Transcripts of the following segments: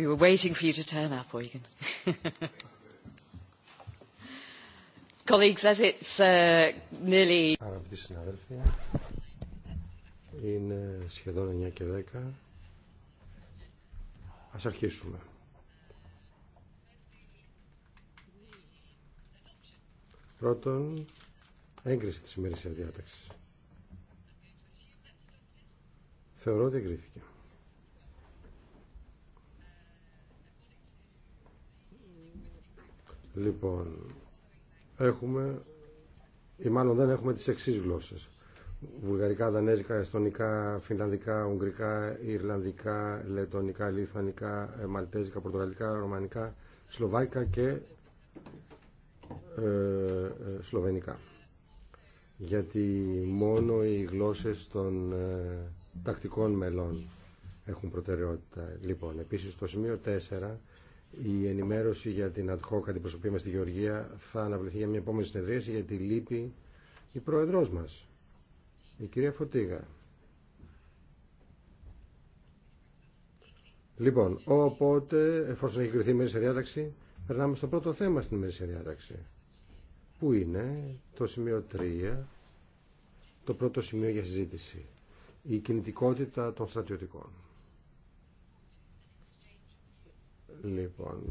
We were waiting for you to turn up, Eugen. Colleagues, as it's uh, nearly... Αγαπητοί συναδέλφοι, είναι σχεδόν 9 και 10. Ας αρχίσουμε. Πρώτον, έγκριση της ημερήσιας διάταξης. Θεωρώ ότι εγκρίθηκε. Λοιπόν, έχουμε ή μάλλον δεν έχουμε τις εξής γλώσσες. Βουλγαρικά, Δανέζικα, Εστονικά, Φινλανδικά, Ουγγρικά, Ιρλανδικά, Λετωνικά, Λιθανικά, ε, Μαλτέζικα, Πορτογαλικά, Ρωμανικά, Σλοβάικα και ε, ε, Σλοβενικά. Γιατί μόνο οι γλώσσες των τακτικών μελών έχουν προτεραιότητα. Λοιπόν, επίσης στο σημείο 4 η ενημέρωση για την ad hoc αντιπροσωπή μας στη Γεωργία θα αναβληθεί για μια επόμενη συνεδρίαση γιατί λείπει η πρόεδρός μας, η κυρία Φωτίγα. Λοιπόν, οπότε, εφόσον έχει κρυθεί η μέση διάταξη, περνάμε στο πρώτο θέμα στην μέση διάταξη. Πού είναι το σημείο 3, το πρώτο σημείο για συζήτηση. Η κινητικότητα των στρατιωτικών. Λοιπόν,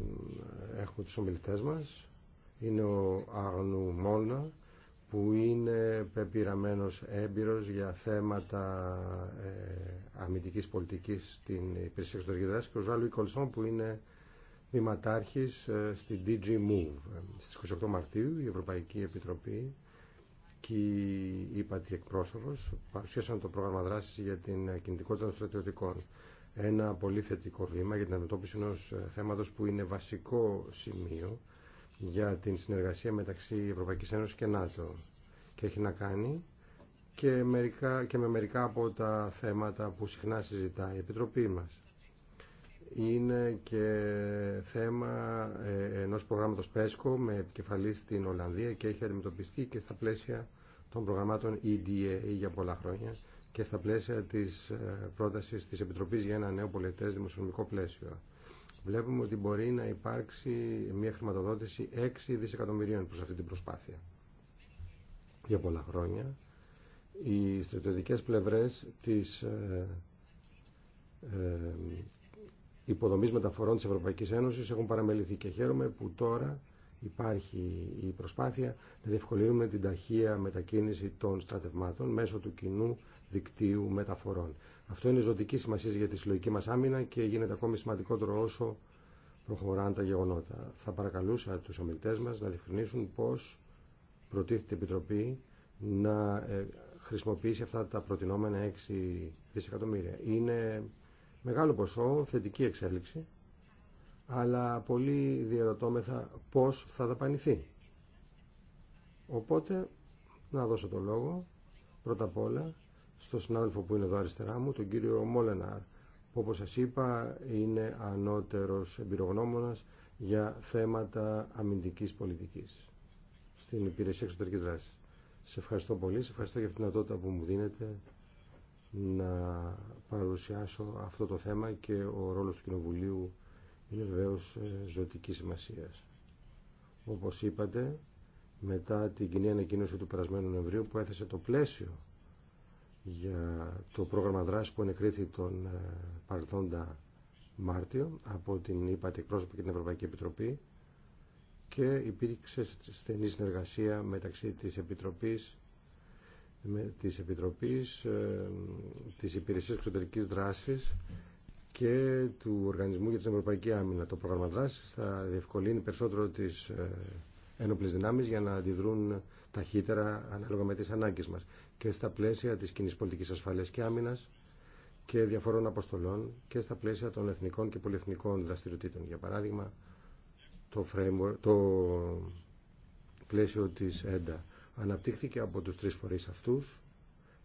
έχουμε τους ομιλητές μας. Είναι ο Αγνού Μόλνα, που είναι πεπειραμένος έμπειρος για θέματα ε, αμυντικής πολιτικής στην υπηρεσία εξωτερικής δράσης και ο Ζάλου Ικολσόν, που είναι βηματάρχης ε, στη DG Move. Ε, στις 28 Μαρτίου η Ευρωπαϊκή Επιτροπή και η ΥΠΑΤΗ εκπρόσωπος παρουσίασαν το πρόγραμμα δράσης για την κινητικότητα των στρατιωτικών ένα πολύ θετικό βήμα για την αντιμετώπιση ενό ε, θέματο που είναι βασικό σημείο για την συνεργασία μεταξύ Ευρωπαϊκή Ένωση και ΝΑΤΟ και έχει να κάνει και, μερικά, και με μερικά από τα θέματα που συχνά συζητάει η Επιτροπή μας. Είναι και θέμα ε, ενός προγράμματος ΠΕΣΚΟ με επικεφαλή στην Ολλανδία και έχει αντιμετωπιστεί και στα πλαίσια των προγραμμάτων EDA για πολλά χρόνια και στα πλαίσια της ε, πρότασης της Επιτροπής για ένα νέο πολιτές δημοσιονομικό πλαίσιο. Βλέπουμε ότι μπορεί να υπάρξει μια χρηματοδότηση 6 δισεκατομμυρίων προς αυτή την προσπάθεια. Για πολλά χρόνια οι στρατιωτικές πλευρές της ε, ε, υποδομής μεταφορών της Ευρωπαϊκής Ένωσης έχουν παραμεληθεί και χαίρομαι που τώρα υπάρχει η προσπάθεια να διευκολύνουμε την ταχεία μετακίνηση των στρατευμάτων μέσω του κοινού δικτύου μεταφορών. Αυτό είναι ζωτική σημασία για τη συλλογική μα άμυνα και γίνεται ακόμη σημαντικότερο όσο προχωράνε τα γεγονότα. Θα παρακαλούσα του ομιλητέ μα να διευκρινίσουν πώ προτίθεται η Επιτροπή να ε, χρησιμοποιήσει αυτά τα προτινόμενα 6 δισεκατομμύρια. Είναι μεγάλο ποσό, θετική εξέλιξη, αλλά πολύ διαρωτώμεθα πώς θα δαπανηθεί. Οπότε, να δώσω το λόγο, πρώτα απ' όλα, στο συνάδελφο που είναι εδώ αριστερά μου, τον κύριο Μόλεναρ, που όπως σας είπα είναι ανώτερος εμπειρογνώμονας για θέματα αμυντικής πολιτικής στην υπηρεσία εξωτερικής δράσης. Σε ευχαριστώ πολύ, σε ευχαριστώ για την δυνατότητα που μου δίνετε να παρουσιάσω αυτό το θέμα και ο ρόλος του Κοινοβουλίου είναι βεβαίω ε, ζωτική σημασία. Όπως είπατε, μετά την κοινή ανακοίνωση του περασμένου Νοεμβρίου που έθεσε το πλαίσιο για το πρόγραμμα δράση που ενεκρίθη τον ε, παρελθόντα Μάρτιο από την ΥΠΑΤΗ εκπρόσωπο και την Ευρωπαϊκή Επιτροπή και υπήρξε στενή συνεργασία μεταξύ της Επιτροπής με της Επιτροπής ε, της Υπηρεσίας Εξωτερικής Δράσης και του Οργανισμού για την Ευρωπαϊκή Άμυνα. Το πρόγραμμα δράσης θα διευκολύνει περισσότερο τις ε, ένοπλες δυνάμεις για να αντιδρούν ταχύτερα ανάλογα με τις ανάγκες μας και στα πλαίσια της κοινή πολιτικής ασφαλείας και άμυνας και διαφορών αποστολών και στα πλαίσια των εθνικών και πολυεθνικών δραστηριοτήτων. Για παράδειγμα, το, το πλαίσιο της ΕΝΤΑ αναπτύχθηκε από τους τρεις φορείς αυτούς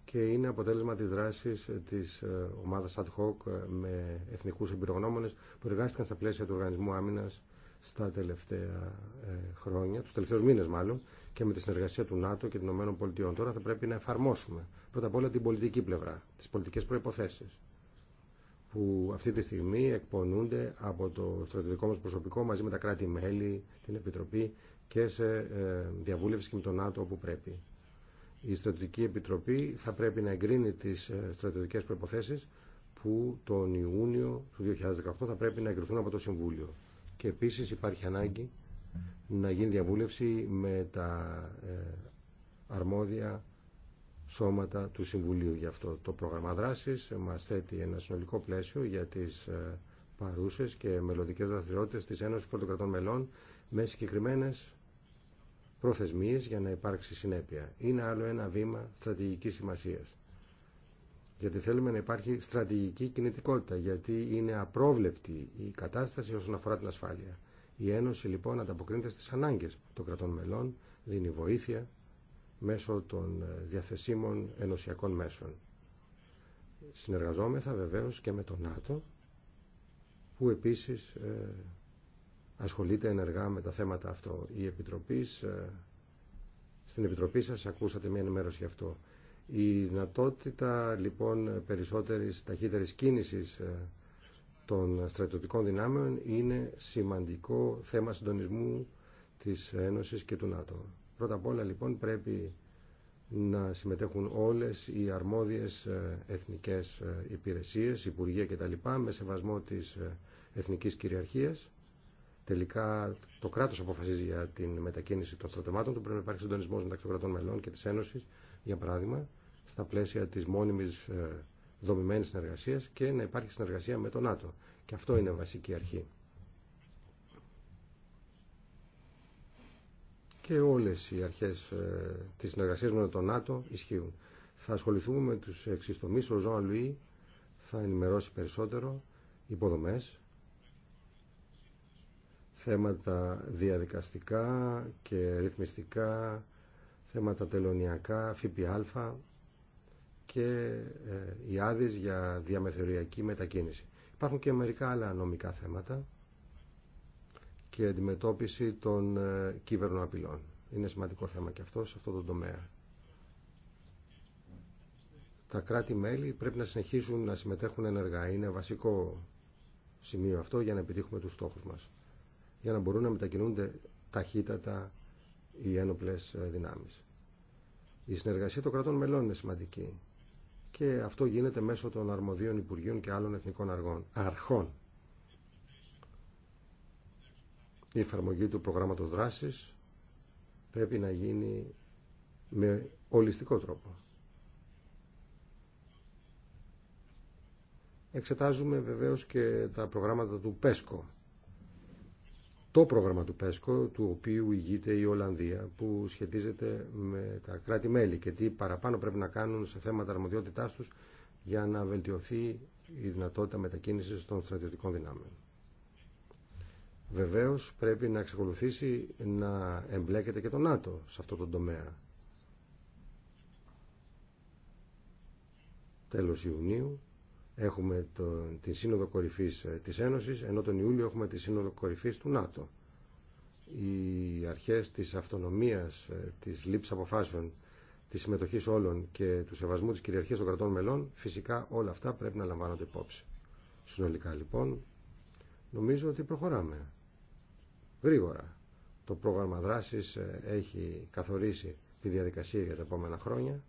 και είναι αποτέλεσμα της δράσης της ε, ομάδας ad hoc ε, με εθνικούς εμπειρογνώμονες που εργάστηκαν στα πλαίσια του Οργανισμού Άμυνας στα τελευταία ε, χρόνια, του τελευταίους μήνε μάλλον, και με τη συνεργασία του ΝΑΤΟ και των ΗΠΑ. Τώρα θα πρέπει να εφαρμόσουμε πρώτα απ' όλα την πολιτική πλευρά, τι πολιτικέ προποθέσει που αυτή τη στιγμή εκπονούνται από το στρατιωτικό μας προσωπικό μαζί με τα κράτη-μέλη, την Επιτροπή και σε ε, διαβούλευση και με το ΝΑΤΟ όπου πρέπει. Η Στρατιωτική Επιτροπή θα πρέπει να εγκρίνει τις ε, στρατιωτικές προποθέσει που τον Ιούνιο του 2018 θα πρέπει να εγκριθούν από το Συμβούλιο και επίσης υπάρχει ανάγκη να γίνει διαβούλευση με τα ε, αρμόδια σώματα του Συμβουλίου για αυτό. Το πρόγραμμα δράσης μας θέτει ένα συνολικό πλαίσιο για τις ε, παρούσες και μελλοντικές δραστηριότητες της Ένωσης Πρωτοκρατών μελών με συγκεκριμένε προθεσμίες για να υπάρξει συνέπεια. Είναι άλλο ένα βήμα στρατηγικής σημασίας γιατί θέλουμε να υπάρχει στρατηγική κινητικότητα, γιατί είναι απρόβλεπτη η κατάσταση όσον αφορά την ασφάλεια. Η Ένωση λοιπόν ανταποκρίνεται στις ανάγκες των κρατών μελών, δίνει βοήθεια μέσω των ε, διαθεσίμων ενωσιακών μέσων. Συνεργαζόμεθα βεβαίως και με το ΝΑΤΟ, που επίσης ε, ασχολείται ενεργά με τα θέματα αυτό. Η Επιτροπής, ε, στην Επιτροπή σας ακούσατε μια ενημέρωση γι' αυτό. Η δυνατότητα λοιπόν περισσότερης ταχύτερης κίνησης ε, των στρατιωτικών δυνάμεων είναι σημαντικό θέμα συντονισμού της Ένωσης και του ΝΑΤΟ. Πρώτα απ' όλα λοιπόν πρέπει να συμμετέχουν όλες οι αρμόδιες ε, εθνικές ε, υπηρεσίες, υπουργεία κτλ. με σεβασμό της εθνικής κυριαρχίας. Τελικά το κράτος αποφασίζει για την μετακίνηση των στρατευμάτων του. Πρέπει να υπάρχει συντονισμός μεταξύ των κρατών μελών και της Ένωσης για παράδειγμα, στα πλαίσια της μόνιμης ε, δομημένης συνεργασία και να υπάρχει συνεργασία με τον ΝΑΤΟ. Και αυτό είναι βασική αρχή. Και όλες οι αρχές ε, της συνεργασία με τον ΝΑΤΟ ισχύουν. Θα ασχοληθούμε με τους εξιστομείς. Ο Ζωάν Λουί θα ενημερώσει περισσότερο υποδομές, θέματα διαδικαστικά και ρυθμιστικά, θέματα τελωνιακά, ΦΠΑ και ε, οι άδειε για διαμεθοριακή μετακίνηση. Υπάρχουν και μερικά άλλα νομικά θέματα και αντιμετώπιση των ε, κύβερνων απειλών. Είναι σημαντικό θέμα και αυτό σε αυτό το τομέα. Τα κράτη-μέλη πρέπει να συνεχίσουν να συμμετέχουν ενεργά. Είναι βασικό σημείο αυτό για να επιτύχουμε τους στόχους μας. Για να μπορούν να μετακινούνται ταχύτατα οι ένοπλες ε, δυνάμεις. Η συνεργασία των κρατών μελών είναι σημαντική και αυτό γίνεται μέσω των αρμοδίων Υπουργείων και άλλων εθνικών αργών, αρχών. Η εφαρμογή του προγράμματος δράσης πρέπει να γίνει με ολιστικό τρόπο. Εξετάζουμε βεβαίως και τα προγράμματα του ΠΕΣΚΟ το πρόγραμμα του ΠΕΣΚΟ, του οποίου ηγείται η Ολλανδία, που σχετίζεται με τα κράτη-μέλη και τι παραπάνω πρέπει να κάνουν σε θέματα αρμοδιότητάς τους για να βελτιωθεί η δυνατότητα μετακίνησης των στρατιωτικών δυνάμεων. Βεβαίως πρέπει να εξακολουθήσει να εμπλέκεται και το ΝΑΤΟ σε αυτό το τομέα. Τέλος Ιουνίου έχουμε το, τη Σύνοδο Κορυφής ε, της Ένωσης, ενώ τον Ιούλιο έχουμε τη Σύνοδο Κορυφής του ΝΑΤΟ οι αρχές της αυτονομίας, ε, της λήψης αποφάσεων, της συμμετοχής όλων και του σεβασμού της κυριαρχίας των κρατών μελών, φυσικά όλα αυτά πρέπει να λαμβάνονται υπόψη. Συνολικά λοιπόν, νομίζω ότι προχωράμε γρήγορα. Το πρόγραμμα δράσης ε, έχει καθορίσει τη διαδικασία για τα επόμενα χρόνια.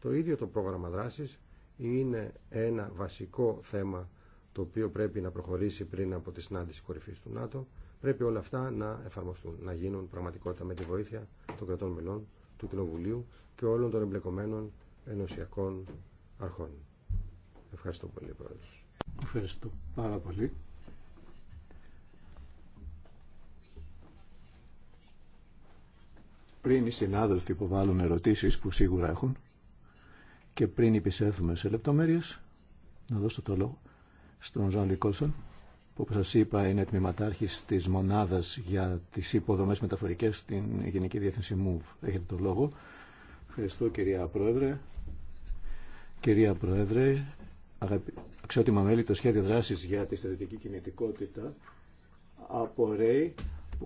Το ίδιο το πρόγραμμα δράσης είναι ένα βασικό θέμα το οποίο πρέπει να προχωρήσει πριν από τη συνάντηση κορυφής του ΝΑΤΟ Πρέπει όλα αυτά να εφαρμοστούν, να γίνουν πραγματικότητα με τη βοήθεια των κρατών μελών, του Κοινοβουλίου και όλων των εμπλεκομένων ενωσιακών αρχών. Ευχαριστώ πολύ, Πρόεδρος. Ευχαριστώ πάρα πολύ. Πριν οι συνάδελφοι που βάλουν ερωτήσεις που σίγουρα έχουν και πριν υπησέλθουμε σε λεπτομέρειες, να δώσω το λόγο στον Ζαν Λικόλσον που όπως σας είπα είναι τμήματάρχης της μονάδας για τις υποδομές μεταφορικές στην Γενική Διεύθυνση ΜΟΥΒ. Έχετε το λόγο. Ευχαριστώ κυρία Πρόεδρε. Κυρία Πρόεδρε, αγαπη... αξιότιμα μέλη, το σχέδιο δράσης για τη στρατηγική κινητικότητα απορρέει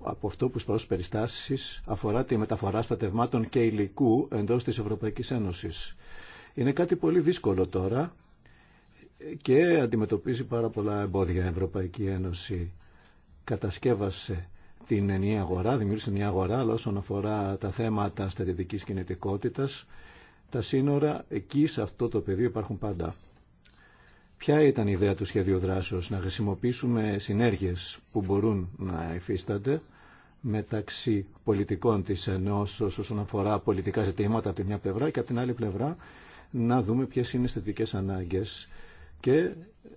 από αυτό που στις περιστάσεις αφορά τη μεταφορά στατευμάτων και υλικού εντός της Ευρωπαϊκής Ένωσης. Είναι κάτι πολύ δύσκολο τώρα και αντιμετωπίζει πάρα πολλά εμπόδια. Η Ευρωπαϊκή Ένωση κατασκεύασε την ενιαία αγορά, δημιούργησε μια αγορά, αλλά όσον αφορά τα θέματα στρατιωτική κινητικότητα, τα σύνορα εκεί σε αυτό το πεδίο υπάρχουν πάντα. Ποια ήταν η ιδέα του σχεδίου δράσεω, να χρησιμοποιήσουμε συνέργειε που μπορούν να υφίστανται μεταξύ πολιτικών τη Ενώσεω όσον αφορά πολιτικά ζητήματα από τη μια πλευρά και από την άλλη πλευρά να δούμε ποιε είναι οι ανάγκε. ανάγκες και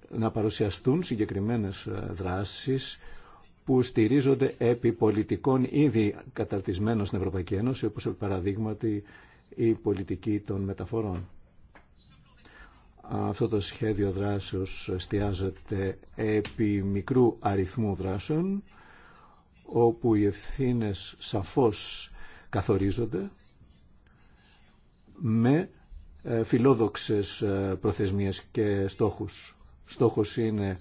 να παρουσιαστούν συγκεκριμένες ε, δράσεις που στηρίζονται επί πολιτικών ήδη καταρτισμένων στην Ευρωπαϊκή Ένωση, όπως παραδείγματι η πολιτική των μεταφορών. Αυτό το σχέδιο δράσεως εστιάζεται επί μικρού αριθμού δράσεων, όπου οι ευθύνες σαφώς καθορίζονται με ε, φιλόδοξες ε, προθεσμίες και στόχους. Στόχος είναι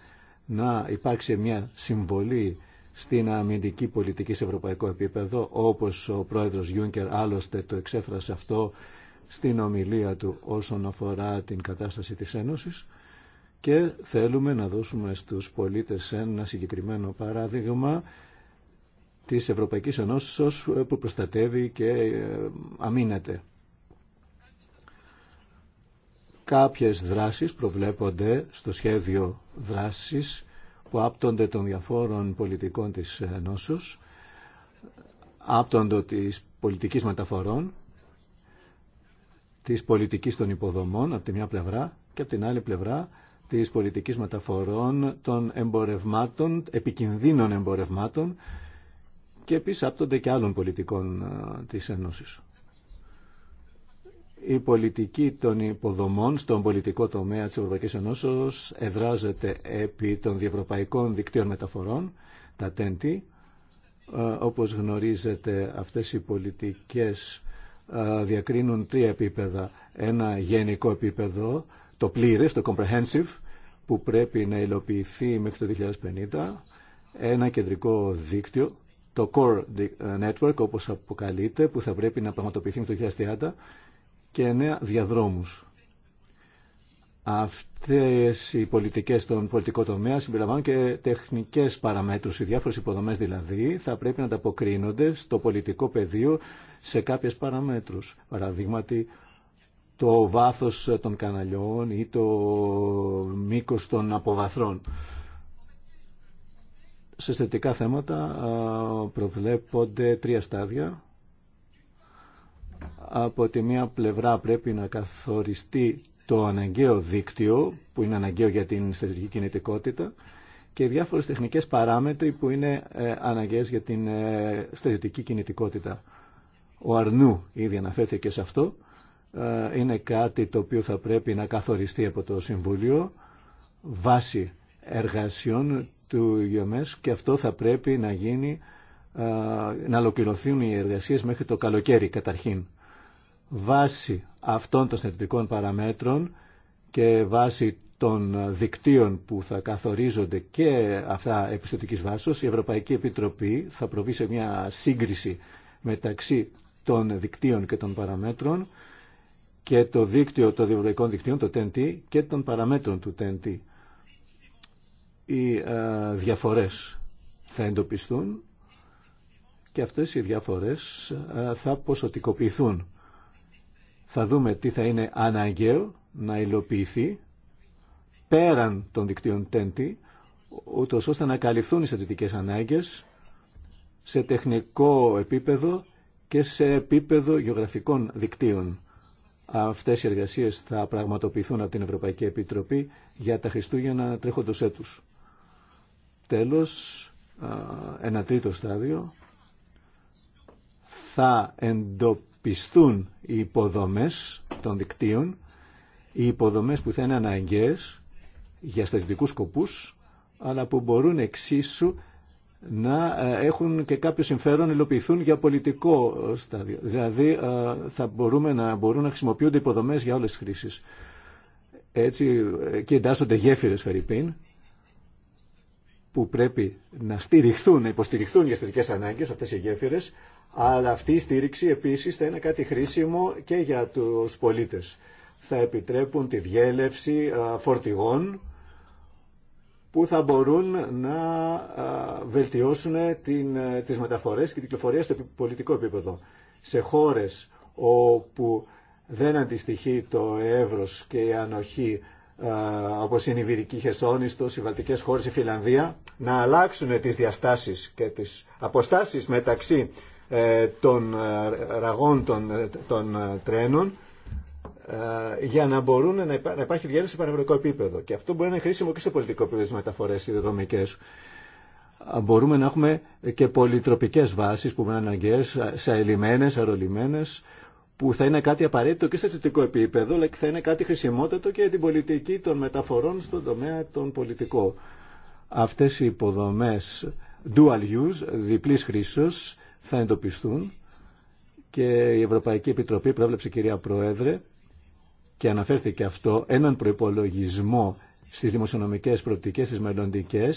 να υπάρξει μια συμβολή στην αμυντική πολιτική σε ευρωπαϊκό επίπεδο, όπως ο πρόεδρος Γιούνκερ άλλωστε το εξέφρασε αυτό στην ομιλία του όσον αφορά την κατάσταση της Ένωσης και θέλουμε να δώσουμε στους πολίτες ένα συγκεκριμένο παράδειγμα της Ευρωπαϊκής Ενώσης ε, που προστατεύει και αμήνεται. Κάποιες δράσεις προβλέπονται στο σχέδιο δράσης που άπτονται των διαφόρων πολιτικών της νόσους, άπτονται της πολιτικής μεταφορών, της πολιτικής των υποδομών από τη μια πλευρά και από την άλλη πλευρά της πολιτικής μεταφορών των εμπορευμάτων, επικινδύνων εμπορευμάτων και επίσης άπτονται και άλλων πολιτικών ε, της Ένωσης. Η πολιτική των υποδομών στον πολιτικό τομέα της Ευρωπαϊκής Ενώσεως εδράζεται επί των διευρωπαϊκών δικτύων μεταφορών, τα τέντη, ε, Όπως γνωρίζετε αυτές οι πολιτικές ε, διακρίνουν τρία επίπεδα. Ένα γενικό επίπεδο, το πλήρες, το comprehensive, που πρέπει να υλοποιηθεί μέχρι το 2050. Ένα κεντρικό δίκτυο, το core network όπως αποκαλείται, που θα πρέπει να πραγματοποιηθεί μέχρι το 2030 και νέα διαδρόμους. Αυτές οι πολιτικές στον πολιτικό τομέα συμπεριλαμβάνουν και τεχνικές παραμέτρους. Οι διάφορες υποδομές δηλαδή θα πρέπει να ανταποκρίνονται στο πολιτικό πεδίο σε κάποιες παραμέτρους. Παραδείγματι το βάθος των καναλιών ή το μήκος των αποβαθρών. Σε θετικά θέματα προβλέπονται τρία στάδια από τη μία πλευρά πρέπει να καθοριστεί το αναγκαίο δίκτυο που είναι αναγκαίο για την στρατηγική κινητικότητα και διάφορες τεχνικές παράμετροι που είναι ε, αναγκαίες για την ε, στρατηγική κινητικότητα. Ο Αρνού ήδη αναφέρθηκε σε αυτό. Ε, είναι κάτι το οποίο θα πρέπει να καθοριστεί από το Συμβούλιο βάσει εργασιών του ΙΟΜΕΣ και αυτό θα πρέπει να γίνει να ολοκληρωθούν οι εργασίες μέχρι το καλοκαίρι καταρχήν. Βάσει αυτών των συνεταιρικών παραμέτρων και βάσει των δικτύων που θα καθορίζονται και αυτά επιστοτικής βάσης, η Ευρωπαϊκή Επιτροπή θα προβεί σε μια σύγκριση μεταξύ των δικτύων και των παραμέτρων και το δίκτυο των διευρωπαϊκών δικτύων, το TNT, και των παραμέτρων του TNT. Οι ε, διαφορές θα εντοπιστούν και αυτές οι διαφορές ε, θα ποσοτικοποιηθούν θα δούμε τι θα είναι αναγκαίο να υλοποιηθεί πέραν των δικτύων TENTI, ούτω ώστε να καλυφθούν οι στατιτικές ανάγκες σε τεχνικό επίπεδο και σε επίπεδο γεωγραφικών δικτύων. Αυτές οι εργασίες θα πραγματοποιηθούν από την Ευρωπαϊκή Επιτροπή για τα Χριστούγεννα τρέχοντος έτους. Τέλος, ένα τρίτο στάδιο θα εντοπίσουμε πιστούν οι υποδομές των δικτύων, οι υποδομές που θα είναι αναγκαίες για στρατιωτικούς σκοπούς, αλλά που μπορούν εξίσου να ε, έχουν και κάποιο συμφέρον υλοποιηθούν για πολιτικό στάδιο. Δηλαδή ε, θα μπορούμε να, μπορούν να χρησιμοποιούνται υποδομές για όλες τις χρήσεις. Έτσι ε, και εντάσσονται γέφυρες Φερρυπίν που πρέπει να στηριχθούν, υποστηριχθούν για στρατιωτικές ανάγκες αυτές οι γέφυρες αλλά αυτή η στήριξη επίσης θα είναι κάτι χρήσιμο και για τους πολίτες. Θα επιτρέπουν τη διέλευση φορτηγών που θα μπορούν να βελτιώσουν την, ε, τις μεταφορές και την κυκλοφορία στο πολιτικό επίπεδο. Σε χώρες όπου δεν αντιστοιχεί το εύρος και η ανοχή όπως είναι η Βυρική Χεσόνιστο, οι Βαλτικές χώρες, η Φιλανδία, να αλλάξουν τις διαστάσεις και τις αποστάσεις μεταξύ ε, των ε, ραγών των, ε, των τρένων για να μπορούν να, να υπάρχει διέρεση σε πανευρωπαϊκό επίπεδο. Και αυτό μπορεί να είναι χρήσιμο και σε πολιτικό επίπεδο στις μεταφορές σιδηροδρομικέ. Μπορούμε να έχουμε και πολυτροπικέ βάσεις που είναι αναγκαίε, σε αελημένε, αερολιμένες που θα είναι κάτι απαραίτητο και σε θετικό επίπεδο, αλλά και θα είναι κάτι χρησιμότατο και για την πολιτική των μεταφορών στον τομέα των πολιτικών. Αυτές οι υποδομές dual use, διπλής χρήσης θα εντοπιστούν και η Ευρωπαϊκή Επιτροπή πρόβλεψε κυρία Πρόεδρε και αναφέρθηκε αυτό έναν προϋπολογισμό στις δημοσιονομικές προοπτικές, στις μελλοντικέ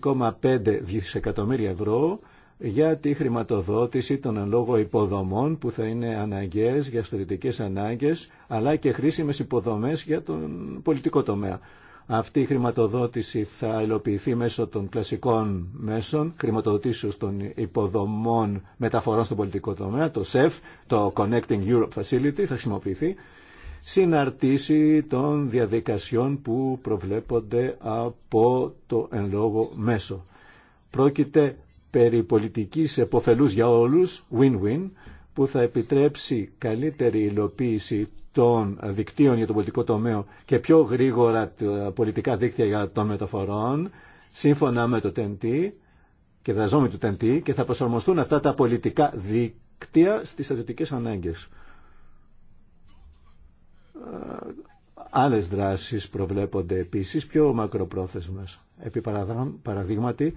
6,5 δισεκατομμύρια ευρώ για τη χρηματοδότηση των εν λόγω υποδομών που θα είναι αναγκαίες για στρατιωτικές ανάγκες αλλά και χρήσιμες υποδομές για τον πολιτικό τομέα. Αυτή η χρηματοδότηση θα υλοποιηθεί μέσω των κλασικών μέσων χρηματοδοτήσεως των υποδομών μεταφορών στον πολιτικό τομέα, το ΣΕΦ, το Connecting Europe Facility, θα χρησιμοποιηθεί, συναρτήσει των διαδικασιών που προβλέπονται από το εν λόγω μέσο. Πρόκειται περί πολιτικής εποφελούς για όλους, win-win, που θα επιτρέψει καλύτερη υλοποίηση των δικτύων για τον πολιτικό τομέα και πιο γρήγορα πολιτικά δίκτυα για των μεταφορών, σύμφωνα με το TNT και ζώμη του TNT και θα προσαρμοστούν αυτά τα πολιτικά δίκτυα στις στρατιωτικές ανάγκες. Ε, άλλες δράσεις προβλέπονται επίσης πιο μακροπρόθεσμες. Επί παραδείγματι,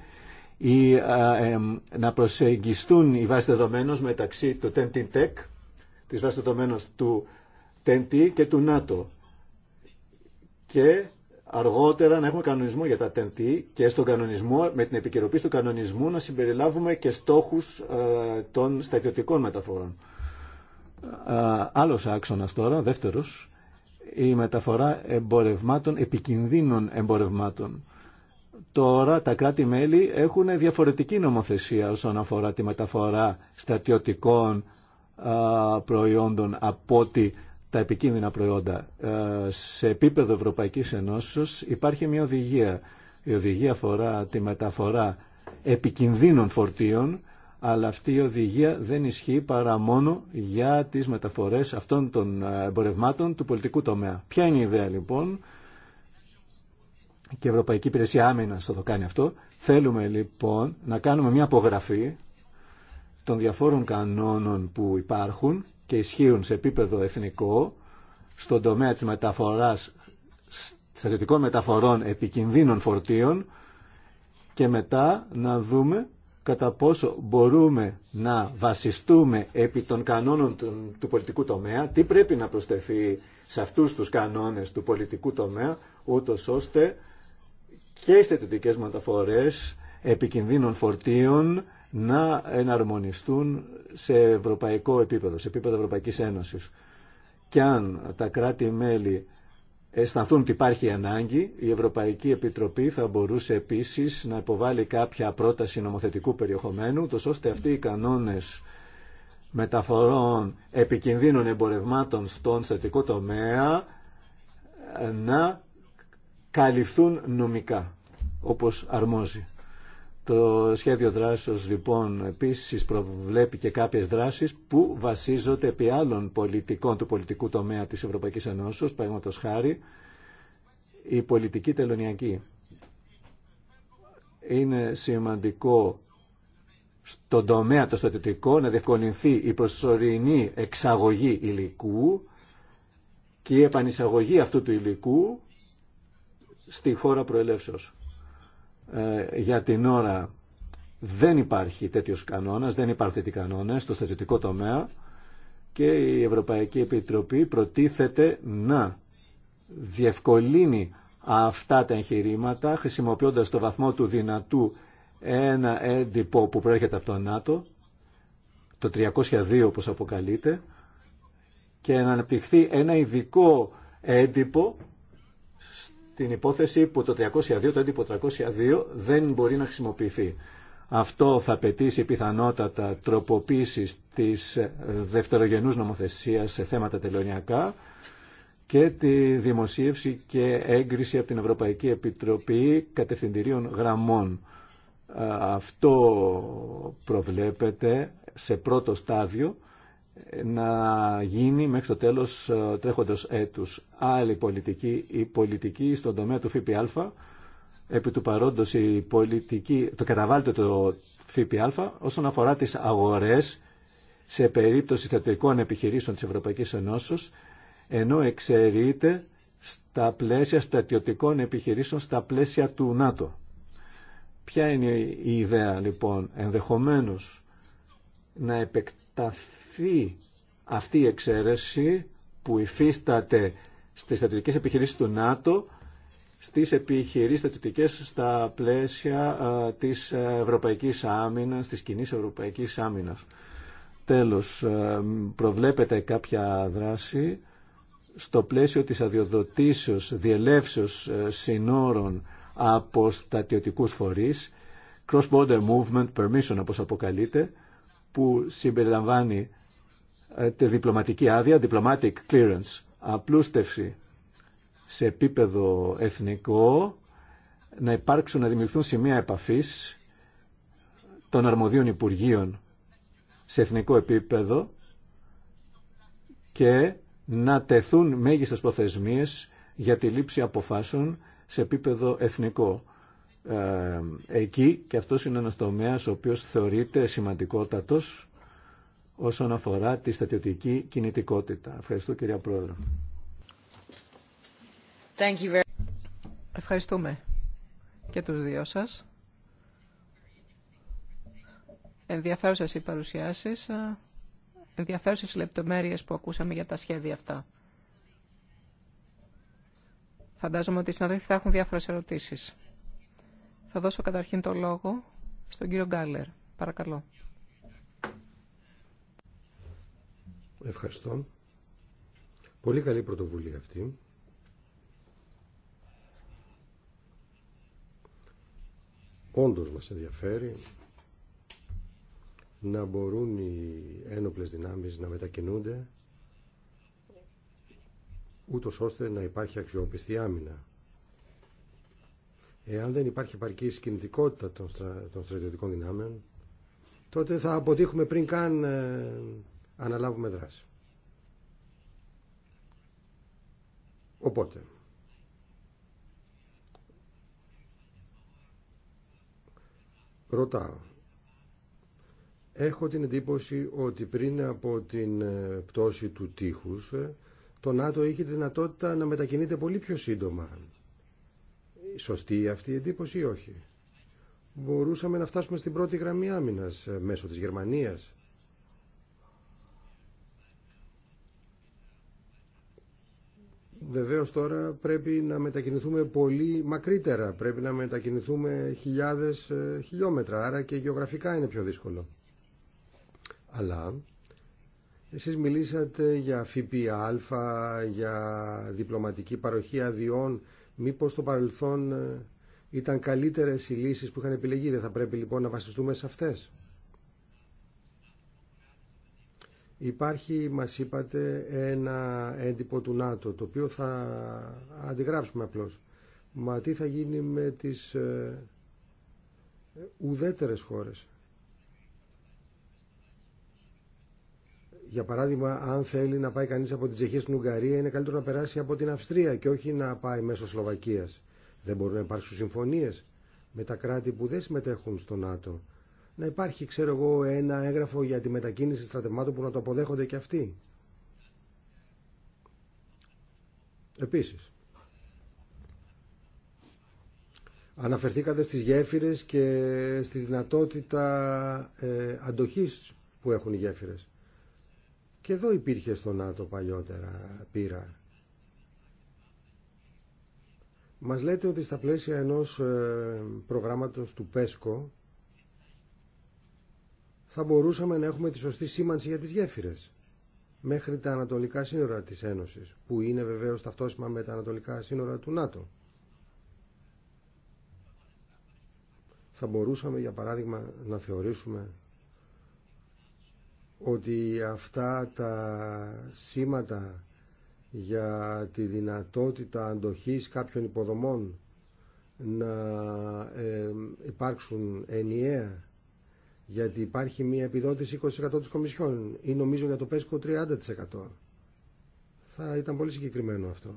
ή ε, ε, να προσεγγιστούν οι βάσεις δεδομένων μεταξύ του TNT tec της βάσης δεδομένων του ΤΕΝΤΗ και του ΝΑΤΟ. Και αργότερα να έχουμε κανονισμό για τα ΤΕΝΤΗ και στον κανονισμό, με την επικαιροποίηση του κανονισμού, να συμπεριλάβουμε και στόχους ε, των στατιωτικών μεταφορών. Ε, άλλος άξονας τώρα, δεύτερος, η μεταφορά εμπορευμάτων, επικινδύνων εμπορευμάτων. Τώρα τα κράτη-μέλη έχουν διαφορετική νομοθεσία όσον αφορά τη μεταφορά στατιωτικών ε, προϊόντων από ότι τα επικίνδυνα προϊόντα. Ε, σε επίπεδο Ευρωπαϊκής Ενώσεως υπάρχει μια οδηγία. Η οδηγία αφορά τη μεταφορά επικινδύνων φορτίων, αλλά αυτή η οδηγία δεν ισχύει παρά μόνο για τις μεταφορές αυτών των ε, εμπορευμάτων του πολιτικού τομέα. Ποια είναι η ιδέα λοιπόν, και η Ευρωπαϊκή Υπηρεσία Άμυνα θα το κάνει αυτό. Θέλουμε λοιπόν να κάνουμε μια απογραφή των διαφόρων κανόνων που υπάρχουν και ισχύουν σε επίπεδο εθνικό στον τομέα της μεταφοράς στρατιωτικών μεταφορών επικινδύνων φορτίων και μετά να δούμε κατά πόσο μπορούμε να βασιστούμε επί των κανόνων του πολιτικού τομέα, τι πρέπει να προσθεθεί σε αυτούς τους κανόνες του πολιτικού τομέα, ούτως ώστε και οι στετιωτικές μεταφορές επικινδύνων φορτίων να εναρμονιστούν σε ευρωπαϊκό επίπεδο, σε επίπεδο Ευρωπαϊκής Ένωσης. Και αν τα κράτη-μέλη αισθανθούν ότι υπάρχει ανάγκη, η Ευρωπαϊκή Επιτροπή θα μπορούσε επίσης να υποβάλει κάποια πρόταση νομοθετικού περιεχομένου, τόσο ώστε αυτοί οι κανόνες μεταφορών επικινδύνων εμπορευμάτων στον στρατικό τομέα ε, να καλυφθούν νομικά, όπως αρμόζει. Το σχέδιο δράσεως λοιπόν επίσης προβλέπει και κάποιες δράσεις που βασίζονται επί άλλων πολιτικών του πολιτικού τομέα της Ευρωπαϊκής Ενώσεως, παραδείγματος χάρη, η πολιτική τελωνιακή. Είναι σημαντικό στον τομέα το στατιωτικό να διευκολυνθεί η προσωρινή εξαγωγή υλικού και η επανεισαγωγή αυτού του υλικού στη χώρα προελεύσεως. Ε, για την ώρα δεν υπάρχει τέτοιος κανόνας, δεν υπάρχουν τέτοιοι κανόνες στο στρατιωτικό τομέα και η Ευρωπαϊκή Επιτροπή προτίθεται να διευκολύνει αυτά τα εγχειρήματα χρησιμοποιώντας το βαθμό του δυνατού ένα έντυπο που προέρχεται από το ΝΑΤΟ, το 302 όπως αποκαλείται, και να αναπτυχθεί ένα ειδικό έντυπο την υπόθεση που το 302, το έντυπο 302 δεν μπορεί να χρησιμοποιηθεί. Αυτό θα απαιτήσει πιθανότατα τροποποίηση της δευτερογενούς νομοθεσίας σε θέματα τελωνιακά και τη δημοσίευση και έγκριση από την Ευρωπαϊκή Επιτροπή κατευθυντηρίων γραμμών. Αυτό προβλέπεται σε πρώτο στάδιο να γίνει μέχρι το τέλος ε, τρέχοντος έτους. Άλλη πολιτική, η πολιτική στον τομέα του ΦΠΑ, επί του παρόντος η πολιτική, το καταβάλλεται το ΦΠΑ όσον αφορά τις αγορές σε περίπτωση θετικών επιχειρήσεων της Ευρωπαϊκής Ενώσεως, ενώ εξαιρείται στα πλαίσια στατιωτικών επιχειρήσεων, στα πλαίσια του ΝΑΤΟ. Ποια είναι η ιδέα λοιπόν ενδεχομένως να επεκταθεί αυτή η εξαίρεση που υφίσταται στις στρατιωτικές επιχειρήσεις του ΝΑΤΟ στις επιχειρήσεις στρατιωτικές στα πλαίσια της Ευρωπαϊκής Άμυνας, της κοινή Ευρωπαϊκής Άμυνας. Τέλος, προβλέπεται κάποια δράση στο πλαίσιο της αδειοδοτήσεως, διελεύσεως συνόρων από στατιωτικούς φορείς, Cross-Border Movement Permission όπως αποκαλείται, που συμπεριλαμβάνει ε, τη διπλωματική άδεια, diplomatic clearance, απλούστευση σε επίπεδο εθνικό, να υπάρξουν, να δημιουργηθούν σημεία επαφής των αρμοδίων υπουργείων σε εθνικό επίπεδο και να τεθούν μέγιστες προθεσμίες για τη λήψη αποφάσεων σε επίπεδο εθνικό. Ε, εκεί και αυτός είναι ένας τομέας ο οποίος θεωρείται σημαντικότατος όσον αφορά τη στατιωτική κινητικότητα. Ευχαριστώ κυρία Πρόεδρε. Thank you very... Ευχαριστούμε και τους δύο σας. Ενδιαφέρουσες οι παρουσιάσεις, ενδιαφέρουσες λεπτομέρειες που ακούσαμε για τα σχέδια αυτά. Φαντάζομαι ότι οι συναδέλφοι θα έχουν διάφορες ερωτήσεις. Θα δώσω καταρχήν το λόγο στον κύριο Γκάλερ. Παρακαλώ. Ευχαριστώ. Πολύ καλή πρωτοβουλία αυτή. Όντως μας ενδιαφέρει να μπορούν οι ένοπλες δυνάμεις να μετακινούνται ούτως ώστε να υπάρχει αξιοπιστή άμυνα. Εάν δεν υπάρχει επαρκή κινητικότητα των, στρατιωτικών δυνάμεων, τότε θα αποτύχουμε πριν καν ε, αναλάβουμε δράση. Οπότε, ρωτάω, έχω την εντύπωση ότι πριν από την ε, πτώση του τείχους, ε, το ΝΑΤΟ είχε τη δυνατότητα να μετακινείται πολύ πιο σύντομα. Σωστή αυτή η εντύπωση ή όχι. Μπορούσαμε να φτάσουμε στην πρώτη γραμμή άμυνας ε, μέσω της Γερμανίας Βεβαίως τώρα πρέπει να μετακινηθούμε πολύ μακρύτερα, πρέπει να μετακινηθούμε χιλιάδες ε, χιλιόμετρα, άρα και γεωγραφικά είναι πιο δύσκολο. Αλλά εσείς μιλήσατε για ΦΠΑ, για διπλωματική παροχή αδειών, μήπως στο παρελθόν ε, ήταν καλύτερες οι λύσεις που είχαν επιλεγεί, δεν θα πρέπει λοιπόν να βασιστούμε σε αυτές. Υπάρχει, μας είπατε, ένα έντυπο του ΝΑΤΟ, το οποίο θα αντιγράψουμε απλώς. Μα τι θα γίνει με τις ε, ουδέτερες χώρες. Για παράδειγμα, αν θέλει να πάει κανείς από την Τσεχία στην Ουγγαρία, είναι καλύτερο να περάσει από την Αυστρία και όχι να πάει μέσω Σλοβακίας. Δεν μπορούν να υπάρξουν συμφωνίες με τα κράτη που δεν συμμετέχουν στο ΝΑΤΟ να υπάρχει, ξέρω εγώ, ένα έγγραφο για τη μετακίνηση στρατευμάτων που να το αποδέχονται και αυτοί. Επίσης, αναφερθήκατε στις γέφυρες και στη δυνατότητα ε, αντοχής που έχουν οι γέφυρες. Και εδώ υπήρχε στο ΝΑΤΟ παλιότερα πείρα. Μας λέτε ότι στα πλαίσια ενός ε, προγράμματος του ΠΕΣΚΟ θα μπορούσαμε να έχουμε τη σωστή σήμανση για τις γέφυρες μέχρι τα ανατολικά σύνορα της Ένωσης, που είναι βεβαίως ταυτόσιμα με τα ανατολικά σύνορα του ΝΑΤΟ. Θα μπορούσαμε, για παράδειγμα, να θεωρήσουμε ότι αυτά τα σήματα για τη δυνατότητα αντοχής κάποιων υποδομών να ε, ε, υπάρξουν ενιαία γιατί υπάρχει μια επιδότηση 20% της Κομισιόν ή νομίζω για το ΠΕΣΚΟ 30%. Θα ήταν πολύ συγκεκριμένο αυτό.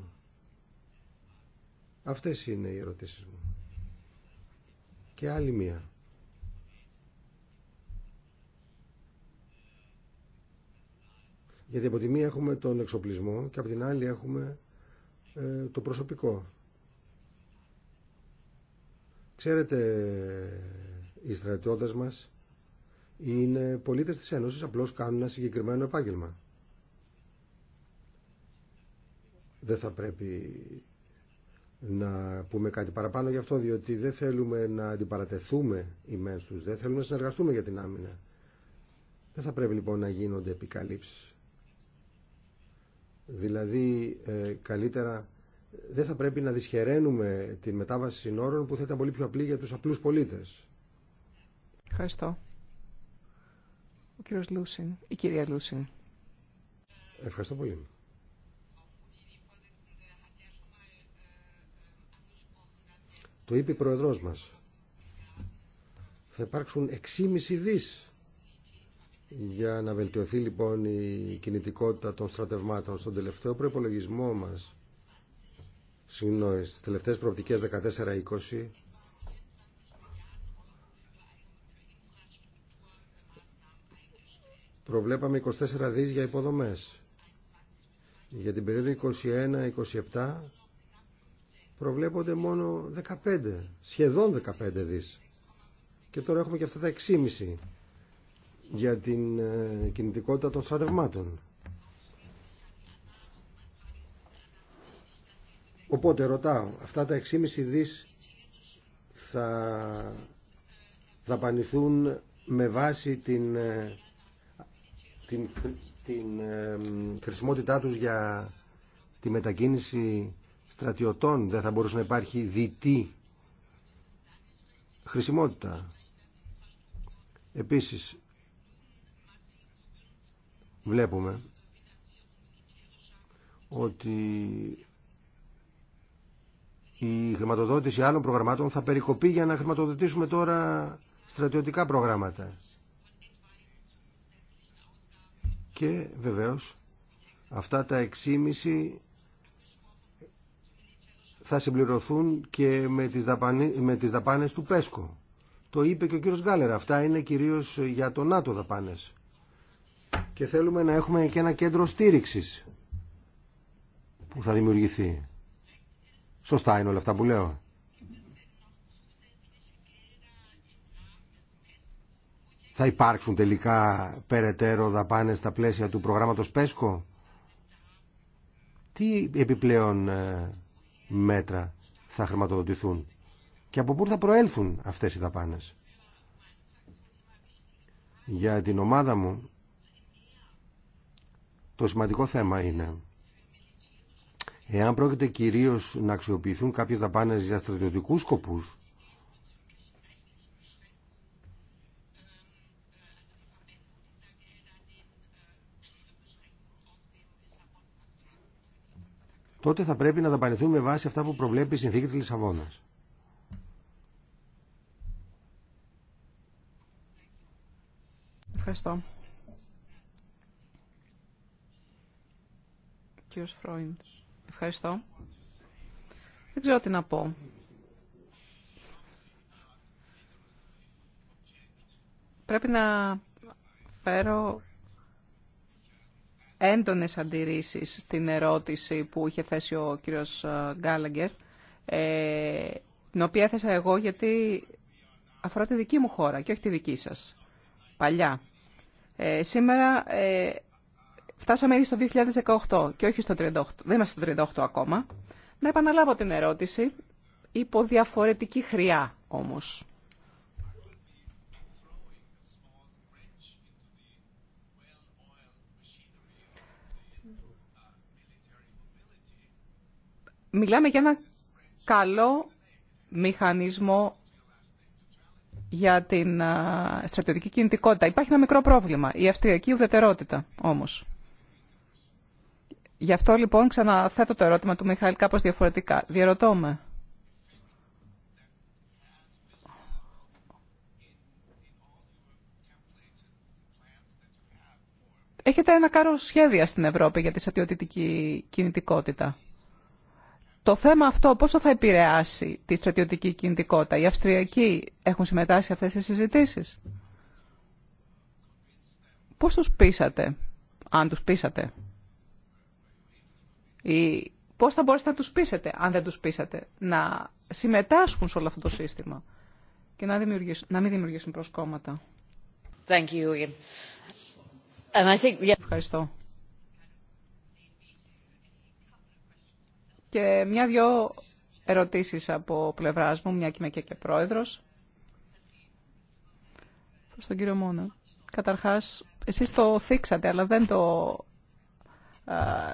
Αυτές είναι οι ερωτήσεις μου. Και άλλη μία. Γιατί από τη μία έχουμε τον εξοπλισμό και από την άλλη έχουμε ε, το προσωπικό. Ξέρετε, οι στρατιώτες μας είναι πολίτες της Ένωσης, απλώς κάνουν ένα συγκεκριμένο επάγγελμα. Δεν θα πρέπει να πούμε κάτι παραπάνω γι' αυτό, διότι δεν θέλουμε να αντιπαρατεθούμε οι μεν τους, δεν θέλουμε να συνεργαστούμε για την άμυνα. Δεν θα πρέπει λοιπόν να γίνονται επικαλύψεις. Δηλαδή, ε, καλύτερα, δεν θα πρέπει να δυσχεραίνουμε την μετάβαση συνόρων που θα ήταν πολύ πιο απλή για τους απλούς πολίτες. Ευχαριστώ. Ο κύριος Λούσιν, η κυρία Λούσιν. Ευχαριστώ πολύ. Το είπε η Πρόεδρός μας. Θα υπάρξουν 6,5 δις για να βελτιωθεί λοιπόν η κινητικότητα των στρατευμάτων. Στον τελευταίο προϋπολογισμό μας, συγγνώμη, στις τελευταίες προοπτικές 14-20, προβλέπαμε 24 δις για υποδομές. Για την περίοδο 21-27 προβλέπονται μόνο 15, σχεδόν 15 δις. Και τώρα έχουμε και αυτά τα 6,5 για την ε, κινητικότητα των στρατευμάτων. Οπότε ρωτάω, αυτά τα 6,5 δις θα δαπανηθούν με βάση την ε, την, χρησιμότητά τους για τη μετακίνηση στρατιωτών δεν θα μπορούσε να υπάρχει διτή χρησιμότητα. Επίσης, βλέπουμε ότι η χρηματοδότηση άλλων προγραμμάτων θα περικοπεί για να χρηματοδοτήσουμε τώρα στρατιωτικά προγράμματα και βεβαίως αυτά τα 6,5 θα συμπληρωθούν και με τις, δαπάνε δαπάνες του ΠΕΣΚΟ. Το είπε και ο κύριος Γκάλερα. Αυτά είναι κυρίως για το ΝΑΤΟ δαπάνες. Και θέλουμε να έχουμε και ένα κέντρο στήριξης που θα δημιουργηθεί. Σωστά είναι όλα αυτά που λέω. Θα υπάρξουν τελικά περαιτέρω δαπάνε στα πλαίσια του προγράμματος ΠΕΣΚΟ. Τι επιπλέον ε, μέτρα θα χρηματοδοτηθούν και από πού θα προέλθουν αυτές οι δαπάνες. Για την ομάδα μου το σημαντικό θέμα είναι εάν πρόκειται κυρίως να αξιοποιηθούν κάποιες δαπάνες για στρατιωτικούς σκοπούς τότε θα πρέπει να δαπανηθούν με βάση αυτά που προβλέπει η συνθήκη της Λισαβόνας. Ευχαριστώ. Κύριος Φρόιντς. Ευχαριστώ. Δεν ξέρω τι να πω. Πρέπει να φέρω έντονες αντιρρήσεις στην ερώτηση που είχε θέσει ο κύριος ε, Γκάλαγκερ, ε, την οποία έθεσα εγώ γιατί αφορά τη δική μου χώρα και όχι τη δική σας, παλιά. Ε, σήμερα ε, φτάσαμε ήδη στο 2018 και όχι στο 38, δεν είμαστε στο 38 ακόμα. Να επαναλάβω την ερώτηση, υπό διαφορετική χρειά όμως. Μιλάμε για ένα καλό μηχανισμό για την στρατιωτική κινητικότητα. Υπάρχει ένα μικρό πρόβλημα, η αυστριακή ουδετερότητα όμως. Γι' αυτό λοιπόν ξαναθέτω το ερώτημα του Μιχαήλ κάπως διαφορετικά. Διερωτώ με. Έχετε ένα κάρο σχέδια στην Ευρώπη για τη στρατιωτική κινητικότητα. Το θέμα αυτό πόσο θα επηρεάσει τη στρατιωτική κινητικότητα. Οι Αυστριακοί έχουν συμμετάσχει σε αυτές τις συζητήσεις. Πώς τους πείσατε, αν τους πείσατε. Ή πώς θα μπορέσετε να τους πείσετε, αν δεν τους πείσατε, να συμμετάσχουν σε όλο αυτό το σύστημα και να, δημιουργήσουν, να μην δημιουργήσουν προσκόμματα. Ευχαριστώ. Και μια-δυο ερωτήσεις από πλευράς μου, μια και είμαι και πρόεδρος. Προς τον κύριο Μόνο. Καταρχάς, εσείς το θίξατε, αλλά δεν το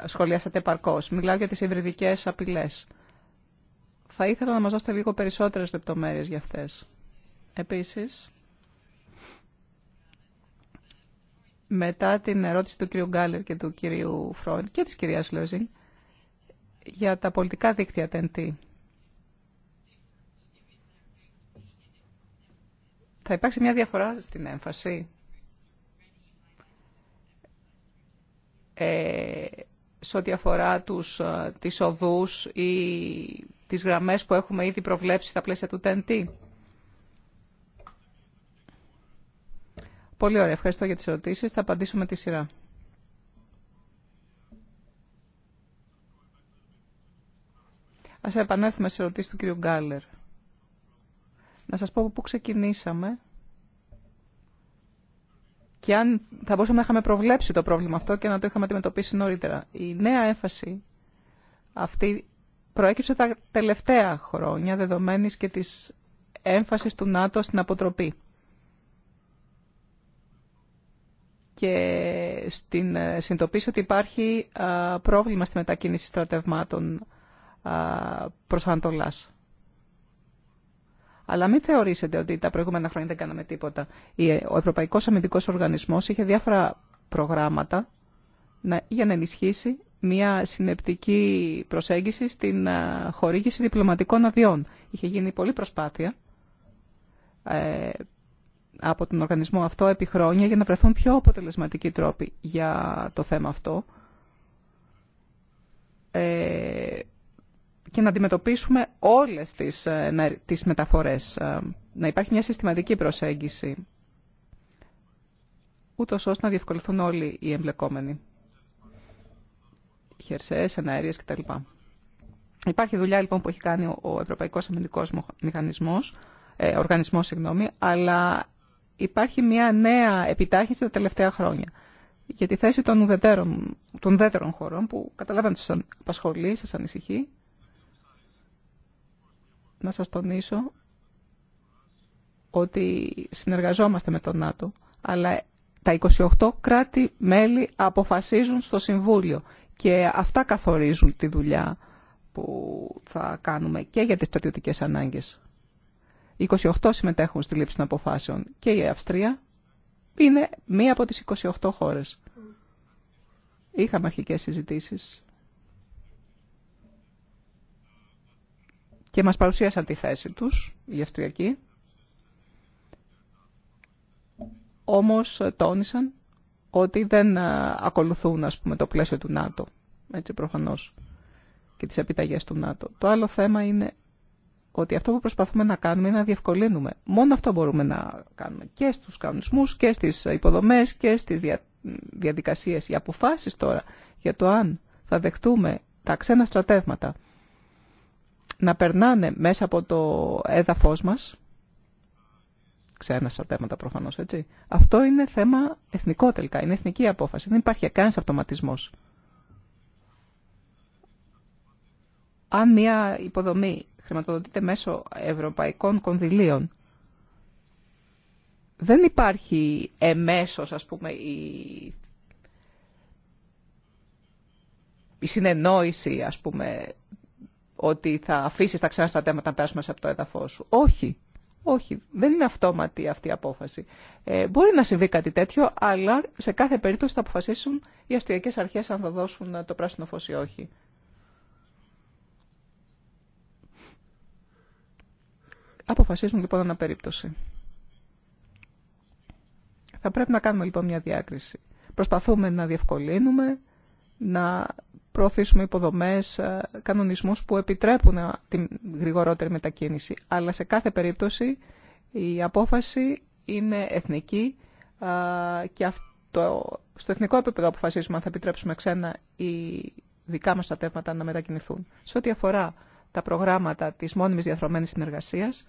σχολιάσατε επαρκώς. Μιλάω για τις υβριδικές απειλές. Θα ήθελα να μας δώσετε λίγο περισσότερες λεπτομέρειες για αυτές. Επίσης, μετά την ερώτηση του κυρίου Γκάλερ και του κυρίου Φρόντ και της κυρίας Λόζινγκ, για τα πολιτικά δίκτυα TNT. Θα υπάρξει μια διαφορά στην έμφαση. Ε, σε ό,τι αφορά τους, ε, τις οδούς ή τις γραμμές που έχουμε ήδη προβλέψει στα πλαίσια του TNT. Πολύ ωραία. Ευχαριστώ για τις ερωτήσεις. Θα απαντήσουμε τη σειρά. Α επανέλθουμε σε ερωτήσει του κύριου Γκάλερ. Να σας πω από πού ξεκινήσαμε και αν θα μπορούσαμε να είχαμε προβλέψει το πρόβλημα αυτό και να το είχαμε αντιμετωπίσει νωρίτερα. Η νέα έμφαση αυτή προέκυψε τα τελευταία χρόνια δεδομένη και τη έμφαση του ΝΑΤΟ στην αποτροπή και στην ε, συνειδητοποίηση ότι υπάρχει πρόβλημα στη μετακίνηση στρατευμάτων προσανατολά. Αλλά μην θεωρήσετε ότι τα προηγούμενα χρόνια δεν κάναμε τίποτα. Ο Ευρωπαϊκός Αμυντικό Οργανισμός είχε διάφορα προγράμματα για να ενισχύσει μια συνεπτική προσέγγιση στην χορήγηση διπλωματικών αδειών. Είχε γίνει πολλή προσπάθεια ε, από τον οργανισμό αυτό επί χρόνια για να βρεθούν πιο αποτελεσματικοί τρόποι για το θέμα αυτό. Ε, και να αντιμετωπίσουμε όλες τις, ε, τις μεταφορές. Ε, να υπάρχει μια συστηματική προσέγγιση, ούτω ώστε να διευκολυθούν όλοι οι εμπλεκόμενοι. Χερσαίες, εναέριες κτλ. Υπάρχει δουλειά λοιπόν που έχει κάνει ο Ευρωπαϊκός Αμυντικός Μηχανισμός, ε, Οργανισμός, συγγνώμη, αλλά υπάρχει μια νέα επιτάχυνση τα τελευταία χρόνια για τη θέση των ουδετερών, χωρών που καταλαβαίνω ότι σας απασχολεί, σας ανησυχεί να σας τονίσω ότι συνεργαζόμαστε με τον ΝΑΤΟ, αλλά τα 28 κράτη-μέλη αποφασίζουν στο Συμβούλιο και αυτά καθορίζουν τη δουλειά που θα κάνουμε και για τις στρατιωτικές ανάγκες. 28 συμμετέχουν στη λήψη των αποφάσεων και η Αυστρία είναι μία από τις 28 χώρες. Είχαμε αρχικές συζητήσεις και μας παρουσίασαν τη θέση τους, οι Αυστριακοί. Όμως τόνισαν ότι δεν ε, ακολουθούν πούμε, το πλαίσιο του ΝΑΤΟ, έτσι προφανώς, και τις επιταγές του ΝΑΤΟ. Το άλλο θέμα είναι ότι αυτό που προσπαθούμε να κάνουμε είναι να διευκολύνουμε. Μόνο αυτό μπορούμε να κάνουμε και στους κανονισμούς και στις υποδομές και στις δια... διαδικασίες. Οι αποφάσεις τώρα για το αν θα δεχτούμε τα ξένα στρατεύματα να περνάνε μέσα από το έδαφος μας, ξένα θέματα προφανώς, έτσι. Αυτό είναι θέμα εθνικό τελικά, είναι εθνική απόφαση, δεν υπάρχει κανένας αυτοματισμός. Αν μια υποδομή χρηματοδοτείται μέσω ευρωπαϊκών κονδυλίων, δεν υπάρχει εμέσως, ας πούμε, η, η συνεννόηση, ας πούμε, ότι θα αφήσει τα ξένα στρατεύματα να πέρασουν μέσα από το έδαφο σου. Όχι. Όχι, δεν είναι αυτόματη αυτή η απόφαση. Ε, μπορεί να συμβεί κάτι τέτοιο, αλλά σε κάθε περίπτωση θα αποφασίσουν οι αστυνομικέ αρχέ αν θα δώσουν το πράσινο φω ή όχι. Αποφασίζουν λοιπόν ένα περίπτωση. Θα πρέπει να κάνουμε λοιπόν μια διάκριση. Προσπαθούμε να διευκολύνουμε, να προωθήσουμε υποδομές, ε, κανονισμούς που επιτρέπουν ε, την γρηγορότερη μετακίνηση. Αλλά σε κάθε περίπτωση η απόφαση είναι εθνική ε, και αυτό, στο εθνικό επίπεδο αποφασίζουμε αν θα επιτρέψουμε ξένα οι δικά μας τα να μετακινηθούν. Σε ό,τι αφορά τα προγράμματα της μόνιμης διαθρωμένης συνεργασίας,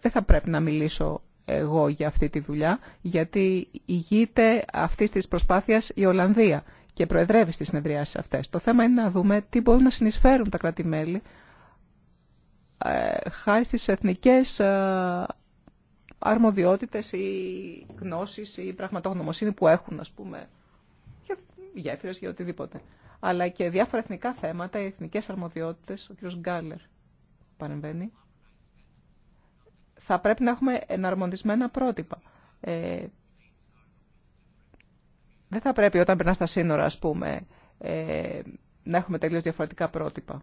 δεν θα πρέπει να μιλήσω εγώ για αυτή τη δουλειά, γιατί ηγείται αυτής της προσπάθειας η Ολλανδία και προεδρεύει στις συνεδριάσεις αυτές. Το θέμα είναι να δούμε τι μπορούν να συνεισφέρουν τα κράτη-μέλη ε, χάρη στις εθνικές ε, αρμοδιότητες ή γνώσεις ή πραγματογνωμοσύνη που έχουν, ας πούμε, για γέφυρες, για οτιδήποτε. Αλλά και διάφορα εθνικά θέματα, οι εθνικές αρμοδιότητες, ο κ. Γκάλερ παρεμβαίνει. Θα πρέπει να έχουμε εναρμονισμένα πρότυπα. Ε, δεν θα πρέπει όταν περνά στα σύνορα, ας πούμε, ε, να έχουμε τελείως διαφορετικά πρότυπα.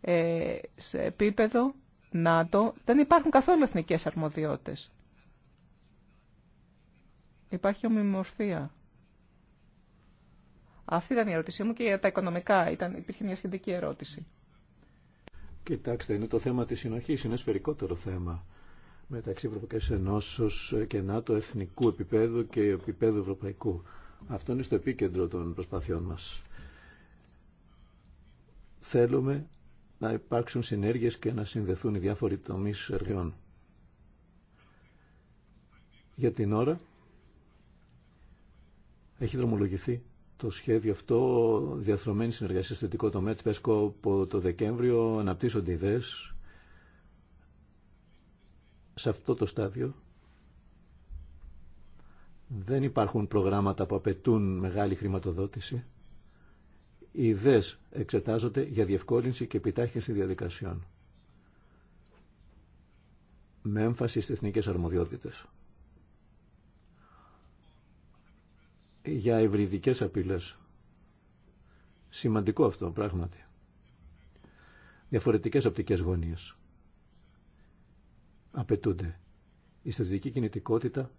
Ε, σε επίπεδο ΝΑΤΟ δεν υπάρχουν καθόλου εθνικές αρμοδιότητες. Υπάρχει ομιμορφία. Αυτή ήταν η ερώτησή μου και για τα οικονομικά ήταν, υπήρχε μια σχετική ερώτηση. Κοιτάξτε, είναι το θέμα της συνοχής, είναι σφαιρικότερο θέμα μεταξύ Ευρωπαϊκή Ενώσεω και ΝΑΤΟ εθνικού επίπεδου και επίπεδου ευρωπαϊκού. Αυτό είναι στο επίκεντρο των προσπαθειών μας. Θέλουμε να υπάρξουν συνέργειες και να συνδεθούν οι διάφοροι τομεί εργειών. Για την ώρα έχει δρομολογηθεί το σχέδιο αυτό διαθρωμένη συνεργασία στο ειδικό τομέα τη ΠΕΣΚΟ από το Δεκέμβριο. Αναπτύσσονται ιδέες σε αυτό το στάδιο δεν υπάρχουν προγράμματα που απαιτούν μεγάλη χρηματοδότηση. Οι ιδέες εξετάζονται για διευκόλυνση και επιτάχυνση διαδικασιών με έμφαση στις εθνικές αρμοδιότητες. Για ευρυδικές απειλές. Σημαντικό αυτό, πράγματι. Διαφορετικές οπτικές γωνίες απαιτούνται. Η στρατηγική κινητικότητα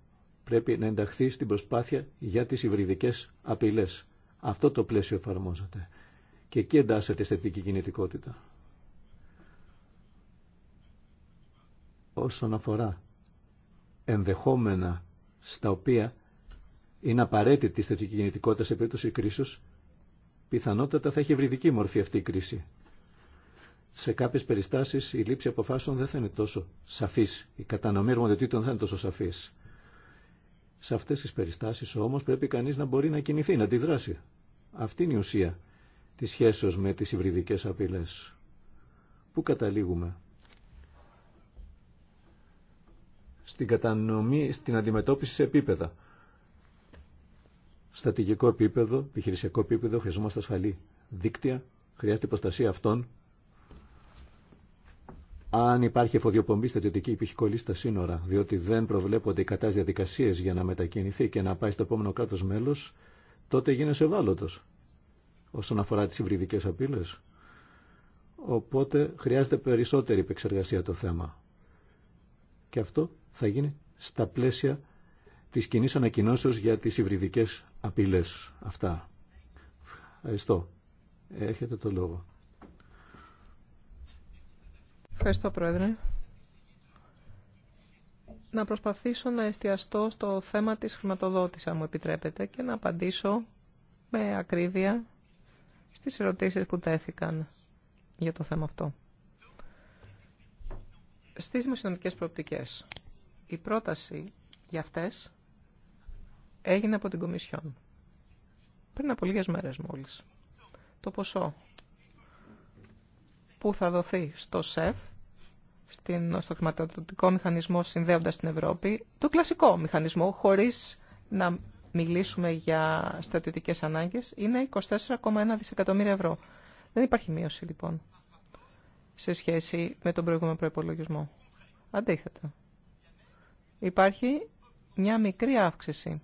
πρέπει να ενταχθεί στην προσπάθεια για τις υβριδικές απειλές. Αυτό το πλαίσιο εφαρμόζεται. Και εκεί εντάσσεται η στρατηγική κινητικότητα. Όσον αφορά ενδεχόμενα στα οποία είναι απαραίτητη η στρατηγική κινητικότητα σε περίπτωση κρίσεως, πιθανότατα θα έχει υβριδική μορφή αυτή η κρίση σε κάποιες περιστάσει η λήψη αποφάσεων δεν θα είναι τόσο σαφής, η κατανομή αρμοδιοτήτων δεν θα είναι τόσο σαφή. Σε αυτές τις περιστάσει όμως πρέπει κανείς να μπορεί να κινηθεί, να αντιδράσει. Αυτή είναι η ουσία τη σχέση με τις υβριδικέ απειλέ. Πού καταλήγουμε. Στην κατανομή, στην αντιμετώπιση σε επίπεδα. Στατηγικό επίπεδο, επιχειρησιακό επίπεδο, χρειαζόμαστε ασφαλή δίκτυα, χρειάζεται προστασία αυτών αν υπάρχει εφοδιοπομπή στρατιωτική που έχει κολλήσει στα σύνορα, διότι δεν προβλέπονται οι κατάλληλε διαδικασίε για να μετακινηθεί και να πάει στο επόμενο κράτο μέλο, τότε γίνεσαι ευάλωτο όσον αφορά τι υβριδικέ απειλέ. Οπότε χρειάζεται περισσότερη επεξεργασία το θέμα. Και αυτό θα γίνει στα πλαίσια τη κοινή ανακοινώσεω για τι υβριδικέ απειλέ. Αυτά. Ευχαριστώ. Έχετε το λόγο. Ευχαριστώ, Πρόεδρε. Να προσπαθήσω να εστιαστώ στο θέμα της χρηματοδότησης, αν μου επιτρέπετε, και να απαντήσω με ακρίβεια στις ερωτήσεις που τέθηκαν για το θέμα αυτό. Στις δημοσιονομικές προοπτικές, η πρόταση για αυτές έγινε από την Κομισιόν. Πριν από λίγες μέρες μόλις. Το ποσό που θα δοθεί στο ΣΕΦ, στην, στο χρηματοδοτικό μηχανισμό συνδέοντας την Ευρώπη, το κλασικό μηχανισμό, χωρίς να μιλήσουμε για στρατιωτικές ανάγκες, είναι 24,1 δισεκατομμύρια ευρώ. Δεν υπάρχει μείωση, λοιπόν, σε σχέση με τον προηγούμενο προϋπολογισμό. Αντίθετα, υπάρχει μια μικρή αύξηση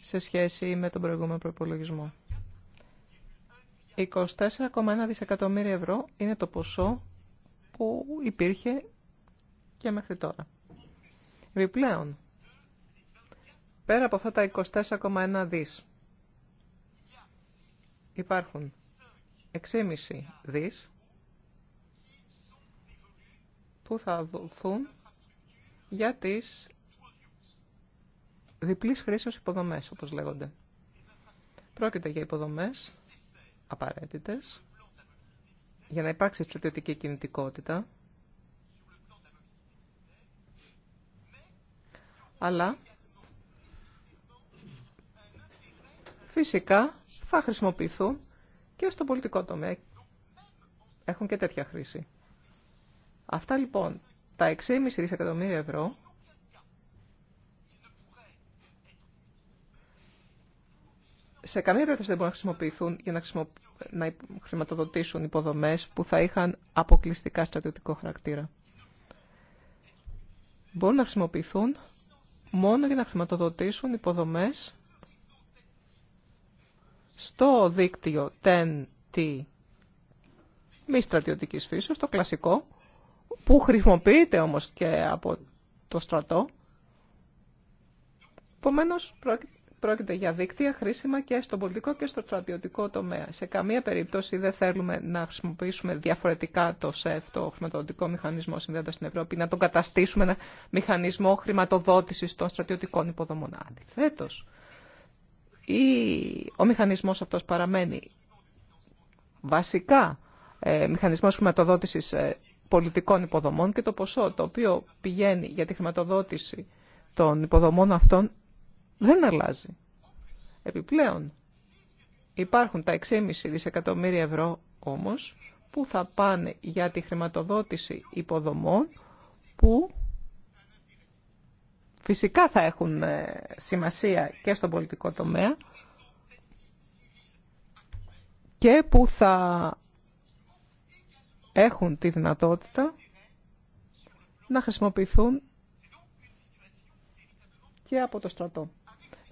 σε σχέση με τον προηγούμενο προϋπολογισμό. 24,1 δισεκατομμύρια ευρώ είναι το ποσό που υπήρχε και μέχρι τώρα. Επιπλέον, πέρα από αυτά τα 24,1 δις, υπάρχουν 6,5 δις που θα δοθούν για τις διπλής χρήσεως υποδομές, όπως λέγονται. Πρόκειται για υποδομές απαραίτητες για να υπάρξει στρατιωτική κινητικότητα, αλλά φυσικά θα χρησιμοποιηθούν και στο πολιτικό τομέα. Έχουν και τέτοια χρήση. Αυτά λοιπόν τα 6,5 δισεκατομμύρια ευρώ σε καμία περίπτωση δεν μπορούν να χρησιμοποιηθούν για να, να χρηματοδοτήσουν υποδομές που θα είχαν αποκλειστικά στρατιωτικό χαρακτήρα. Μπορούν να χρησιμοποιηθούν μόνο για να χρηματοδοτήσουν υποδομές στο δίκτυο TEN-T μη στρατιωτική φύσης, το κλασικό, που χρησιμοποιείται όμως και από το στρατό. Επομένω, πρόκειται πρόκειται για δίκτυα χρήσιμα και στον πολιτικό και στο στρατιωτικό τομέα. Σε καμία περίπτωση δεν θέλουμε να χρησιμοποιήσουμε διαφορετικά το ΣΕΦ, το χρηματοδοτικό μηχανισμό συνδέοντα στην Ευρώπη, να τον καταστήσουμε ένα μηχανισμό χρηματοδότηση των στρατιωτικών υποδομών. Αντιθέτω, ο μηχανισμό αυτό παραμένει βασικά ε, μηχανισμό χρηματοδότηση ε, πολιτικών υποδομών και το ποσό το οποίο πηγαίνει για τη χρηματοδότηση των υποδομών αυτών δεν αλλάζει. Επιπλέον, υπάρχουν τα 6,5 δισεκατομμύρια ευρώ όμως που θα πάνε για τη χρηματοδότηση υποδομών που φυσικά θα έχουν ε, σημασία και στον πολιτικό τομέα και που θα έχουν τη δυνατότητα να χρησιμοποιηθούν και από το στρατό.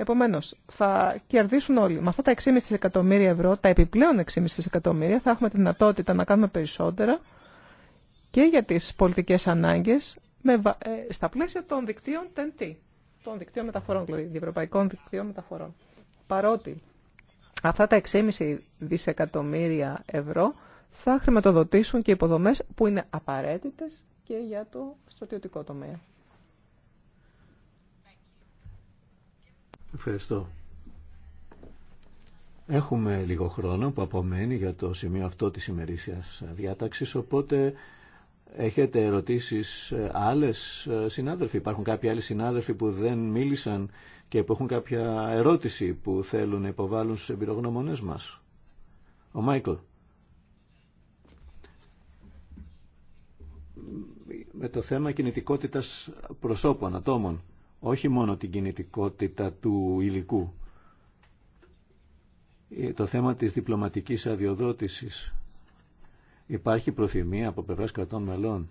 Επομένω, θα κερδίσουν όλοι. Με αυτά τα 6,5 εκατομμύρια ευρώ, τα επιπλέον 6,5 εκατομμύρια, θα έχουμε τη δυνατότητα να κάνουμε περισσότερα και για τι πολιτικέ ανάγκε ε, στα πλαίσια των δικτύων TEN-T, των δικτύων μεταφορών, δηλαδή διευρωπαϊκών δικτύων μεταφορών. Παρότι αυτά τα 6,5 δισεκατομμύρια ευρώ θα χρηματοδοτήσουν και υποδομέ που είναι απαραίτητε και για το στρατιωτικό τομέα. Ευχαριστώ. Έχουμε λίγο χρόνο που απομένει για το σημείο αυτό της ημερήσιας διάταξης, οπότε έχετε ερωτήσεις ε, άλλες ε, συνάδελφοι. Υπάρχουν κάποιοι άλλοι συνάδελφοι που δεν μίλησαν και που έχουν κάποια ερώτηση που θέλουν να υποβάλουν στους εμπειρογνωμονές μας. Ο Μάικλ. Με το θέμα κινητικότητας προσώπων, ατόμων όχι μόνο την κινητικότητα του υλικού. Ε, το θέμα της διπλωματικής αδειοδότησης. Υπάρχει προθυμία από πλευρά κρατών μελών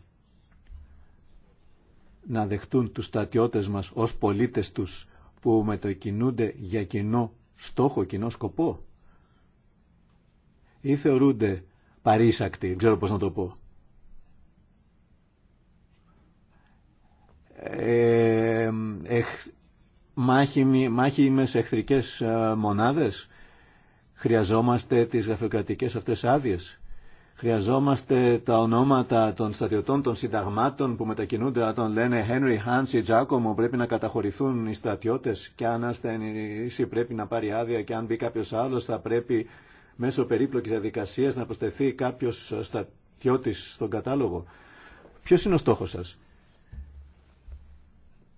να δεχτούν τους στατιώτες μας ως πολίτες τους που μετακινούνται για κοινό στόχο, κοινό σκοπό ή θεωρούνται παρήσακτοι, ξέρω πώς να το πω. ε, μάχη με μάχημες εχθρικές ε, μονάδες. Χρειαζόμαστε τις γραφειοκρατικές αυτές άδειες. Χρειαζόμαστε τα ονόματα των στρατιωτών των συνταγμάτων που μετακινούνται όταν λένε Henry, Hans ή Giacomo πρέπει να καταχωρηθούν οι στρατιώτες και αν ασθενήσει πρέπει να πάρει άδεια και αν μπει κάποιος άλλος θα πρέπει μέσω περίπλοκης διαδικασίας να προσθεθεί κάποιος στρατιώτης στον κατάλογο. Ποιος είναι ο στόχος σας.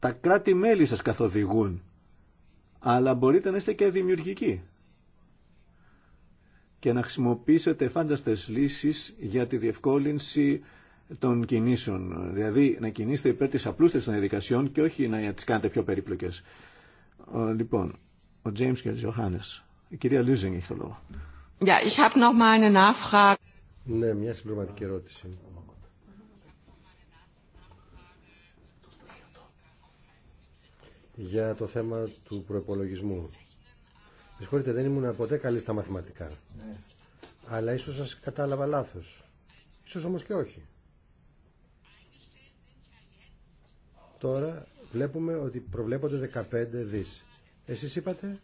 Τα κράτη-μέλη σας καθοδηγούν, αλλά μπορείτε να είστε και δημιουργικοί και να χρησιμοποιήσετε φάνταστες λύσεις για τη διευκόλυνση των κινήσεων. Δηλαδή να κινήσετε υπέρ της απλούστευσης των διαδικασιών και όχι να τις κάνετε πιο περίπλοκες. Λοιπόν, ο Τζέιμς και ο Johannes. Η κυρία Λούζινγκ έχει το λόγο. Ναι, μια συμπληρωματική ερώτηση. για το θέμα του προπολογισμού. Με συγχωρείτε, δεν ήμουν ποτέ καλή στα μαθηματικά. Ναι. Αλλά ίσως σας κατάλαβα λάθος. Ίσως όμως και όχι. Τώρα βλέπουμε ότι προβλέπονται 15 δις. Εσείς είπατε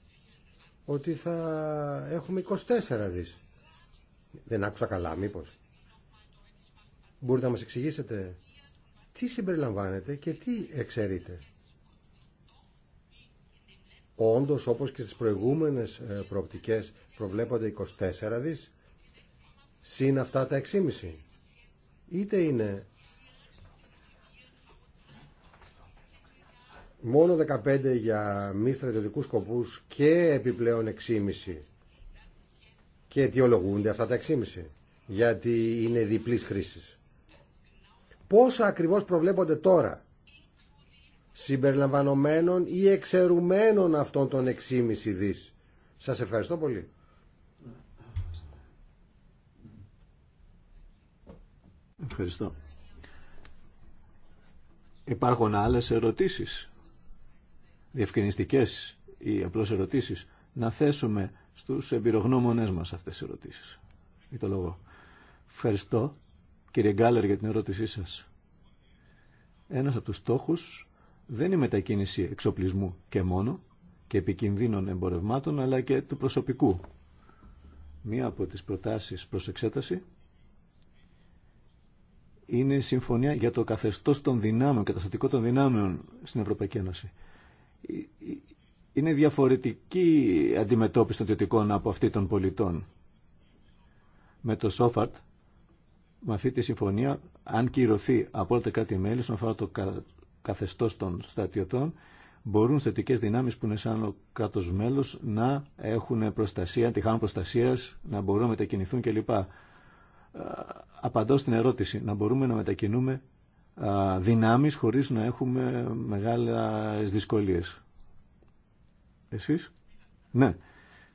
ότι θα έχουμε 24 δις. Δεν άκουσα καλά μήπως. Μπορείτε να μας εξηγήσετε τι συμπεριλαμβάνεται και τι εξαιρείται. Όντω όπως και στις προηγούμενες ε, προοπτικέ προβλέπονται 24 δις, συν αυτά τα 6,5. Είτε είναι μόνο 15 για μη στρατιωτικούς σκοπούς και επιπλέον 6,5 και αιτιολογούνται αυτά τα 6,5 γιατί είναι διπλής χρήσης. Πόσα ακριβώς προβλέπονται τώρα συμπεριλαμβανομένων ή εξαιρουμένων αυτών των 6,5 δις. Σας ευχαριστώ πολύ. Ευχαριστώ. Υπάρχουν άλλες ερωτήσεις, διευκρινιστικές ή απλώς ερωτήσεις, να θέσουμε στους εμπειρογνώμονές μας αυτές τις ερωτήσεις. Ή το λόγο. Ευχαριστώ, κύριε Γκάλερ, για την ερώτησή σας. Ένας από τους στόχους δεν είναι μετακίνηση εξοπλισμού και μόνο και επικινδύνων εμπορευμάτων αλλά και του προσωπικού. Μία από τις προτάσεις προς εξέταση είναι η συμφωνία για το καθεστώς των δυνάμεων καταστατικό των δυνάμεων στην Ευρωπαϊκή Ένωση. Είναι διαφορετική αντιμετώπιση των διωτικών από αυτή των πολιτών. Με το ΣΟΦΑΡΤ, με αυτή τη συμφωνία, αν κυρωθεί από όλα τα κράτη-μέλη, όσον αφορά το καθεστώς των στρατιωτών μπορούν θετικέ δυνάμεις που είναι σαν ο μέλος να έχουν προστασία, να τυχάνουν προστασίας, να μπορούν να μετακινηθούν κλπ. Ε, απαντώ στην ερώτηση, να μπορούμε να μετακινούμε ε, δυνάμεις χωρίς να έχουμε μεγάλες δυσκολίες. Εσείς? Ναι.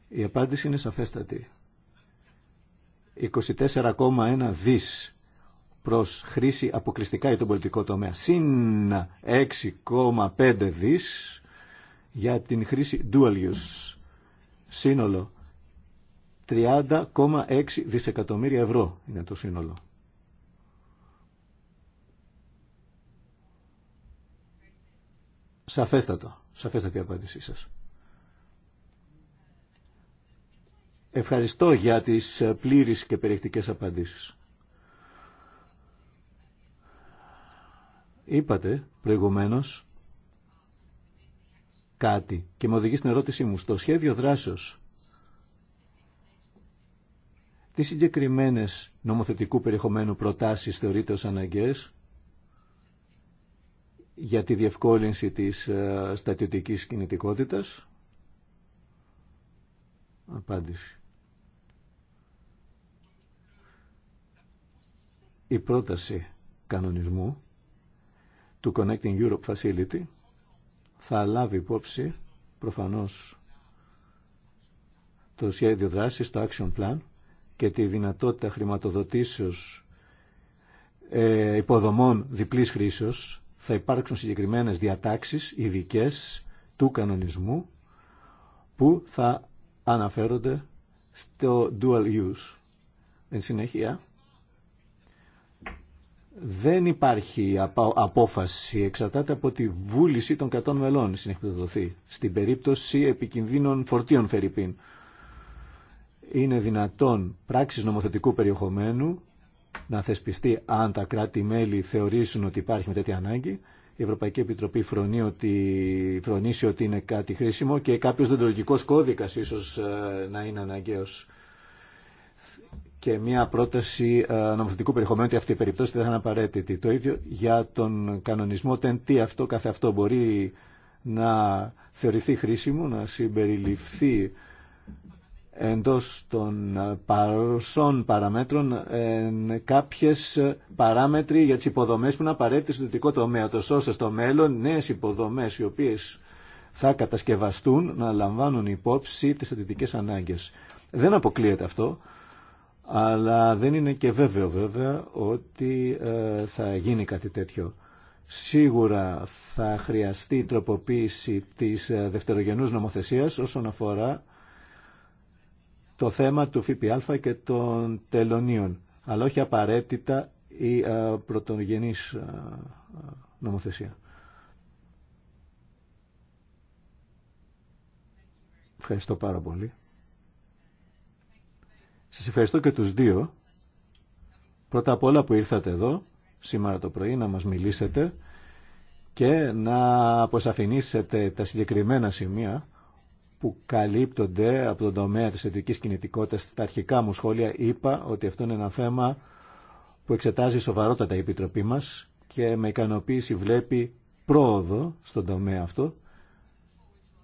Η απάντηση είναι σαφέστατη. 24,1 δις προς χρήση αποκλειστικά για τον πολιτικό τομέα. Συν 6,5 δις για την χρήση dual use. Σύνολο 30,6 δισεκατομμύρια ευρώ είναι το σύνολο. Σαφέστατο. Σαφέστατη απάντησή σας. Ευχαριστώ για τις πλήρεις και περιεκτικές απαντήσεις. Είπατε προηγουμένως κάτι και με οδηγεί στην ερώτησή μου. Στο σχέδιο δράσεως, τι συγκεκριμένες νομοθετικού περιεχομένου προτάσεις θεωρείτε ως αναγκαίες για τη διευκόλυνση της ε, στατιωτικής κινητικότητας. Απάντηση. Η πρόταση κανονισμού του Connecting Europe Facility θα λάβει υπόψη προφανώς το σχέδιο δράσης, το action plan και τη δυνατότητα χρηματοδοτήσεως ε, υποδομών διπλής χρήσεως θα υπάρξουν συγκεκριμένες διατάξεις ειδικέ του κανονισμού που θα αναφέρονται στο dual use. Εν συνεχεία, δεν υπάρχει απόφαση, εξαρτάται από τη βούληση των κρατών μελών συνεχιδοδοθεί. Στην περίπτωση επικινδύνων φορτίων φερρυπίν. Είναι δυνατόν πράξεις νομοθετικού περιεχομένου να θεσπιστεί αν τα κράτη-μέλη θεωρήσουν ότι υπάρχει με τέτοια ανάγκη. Η Ευρωπαϊκή Επιτροπή φρονεί ότι, φρονήσει ότι είναι κάτι χρήσιμο και κάποιος δεντρολογικός κώδικας ίσως ε, να είναι αναγκαίος και μια πρόταση ε, νομοθετικού περιεχομένου ότι αυτή η περίπτωση δεν θα είναι απαραίτητη. Το ίδιο για τον κανονισμό τι αυτό καθε αυτό μπορεί να θεωρηθεί χρήσιμο, να συμπεριληφθεί εντός των ε, παρουσών παραμέτρων κάποιες παράμετροι για τις υποδομές που είναι απαραίτητες στο δυτικό τομέα, το ώστε στο μέλλον νέες υποδομές οι οποίες θα κατασκευαστούν να λαμβάνουν υπόψη τις θετικές ανάγκες. Δεν αποκλείεται αυτό αλλά δεν είναι και βέβαιο βέβαια ότι ε, θα γίνει κάτι τέτοιο. Σίγουρα θα χρειαστεί η τροποποίηση της ε, δευτερογενούς νομοθεσίας όσον αφορά το θέμα του ΦΠΑ και των τελωνίων, αλλά όχι απαραίτητα η ε, πρωτογενής νομοθεσία. Ευχαριστώ πάρα πολύ. Σας ευχαριστώ και τους δύο. Πρώτα απ' όλα που ήρθατε εδώ σήμερα το πρωί να μας μιλήσετε και να αποσαφηνίσετε τα συγκεκριμένα σημεία που καλύπτονται από τον τομέα της ειδικής κινητικότητας. Στα αρχικά μου σχόλια είπα ότι αυτό είναι ένα θέμα που εξετάζει σοβαρότατα η Επιτροπή μας και με ικανοποίηση βλέπει πρόοδο στον τομέα αυτό.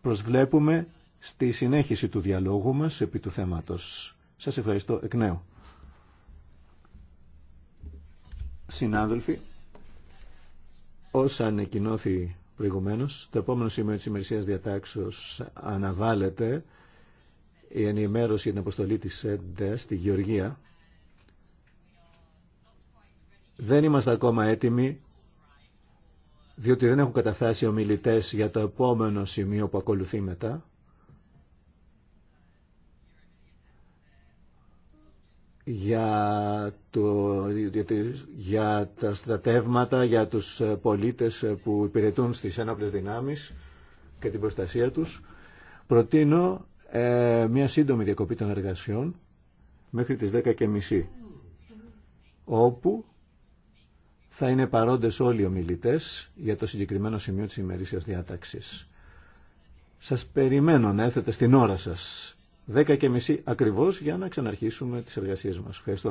Προσβλέπουμε στη συνέχιση του διαλόγου μας επί του θέματος. Σας ευχαριστώ εκ νέου. Συνάδελφοι, όσα ανακοινώθη προηγουμένως, το επόμενο σημείο της ημερησίας διατάξεως αναβάλλεται η ενημέρωση για την αποστολή της ΕΝΤΕ στη Γεωργία. Δεν είμαστε ακόμα έτοιμοι, διότι δεν έχουν καταφτάσει ομιλητές για το επόμενο σημείο που ακολουθεί μετά. για, το, για, τα στρατεύματα, για τους πολίτες που υπηρετούν στις ένοπλες δυνάμεις και την προστασία τους. Προτείνω ε, μια σύντομη διακοπή των εργασιών μέχρι τις 10.30 όπου θα είναι παρόντες όλοι οι ομιλητές για το συγκεκριμένο σημείο της ημερήσιας διάταξης. Σας περιμένω να έρθετε στην ώρα σας και μισή ακριβώς για να ξαναρχίσουμε τις εργασίες μας. Ευχαριστώ.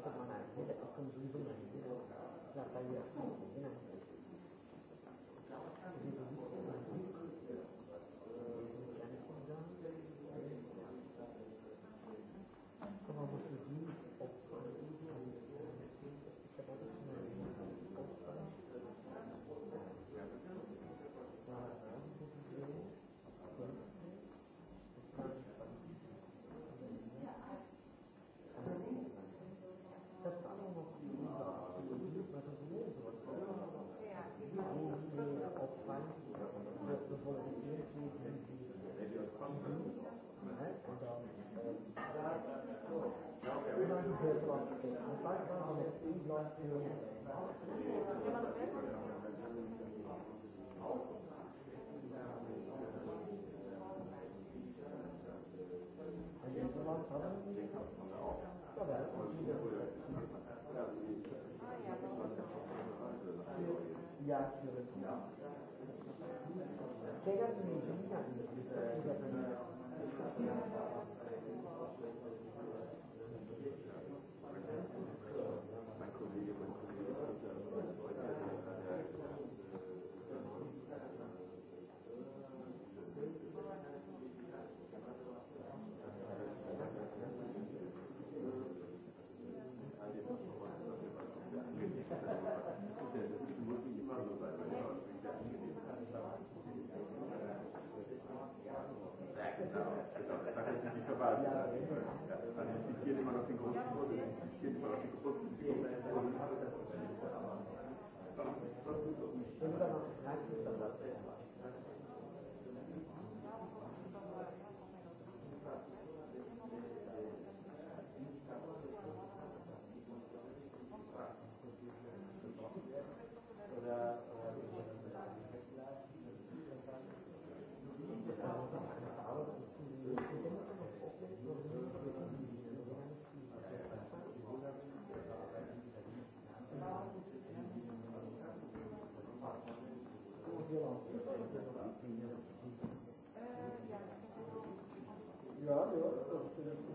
Gracias. Yeah.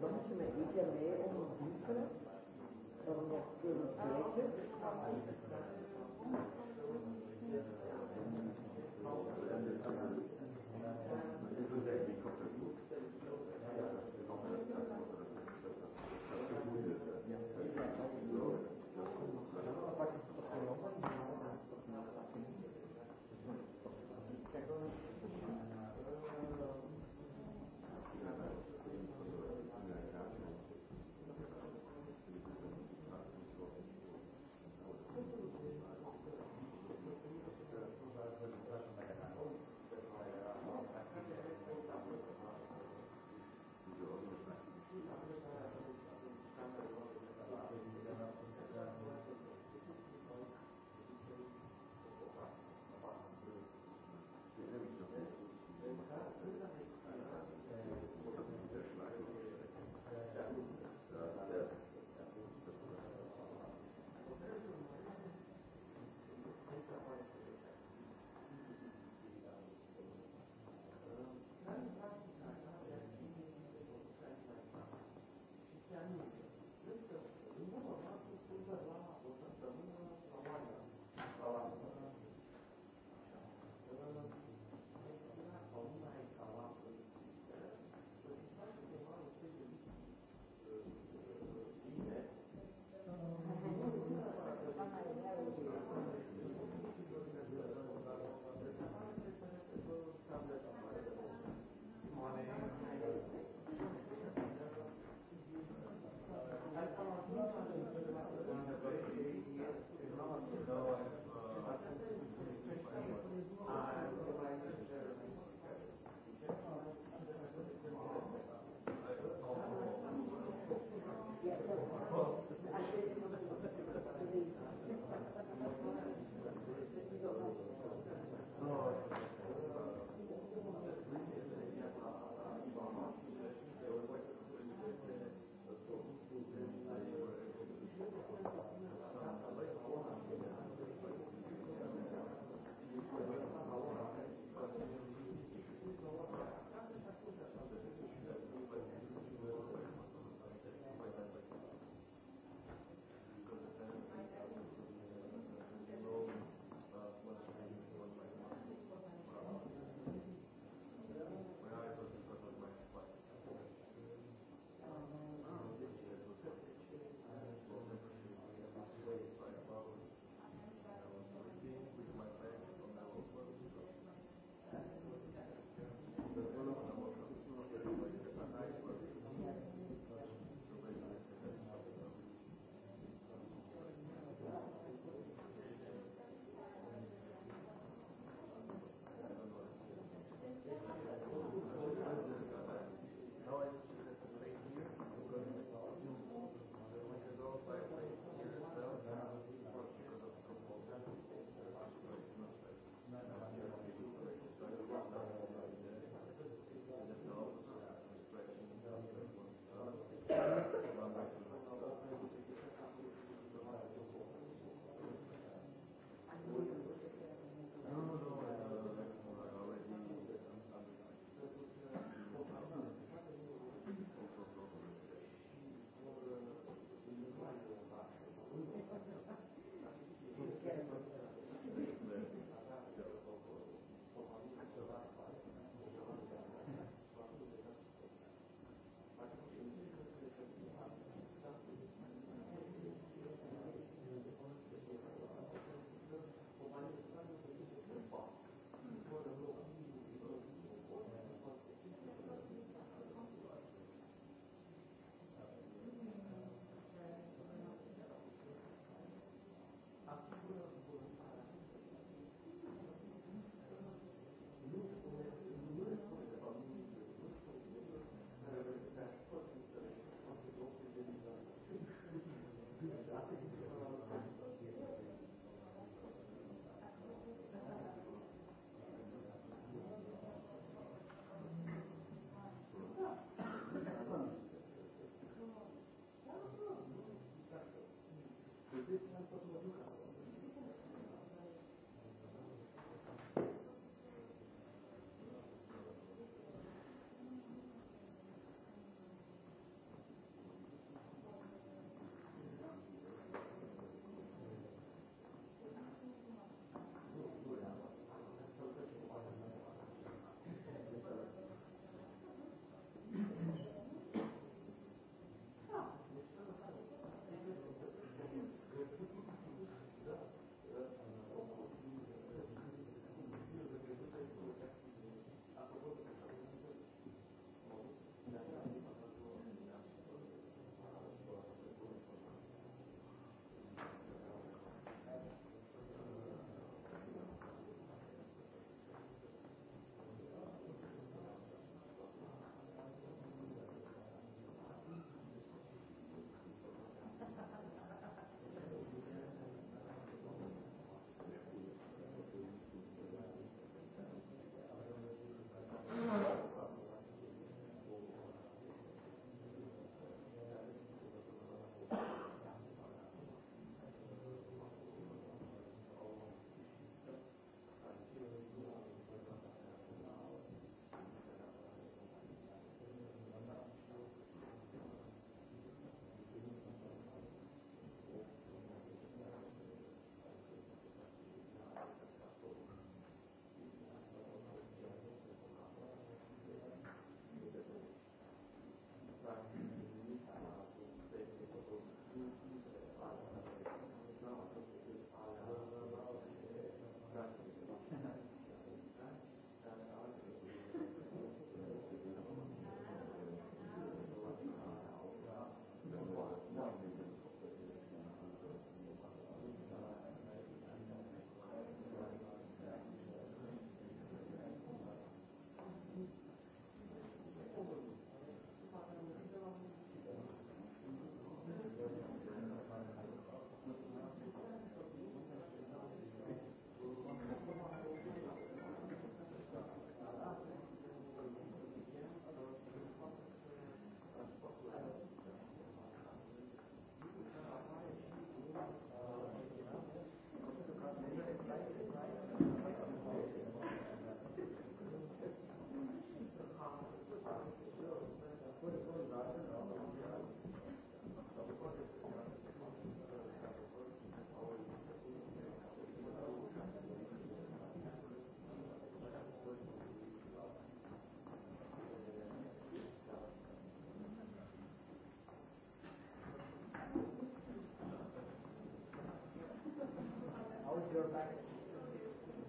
Entonces me a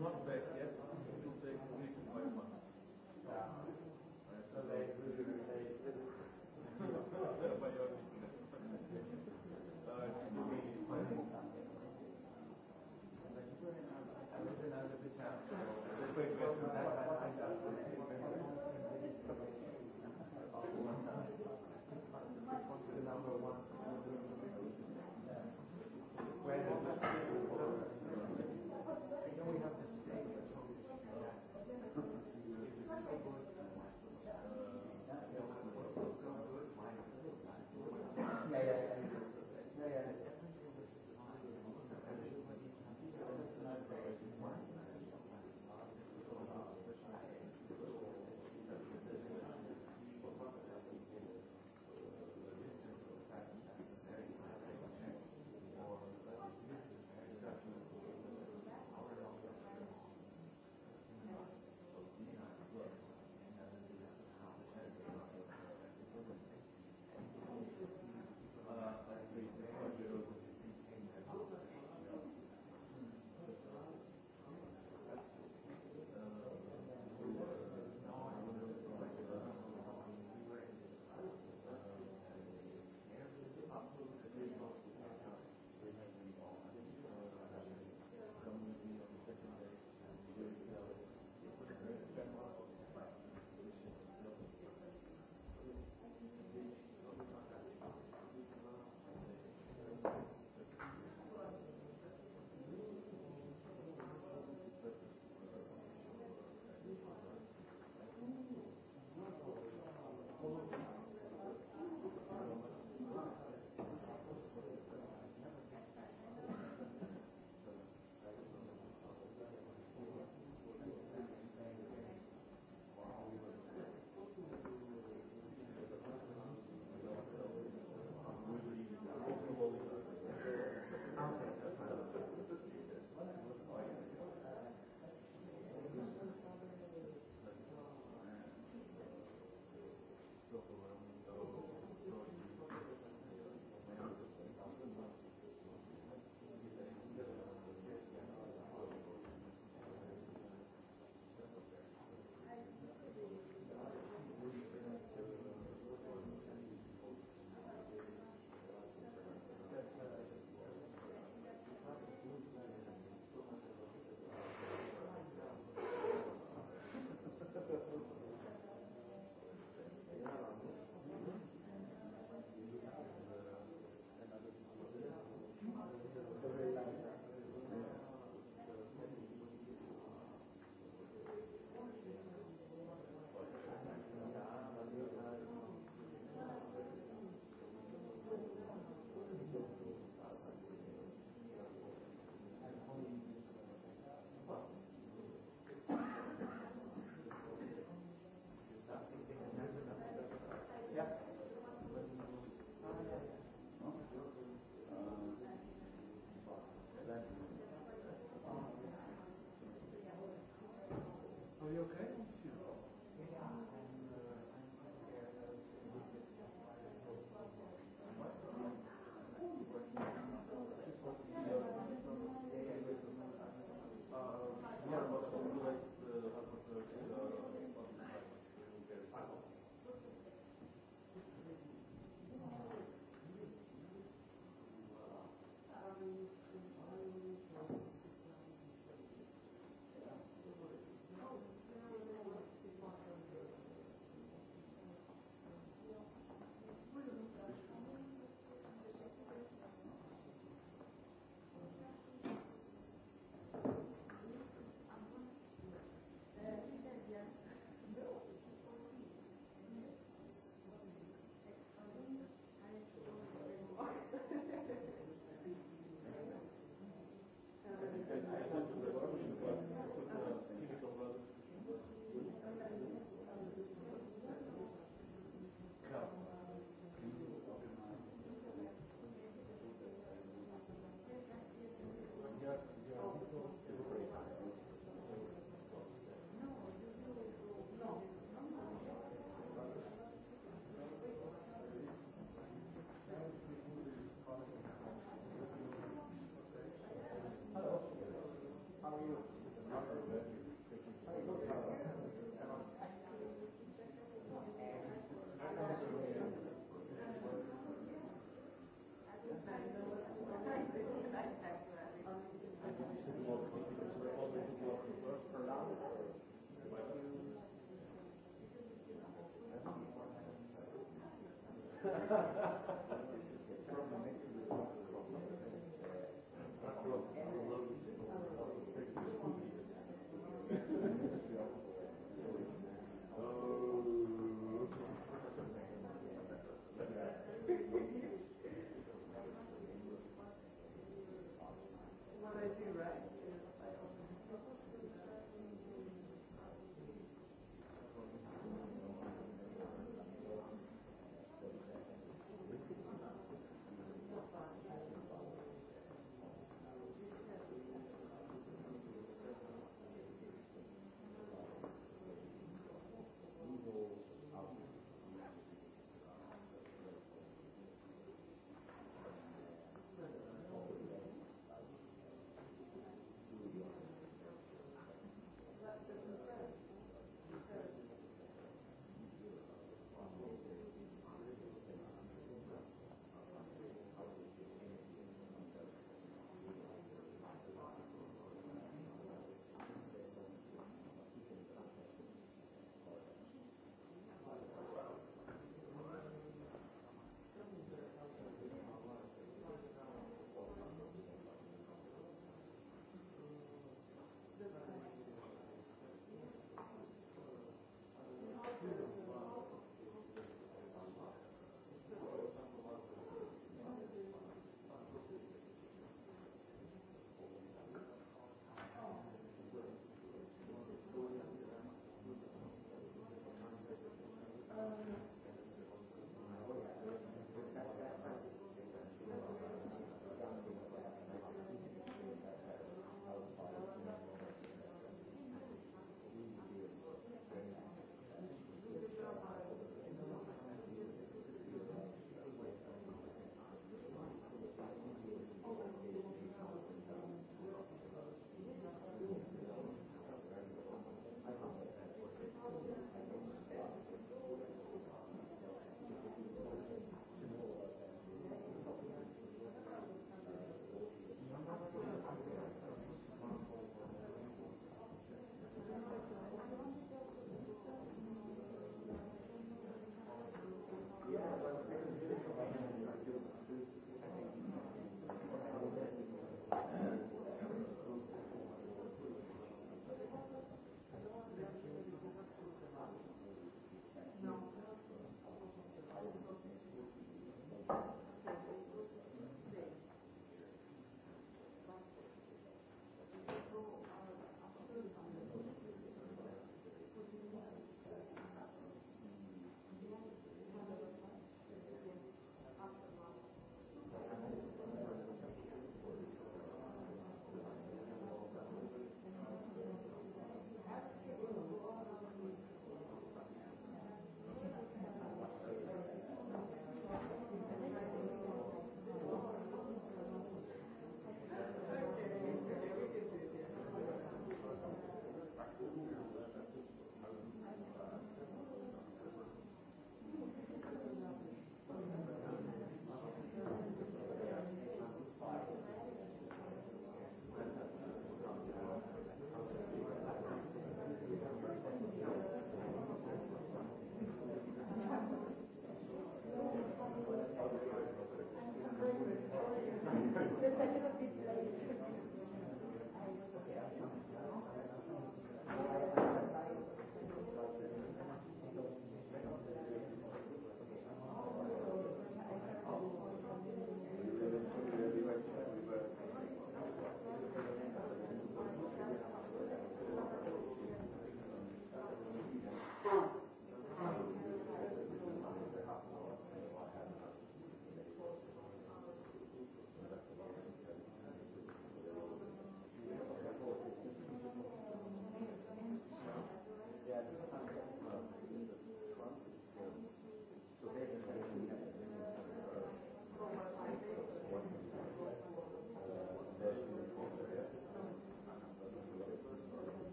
Not better. Ja,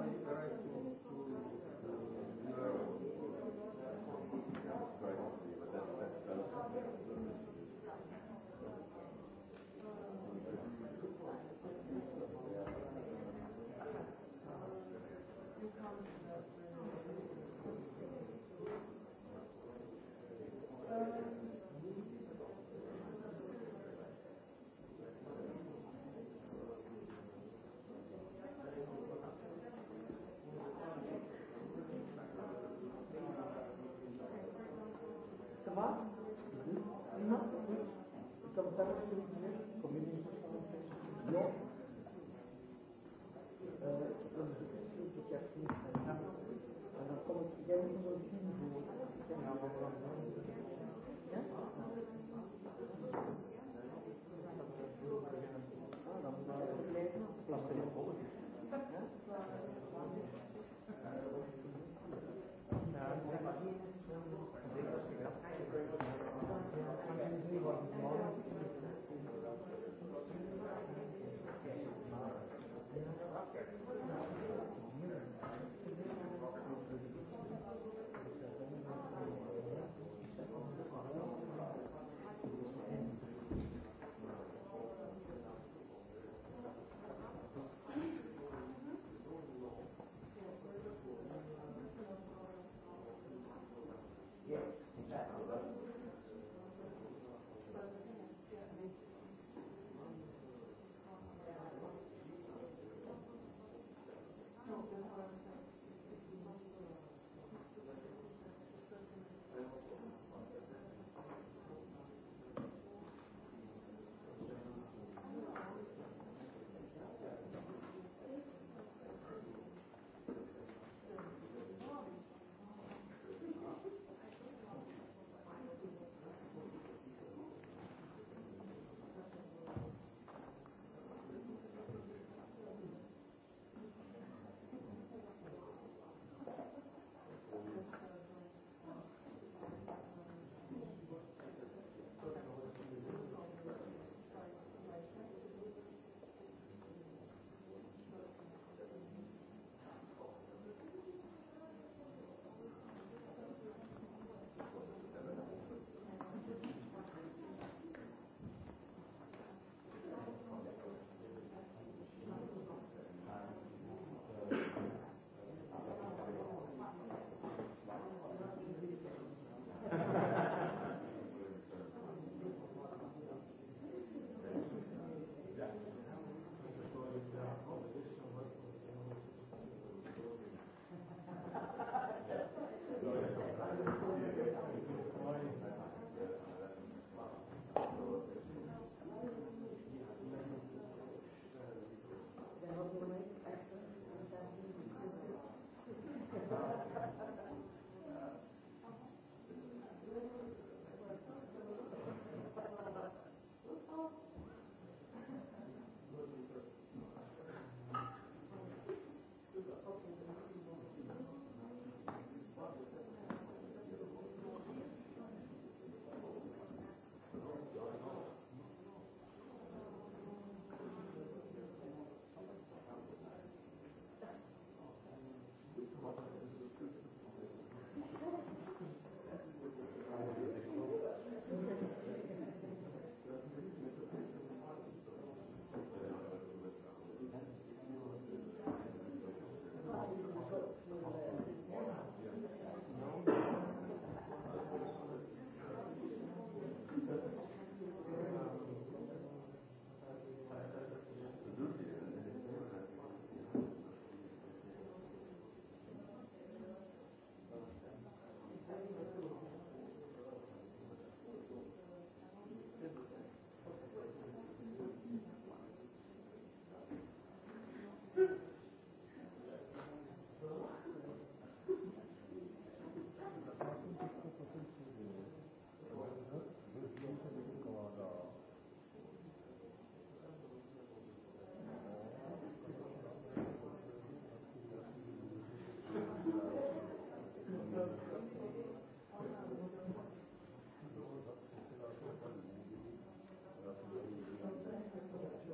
Thank you.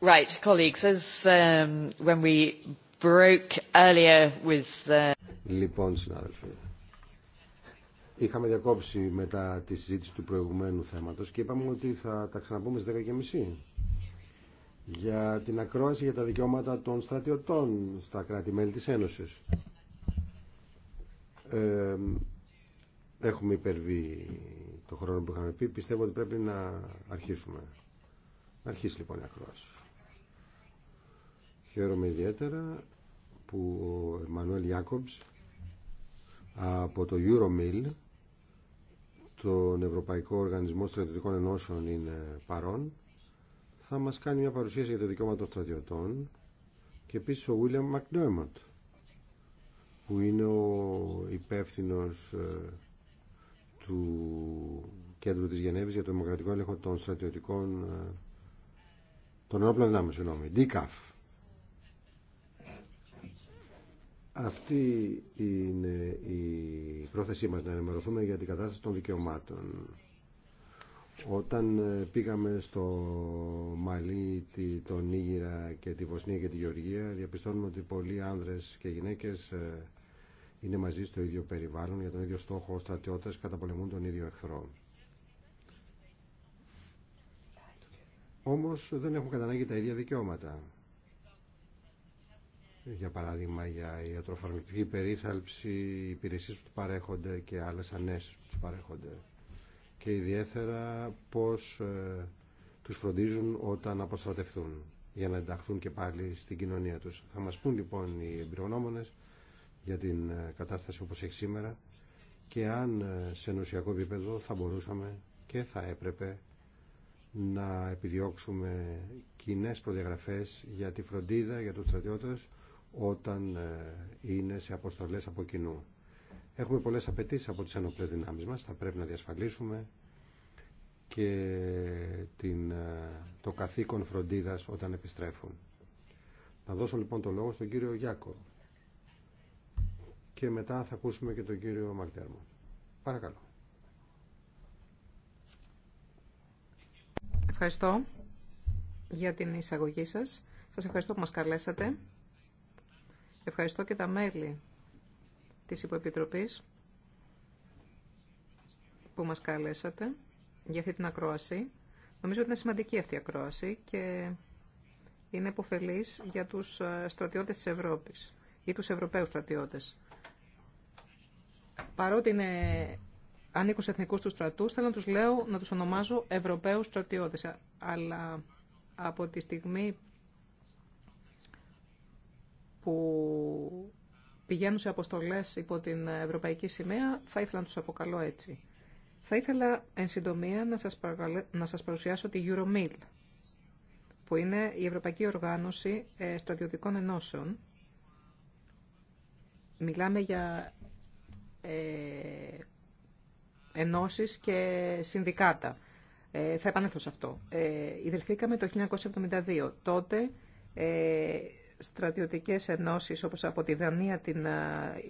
Right, colleagues, as um, when we broke earlier with uh, Λοιπόν, συνάδελφοι, είχαμε διακόψει μετά τη συζήτηση του προηγουμένου θέματος και είπαμε ότι θα τα ξαναπούμε στις 10.30 για την ακρόαση για τα δικαιώματα των στρατιωτών στα κράτη-μέλη της Ένωσης. έχουμε υπερβεί το χρόνο που είχαμε πει. Πιστεύω ότι πρέπει να αρχίσουμε. Να αρχίσει λοιπόν η ακρόαση. Χαίρομαι ιδιαίτερα που ο Εμμανουέλ Ιάκομπς από το Euromill, τον Ευρωπαϊκό Οργανισμό Στρατιωτικών Ενώσεων είναι παρόν, θα μας κάνει μια παρουσίαση για τα δικαιώματα των στρατιωτών και επίσης ο William McDermott που είναι ο υπεύθυνος ε, του Κέντρου της Γενέβης για το Δημοκρατικό Έλεγχο των Στρατιωτικών ε, των Ενόπλων Δυνάμεων, συγγνώμη, Αυτή είναι η πρόθεσή μας να ενημερωθούμε για την κατάσταση των δικαιωμάτων. Όταν ε, πήγαμε στο Μαλί, τον Νίγηρα και τη Βοσνία και τη Γεωργία, διαπιστώνουμε ότι πολλοί άνδρες και γυναίκες ε, είναι μαζί στο ίδιο περιβάλλον, για τον ίδιο στόχο ως στρατιώτες, καταπολεμούν τον ίδιο εχθρό. Όμως δεν έχουν κατανάγει τα ίδια δικαιώματα για παράδειγμα για ιατροφαρμακευτική περίθαλψη, οι υπηρεσίε που του παρέχονται και άλλες ανέσει που τους παρέχονται και ιδιαίτερα πώς ε, τους φροντίζουν όταν αποστρατευτούν για να ενταχθούν και πάλι στην κοινωνία τους. Θα μας πούν λοιπόν οι εμπειρογνώμονες για την ε, κατάσταση όπως έχει σήμερα και αν ε, σε ενωσιακό επίπεδο θα μπορούσαμε και θα έπρεπε να επιδιώξουμε κοινέ προδιαγραφές για τη φροντίδα για τους στρατιώτες όταν ε, είναι σε αποστολές από κοινού. Έχουμε πολλές απαιτήσει από τις ενοπλές δυνάμεις μας, θα πρέπει να διασφαλίσουμε και την, ε, το καθήκον φροντίδας όταν επιστρέφουν. Να δώσω λοιπόν το λόγο στον κύριο Γιάκο και μετά θα ακούσουμε και τον κύριο Μαρτέρμο. Παρακαλώ. Ευχαριστώ για την εισαγωγή σας. Σας ευχαριστώ που μας καλέσατε. Ευχαριστώ και τα μέλη της Υποεπιτροπής που μας καλέσατε για αυτή την ακρόαση. Νομίζω ότι είναι σημαντική αυτή η ακρόαση και είναι υποφελής για τους ε, στρατιώτες της Ευρώπης ή τους Ευρωπαίους στρατιώτες. Παρότι είναι ανήκουν σε εθνικούς του στρατούς, θέλω να τους λέω, να τους ονομάζω Ευρωπαίους στρατιώτες. Αλλά από τη στιγμή που πηγαίνουν σε αποστολές υπό την Ευρωπαϊκή Σημαία, θα ήθελα να τους αποκαλώ έτσι. Θα ήθελα εν συντομία να σας, παρουσιάσω τη EuroMIL, που είναι η Ευρωπαϊκή Οργάνωση ε, Στρατιωτικών Ενώσεων. Μιλάμε για ε, ενώσεις και συνδικάτα. Ε, θα επανέλθω σε αυτό. Ε, ιδρυθήκαμε το 1972. Τότε ε, στρατιωτικές ενώσεις όπως από τη Δανία, την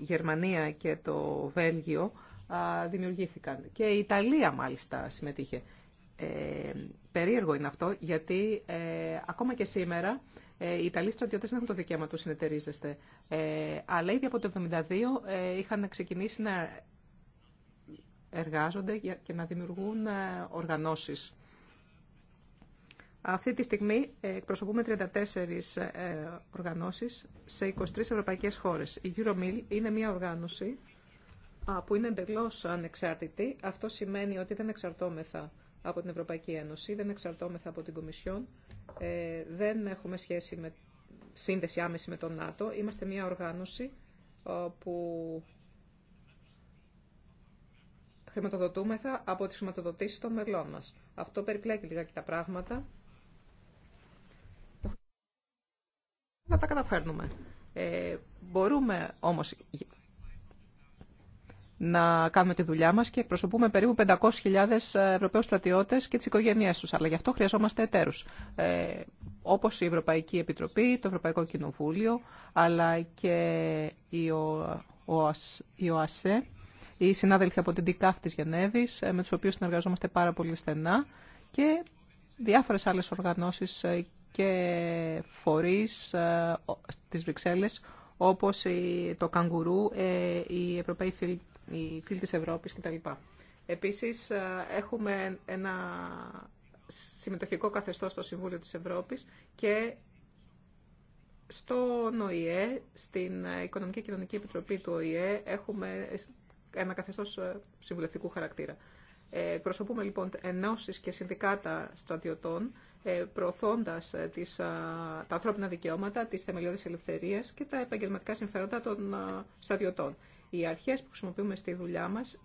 Γερμανία και το Βέλγιο δημιουργήθηκαν. Και η Ιταλία μάλιστα συμμετείχε. Ε, περίεργο είναι αυτό γιατί ε, ακόμα και σήμερα ε, οι Ιταλοί στρατιώτες δεν έχουν το δικαίωμα του συνεταιρίζεστε. Ε, αλλά ήδη από το 1972 ε, είχαν ξεκινήσει να εργάζονται και να δημιουργούν ε, οργανώσεις αυτή τη στιγμή ε, εκπροσωπούμε 34 ε, οργανώσεις σε 23 ευρωπαϊκές χώρες. Η EuroMill είναι μια οργάνωση που είναι εντελώ ανεξάρτητη. Αυτό σημαίνει ότι δεν εξαρτώμεθα από την Ευρωπαϊκή Ένωση, δεν εξαρτώμεθα από την Κομισιόν, ε, δεν έχουμε σχέση με σύνδεση άμεση με τον ΝΑΤΟ. Είμαστε μια οργάνωση που χρηματοδοτούμεθα από τις χρηματοδοτήσεις των μελών μας. Αυτό περιπλέκει λιγάκι τα πράγματα. να τα καταφέρνουμε. Ε, μπορούμε όμως να κάνουμε τη δουλειά μας και εκπροσωπούμε περίπου 500.000 ε, Ευρωπαίους στρατιώτες και τις οικογένειές τους. Αλλά γι' αυτό χρειαζόμαστε εταίρους, ε, όπως η Ευρωπαϊκή Επιτροπή, το Ευρωπαϊκό Κοινοβούλιο, αλλά και η, ο, η ΟΑΣΕ, οι συνάδελφοι από την ΤΙΚΑΦ της Γενέβης, ε, με τους οποίους συνεργαζόμαστε πάρα πολύ στενά και διάφορες άλλες οργανώσεις ε, και φορείς ε, στις Βρυξέλλες όπως το καγκουρού, ε, οι Ευρωπαίοι φίλοι, οι φίλοι της Ευρώπης κτλ. Επίσης, ε, έχουμε ένα συμμετοχικό καθεστώς στο Συμβούλιο της Ευρώπης και στο ΟΗΕ, στην Οικονομική και Κοινωνική Επιτροπή του ΟΗΕ, έχουμε ένα καθεστώς συμβουλευτικού χαρακτήρα. Ε, Προσωπούμε λοιπόν ενώσει και συνδικάτα στρατιωτών, ε, προωθώντα ε, τις, τα ανθρώπινα δικαιώματα, τις θεμελιώδεις ελευθερίες και τα επαγγελματικά συμφέροντα των στρατιωτών. Οι αρχές που χρησιμοποιούμε στη δουλειά μας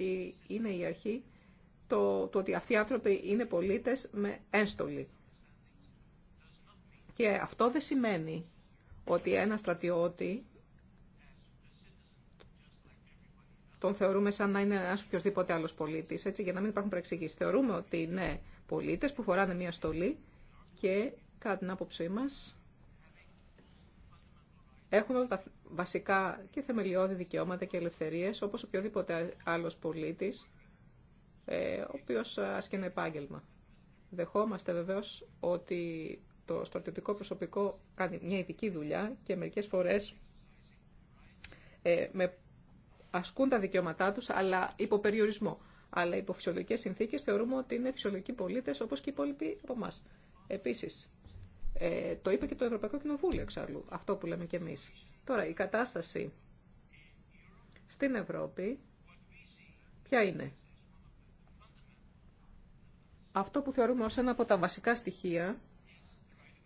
είναι η αρχή το, το ότι αυτοί οι άνθρωποι είναι πολίτε με ένστολη. Και αυτό δεν σημαίνει ότι ένα στρατιώτη τον θεωρούμε σαν να είναι ένα οποιοδήποτε άλλο πολίτη, έτσι, για να μην υπάρχουν παρεξηγήσει. Θεωρούμε ότι είναι πολίτε που φοράνε μία στολή και κατά την άποψή μα έχουν όλα τα βασικά και θεμελιώδη δικαιώματα και ελευθερίε όπω οποιοδήποτε άλλο πολίτη, ε, ο οποίο ασκεί ένα επάγγελμα. Δεχόμαστε βεβαίω ότι το στρατιωτικό προσωπικό κάνει μια ειδική δουλειά και μερικέ φορέ. ε, με ασκούν τα δικαιώματά τους, αλλά υπό περιορισμό. Αλλά υπό φυσιολογικέ συνθήκες θεωρούμε ότι είναι φυσιολογικοί πολίτε όπως και οι υπόλοιποι από εμά. Επίσης, ε, το είπε και το Ευρωπαϊκό Κοινοβούλιο εξάλλου, αυτό που λέμε κι εμείς. Τώρα, η κατάσταση στην Ευρώπη, ποια είναι. Αυτό που θεωρούμε ως ένα από τα βασικά στοιχεία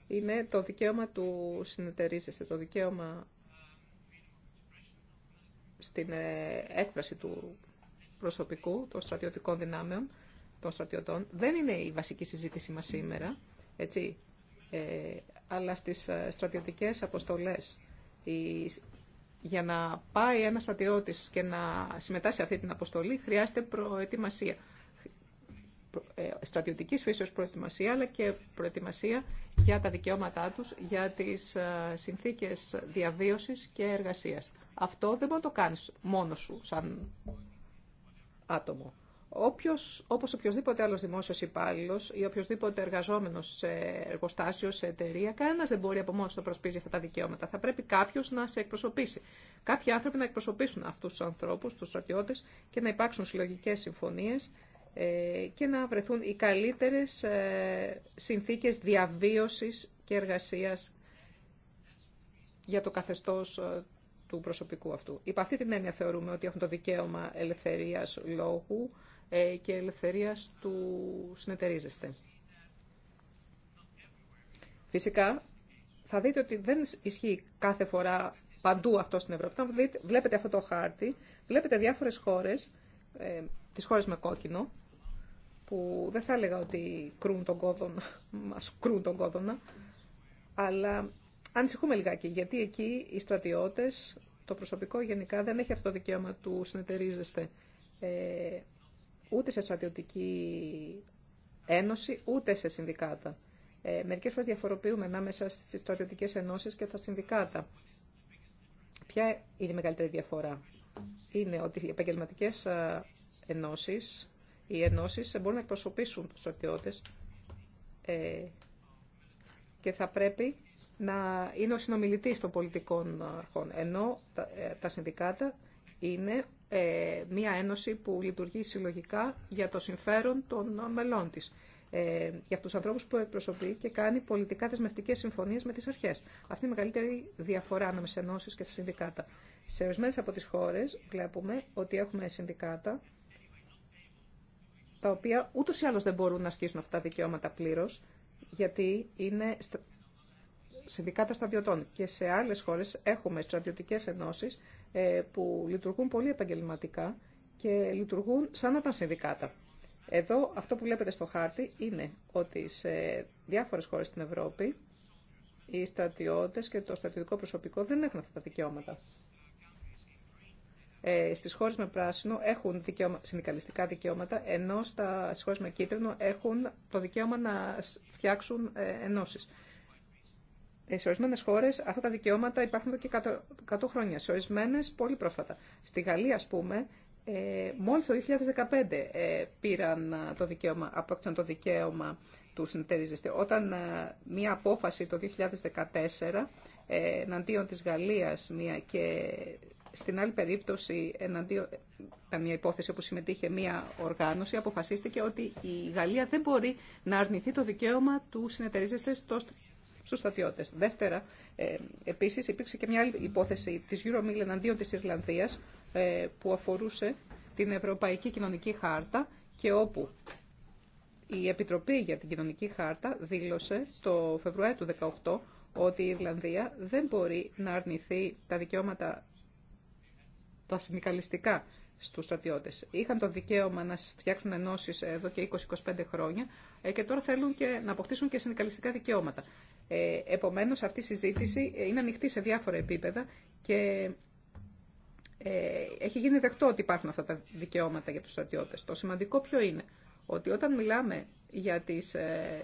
είναι το δικαίωμα του συνεταιρίζεστε, το δικαίωμα στην ε, έκφραση του προσωπικού των στρατιωτικών δυνάμεων, των στρατιωτών, δεν είναι η βασική συζήτηση μας σήμερα, έτσι, ε, αλλά στις ε, στρατιωτικές αποστολές η, για να πάει ένα στρατιώτης και να συμμετάσχει σε αυτή την αποστολή χρειάζεται προετοιμασία. στρατιωτικής φύσεως προετοιμασία, αλλά και προετοιμασία για τα δικαιώματά τους, για τις συνθήκες διαβίωσης και εργασίας. Αυτό δεν μπορεί να το κάνεις μόνος σου, σαν άτομο. Όποιος, όπως οποιοδήποτε άλλος δημόσιος υπάλληλο ή οποιοδήποτε εργαζόμενος σε εργοστάσιο, σε εταιρεία, κανένας δεν μπορεί από μόνος του να προσπίζει αυτά τα δικαιώματα. Θα πρέπει κάποιος να σε εκπροσωπήσει. Κάποιοι άνθρωποι να εκπροσωπήσουν αυτούς τους ανθρώπους, τους στρατιώτε και να υπάρξουν συλλογικές συμφωνίες ε, και να βρεθούν οι καλύτερες ε, συνθήκες διαβίωσης και εργασίας για το καθεστώς ε, του προσωπικού αυτού. Υπό αυτή την έννοια θεωρούμε ότι έχουν το δικαίωμα ελευθερίας λόγου ε, και ελευθερίας του συνεταιρίζεστε. Φυσικά, θα δείτε ότι δεν ισχύει κάθε φορά παντού αυτό στην Ευρώπη. βλέπετε αυτό το χάρτη, βλέπετε διάφορες χώρες, ε, τις χώρες με κόκκινο, που δεν θα έλεγα ότι κρούν τον κόδωνα, μας κρούν τον κόδωνα, αλλά ανησυχούμε λιγάκι, γιατί εκεί οι στρατιώτες, το προσωπικό γενικά δεν έχει αυτό το δικαίωμα του συνεταιρίζεστε ε, ούτε σε στρατιωτική ένωση, ούτε σε συνδικάτα. Ε, μερικές φορές διαφοροποιούμε ανάμεσα στις στρατιωτικές ενώσεις και τα συνδικάτα. Ποια είναι η μεγαλύτερη διαφορά. Είναι ότι οι επαγγελματικές ενώσεις, οι ενώσει, μπορούν να εκπροσωπήσουν τους στρατιώτες ε, και θα πρέπει να είναι ο συνομιλητή των πολιτικών αρχών, ενώ ε, τα συνδικάτα είναι ε, μία ένωση που λειτουργεί συλλογικά για το συμφέρον των μελών της, ε, για τους ανθρώπους που εκπροσωπεί και κάνει πολιτικά δεσμευτικέ συμφωνίες με τις αρχές. Αυτή είναι η μεγαλύτερη διαφορά ανάμεσα ενώσεις και στα συνδικάτα. Σε ορισμένε από τις χώρες βλέπουμε ότι έχουμε συνδικάτα τα οποία ούτως ή άλλως δεν μπορούν να ασκήσουν αυτά τα δικαιώματα πλήρως, γιατί είναι συνδικάτα στρατιωτών. Και σε άλλες χώρες έχουμε στρατιωτικές ενώσεις ε, που λειτουργούν πολύ επαγγελματικά και λειτουργούν σαν να ήταν συνδικάτα. Εδώ αυτό που βλέπετε στο χάρτη είναι ότι σε διάφορες χώρες στην Ευρώπη οι στρατιώτες και το στρατιωτικό προσωπικό δεν έχουν αυτά τα δικαιώματα. Ε, στις χώρες με πράσινο έχουν δικαιώμα, συνδικαλιστικά δικαιώματα, ενώ στα, στις χώρες με κίτρινο έχουν το δικαίωμα να φτιάξουν ε, ενώσεις. Ε, σε ορισμένε χώρε αυτά τα δικαιώματα υπάρχουν εδώ και 100 χρόνια. Σε ορισμένε πολύ πρόσφατα. Στη Γαλλία, α πούμε, ε, μόλι το 2015 ε, πήραν ε, το δικαίωμα, απόκτησαν το δικαίωμα του συνεταιρίζεστε. Όταν μία απόφαση το 2014 εναντίον της Γαλλίας μία και στην άλλη περίπτωση εναντίον, ήταν μια υπόθεση όπου συμμετείχε μία οργάνωση, αποφασίστηκε ότι η Γαλλία δεν μπορεί να αρνηθεί το δικαίωμα του συνεταιρίζεστε Στου στρατιώτε. Δεύτερα, ε, επίσης υπήρξε και μια άλλη υπόθεση της Euromill εναντίον τη Ιρλανδίας ε, που αφορούσε την Ευρωπαϊκή Κοινωνική Χάρτα και όπου η Επιτροπή για την Κοινωνική Χάρτα δήλωσε το Φεβρουάριο του 2018 ότι η Ιρλανδία δεν μπορεί να αρνηθεί τα δικαιώματα τα συνδικαλιστικά στους στρατιώτες. Είχαν το δικαίωμα να φτιάξουν ενώσεις εδώ και 20-25 χρόνια ε, και τώρα θέλουν να αποκτήσουν και συνδικαλιστικά δικαιώματα. Ε, επομένως, αυτή η συζήτηση ε, είναι ανοιχτή σε διάφορα επίπεδα και ε, έχει γίνει δεκτό ότι υπάρχουν αυτά τα δικαιώματα για τους στρατιώτες. Το σημαντικό ποιο είναι, ότι όταν μιλάμε για τις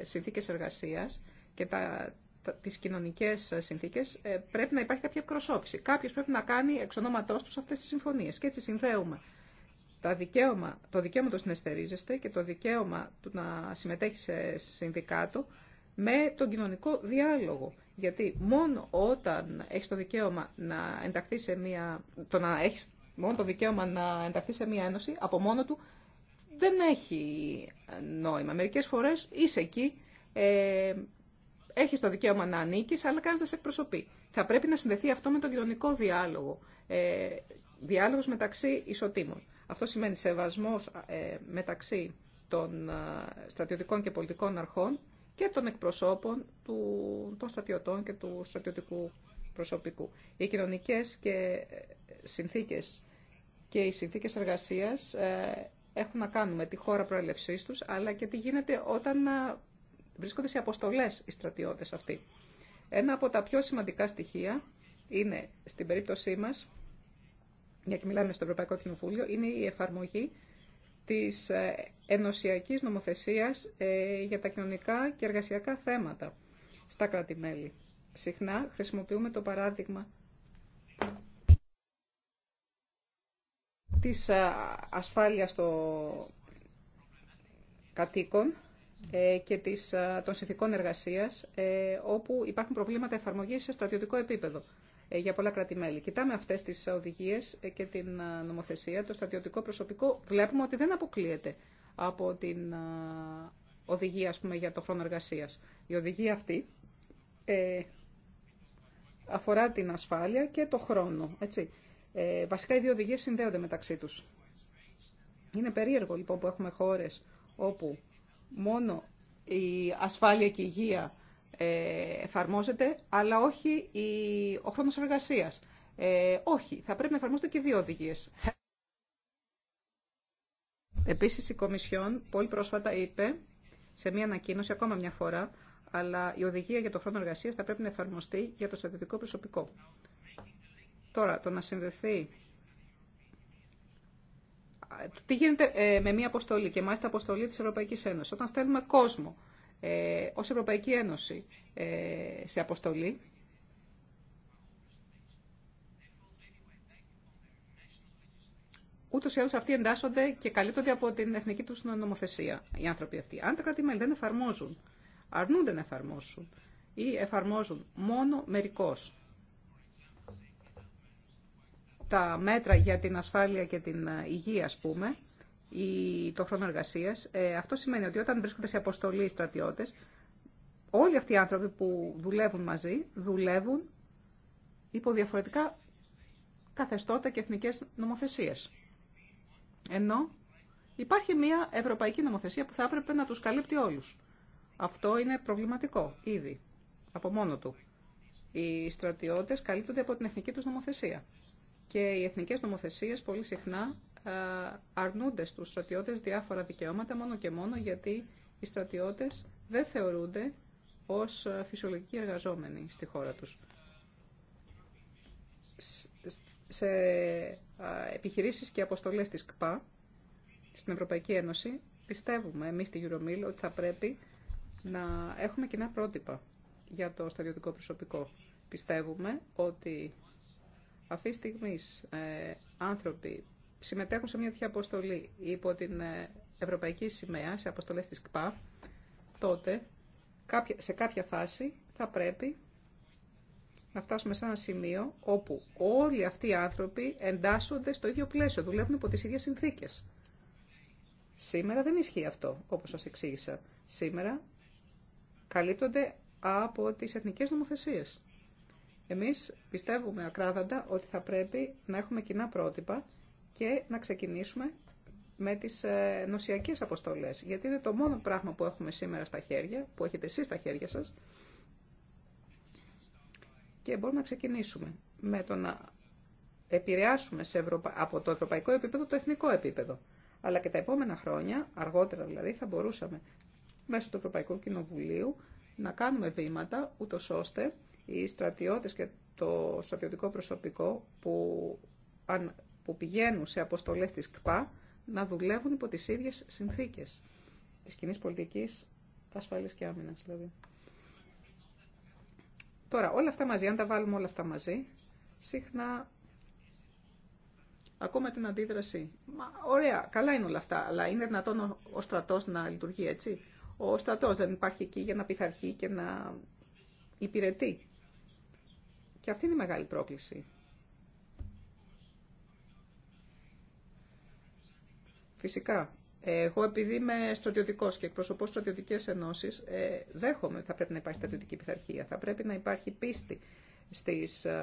συνθήκες εργασίας και τα, τα, τις κοινωνικές συνθήκες, πρέπει να υπάρχει κάποια εκπροσώπηση. Κάποιο πρέπει να κάνει εξ ονόματός τους αυτές τις συμφωνίες και έτσι συνδέουμε. Τα δικαίωμα, το δικαίωμα του συνεστερίζεστε και το δικαίωμα του να συμμετέχει σε συνδικάτο με τον κοινωνικό διάλογο. Γιατί μόνο όταν έχει το δικαίωμα να ενταχθεί σε μία... Το να έχεις μόνο το δικαίωμα να ενταχθεί σε μία ένωση από μόνο του δεν έχει νόημα. Μερικές φορές είσαι εκεί, ε, έχεις το δικαίωμα να ανήκεις, αλλά κάνεις να σε εκπροσωπεί. Θα πρέπει να συνδεθεί αυτό με τον κοινωνικό διάλογο, ε, διάλογος μεταξύ ισοτήμων. Αυτό σημαίνει σεβασμός ε, μεταξύ των ε, στρατιωτικών και πολιτικών αρχών, και των εκπροσώπων του, των στρατιωτών και του στρατιωτικού προσωπικού. Οι κοινωνικές και ε, συνθήκες και οι συνθήκες εργασίας ε, έχουν να κάνουν με τη χώρα προέλευσής τους, αλλά και τι γίνεται όταν ε, βρίσκονται σε αποστολές οι στρατιώτες αυτοί. Ένα από τα πιο σημαντικά στοιχεία είναι, στην περίπτωσή μας, για και μιλάμε στο Ευρωπαϊκό Κοινοβούλιο, είναι η εφαρμογή της ε, ενωσιακής νομοθεσίας ε, για τα κοινωνικά και εργασιακά θέματα στα κράτη-μέλη. Συχνά χρησιμοποιούμε το παράδειγμα της ε, ασφάλειας των κατοίκων και των συνθηκών εργασίας, όπου υπάρχουν προβλήματα εφαρμογής σε στρατιωτικό επίπεδο. Ε, για πολλά κράτη-μέλη. Κοιτάμε αυτές τις οδηγίες ε, και την ε, νομοθεσία, το στρατιωτικό προσωπικό. Βλέπουμε ότι δεν αποκλείεται από την οδηγία ας πούμε, για το χρόνο εργασία. Η οδηγία αυτή ε, αφορά την ασφάλεια και το χρόνο. Έτσι. Ε, βασικά οι δύο οδηγίες συνδέονται μεταξύ τους. Είναι περίεργο λοιπόν που έχουμε χώρες όπου μόνο η ασφάλεια και η υγεία ε, εφαρμόζεται, αλλά όχι ο χρόνο εργασία. Ε, όχι, θα πρέπει να εφαρμόζονται και δύο οδηγίε. Επίση η Κομισιόν πολύ πρόσφατα είπε σε μία ανακοίνωση ακόμα μια φορά, αλλά η οδηγία για το χρόνο εργασία θα πρέπει να εφαρμοστεί για το στρατιωτικό προσωπικό. Τώρα, το να συνδεθεί τι γίνεται ε, με μια αποστολή και μάλιστα αποστολή τη Ευρωπαϊκή Ένωση. Όταν στέλνουμε κόσμο ε, ως Ευρωπαϊκή Ένωση ε, σε αποστολή. Ούτω ή άλλω αυτοί εντάσσονται και καλύπτονται από την εθνική του νομοθεσία οι άνθρωποι αυτοί. Αν τα κρατήματα δεν εφαρμόζουν, αρνούνται να εφαρμόσουν ή εφαρμόζουν μόνο μερικώ τα μέτρα για την ασφάλεια και την ε, υγεία, α πούμε, το χρόνο εργασία. Ε, αυτό σημαίνει ότι όταν βρίσκονται σε αποστολή οι στρατιώτε, όλοι αυτοί οι άνθρωποι που δουλεύουν μαζί δουλεύουν υπό διαφορετικά καθεστώτα και εθνικέ νομοθεσίε. Ενώ υπάρχει μια ευρωπαϊκή νομοθεσία που θα έπρεπε να του καλύπτει όλου. Αυτό είναι προβληματικό ήδη από μόνο του. Οι στρατιώτες καλύπτονται από την εθνική τους νομοθεσία. Και οι εθνικές νομοθεσίες πολύ συχνά ε, αρνούνται στους στρατιώτες διάφορα δικαιώματα μόνο και μόνο γιατί οι στρατιώτες δεν θεωρούνται ως ε, φυσιολογικοί εργαζόμενοι στη χώρα τους. Σε ε, επιχειρήσεις και αποστολές της ΚΠΑ, στην Ευρωπαϊκή Ένωση, πιστεύουμε εμείς στη Euromil ότι θα πρέπει να έχουμε κοινά πρότυπα για το στρατιωτικό προσωπικό. Πιστεύουμε ότι αυτή τη στιγμή άνθρωποι συμμετέχουν σε μια τέτοια αποστολή υπό την ε, Ευρωπαϊκή Σημαία, σε αποστολές της ΚΠΑ, τότε σε κάποια φάση θα πρέπει να φτάσουμε σε ένα σημείο όπου όλοι αυτοί οι άνθρωποι εντάσσονται στο ίδιο πλαίσιο, δουλεύουν υπό τις ίδιες συνθήκες. Σήμερα δεν ισχύει αυτό, όπως σας εξήγησα. Σήμερα καλύπτονται από τις εθνικές νομοθεσίες. Εμείς πιστεύουμε ακράδαντα ότι θα πρέπει να έχουμε κοινά πρότυπα και να ξεκινήσουμε με τις ε, νοσιακές αποστολές, γιατί είναι το μόνο πράγμα που έχουμε σήμερα στα χέρια, που έχετε εσείς στα χέρια σας, και μπορούμε να ξεκινήσουμε με το να επηρεάσουμε σε Ευρωπα... από το ευρωπαϊκό επίπεδο το εθνικό επίπεδο. Αλλά και τα επόμενα χρόνια, αργότερα δηλαδή, θα μπορούσαμε μέσω του Ευρωπαϊκού Κοινοβουλίου να κάνουμε βήματα, ούτω ώστε οι στρατιώτες και το στρατιωτικό προσωπικό που αν που πηγαίνουν σε αποστολές της ΚΠΑ να δουλεύουν υπό τις ίδιες συνθήκες της κοινή πολιτικής ασφάλειας και άμυνας. Δηλαδή. Τώρα, όλα αυτά μαζί, αν τα βάλουμε όλα αυτά μαζί, συχνά ακόμα την αντίδραση. Μα, ωραία, καλά είναι όλα αυτά, αλλά είναι δυνατόν ο, ο στρατός να λειτουργεί έτσι. Ο στρατός δεν υπάρχει εκεί για να πειθαρχεί και να υπηρετεί. Και αυτή είναι η μεγάλη πρόκληση Φυσικά, εγώ επειδή είμαι στρατιωτικό και εκπροσωπώ στρατιωτικέ ενώσει, ε, δέχομαι ότι θα πρέπει να υπάρχει στρατιωτική πειθαρχία. Θα πρέπει να υπάρχει πίστη στι ε,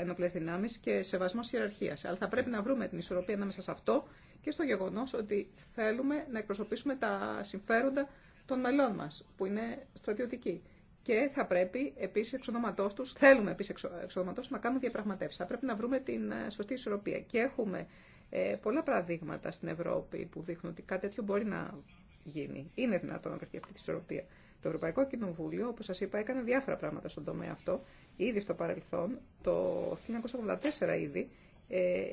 ενοπλέ δυνάμει και σεβασμό ιεραρχία. Αλλά θα πρέπει να βρούμε την ισορροπία ανάμεσα σε αυτό και στο γεγονό ότι θέλουμε να εκπροσωπήσουμε τα συμφέροντα των μελών μα, που είναι στρατιωτικοί. Και θα πρέπει επίση εξ ονόματό του, θέλουμε επίση εξ να κάνουμε διαπραγματεύσει. Θα πρέπει να βρούμε την ε, σωστή ισορροπία. Και ε, πολλά παραδείγματα στην Ευρώπη που δείχνουν ότι κάτι τέτοιο μπορεί να γίνει. Είναι δυνατόν να βρεθεί αυτή η ισορροπία. Το Ευρωπαϊκό Κοινοβούλιο, όπω σα είπα, έκανε διάφορα πράγματα στον τομέα αυτό. Ήδη στο παρελθόν, το 1984 ήδη, ε,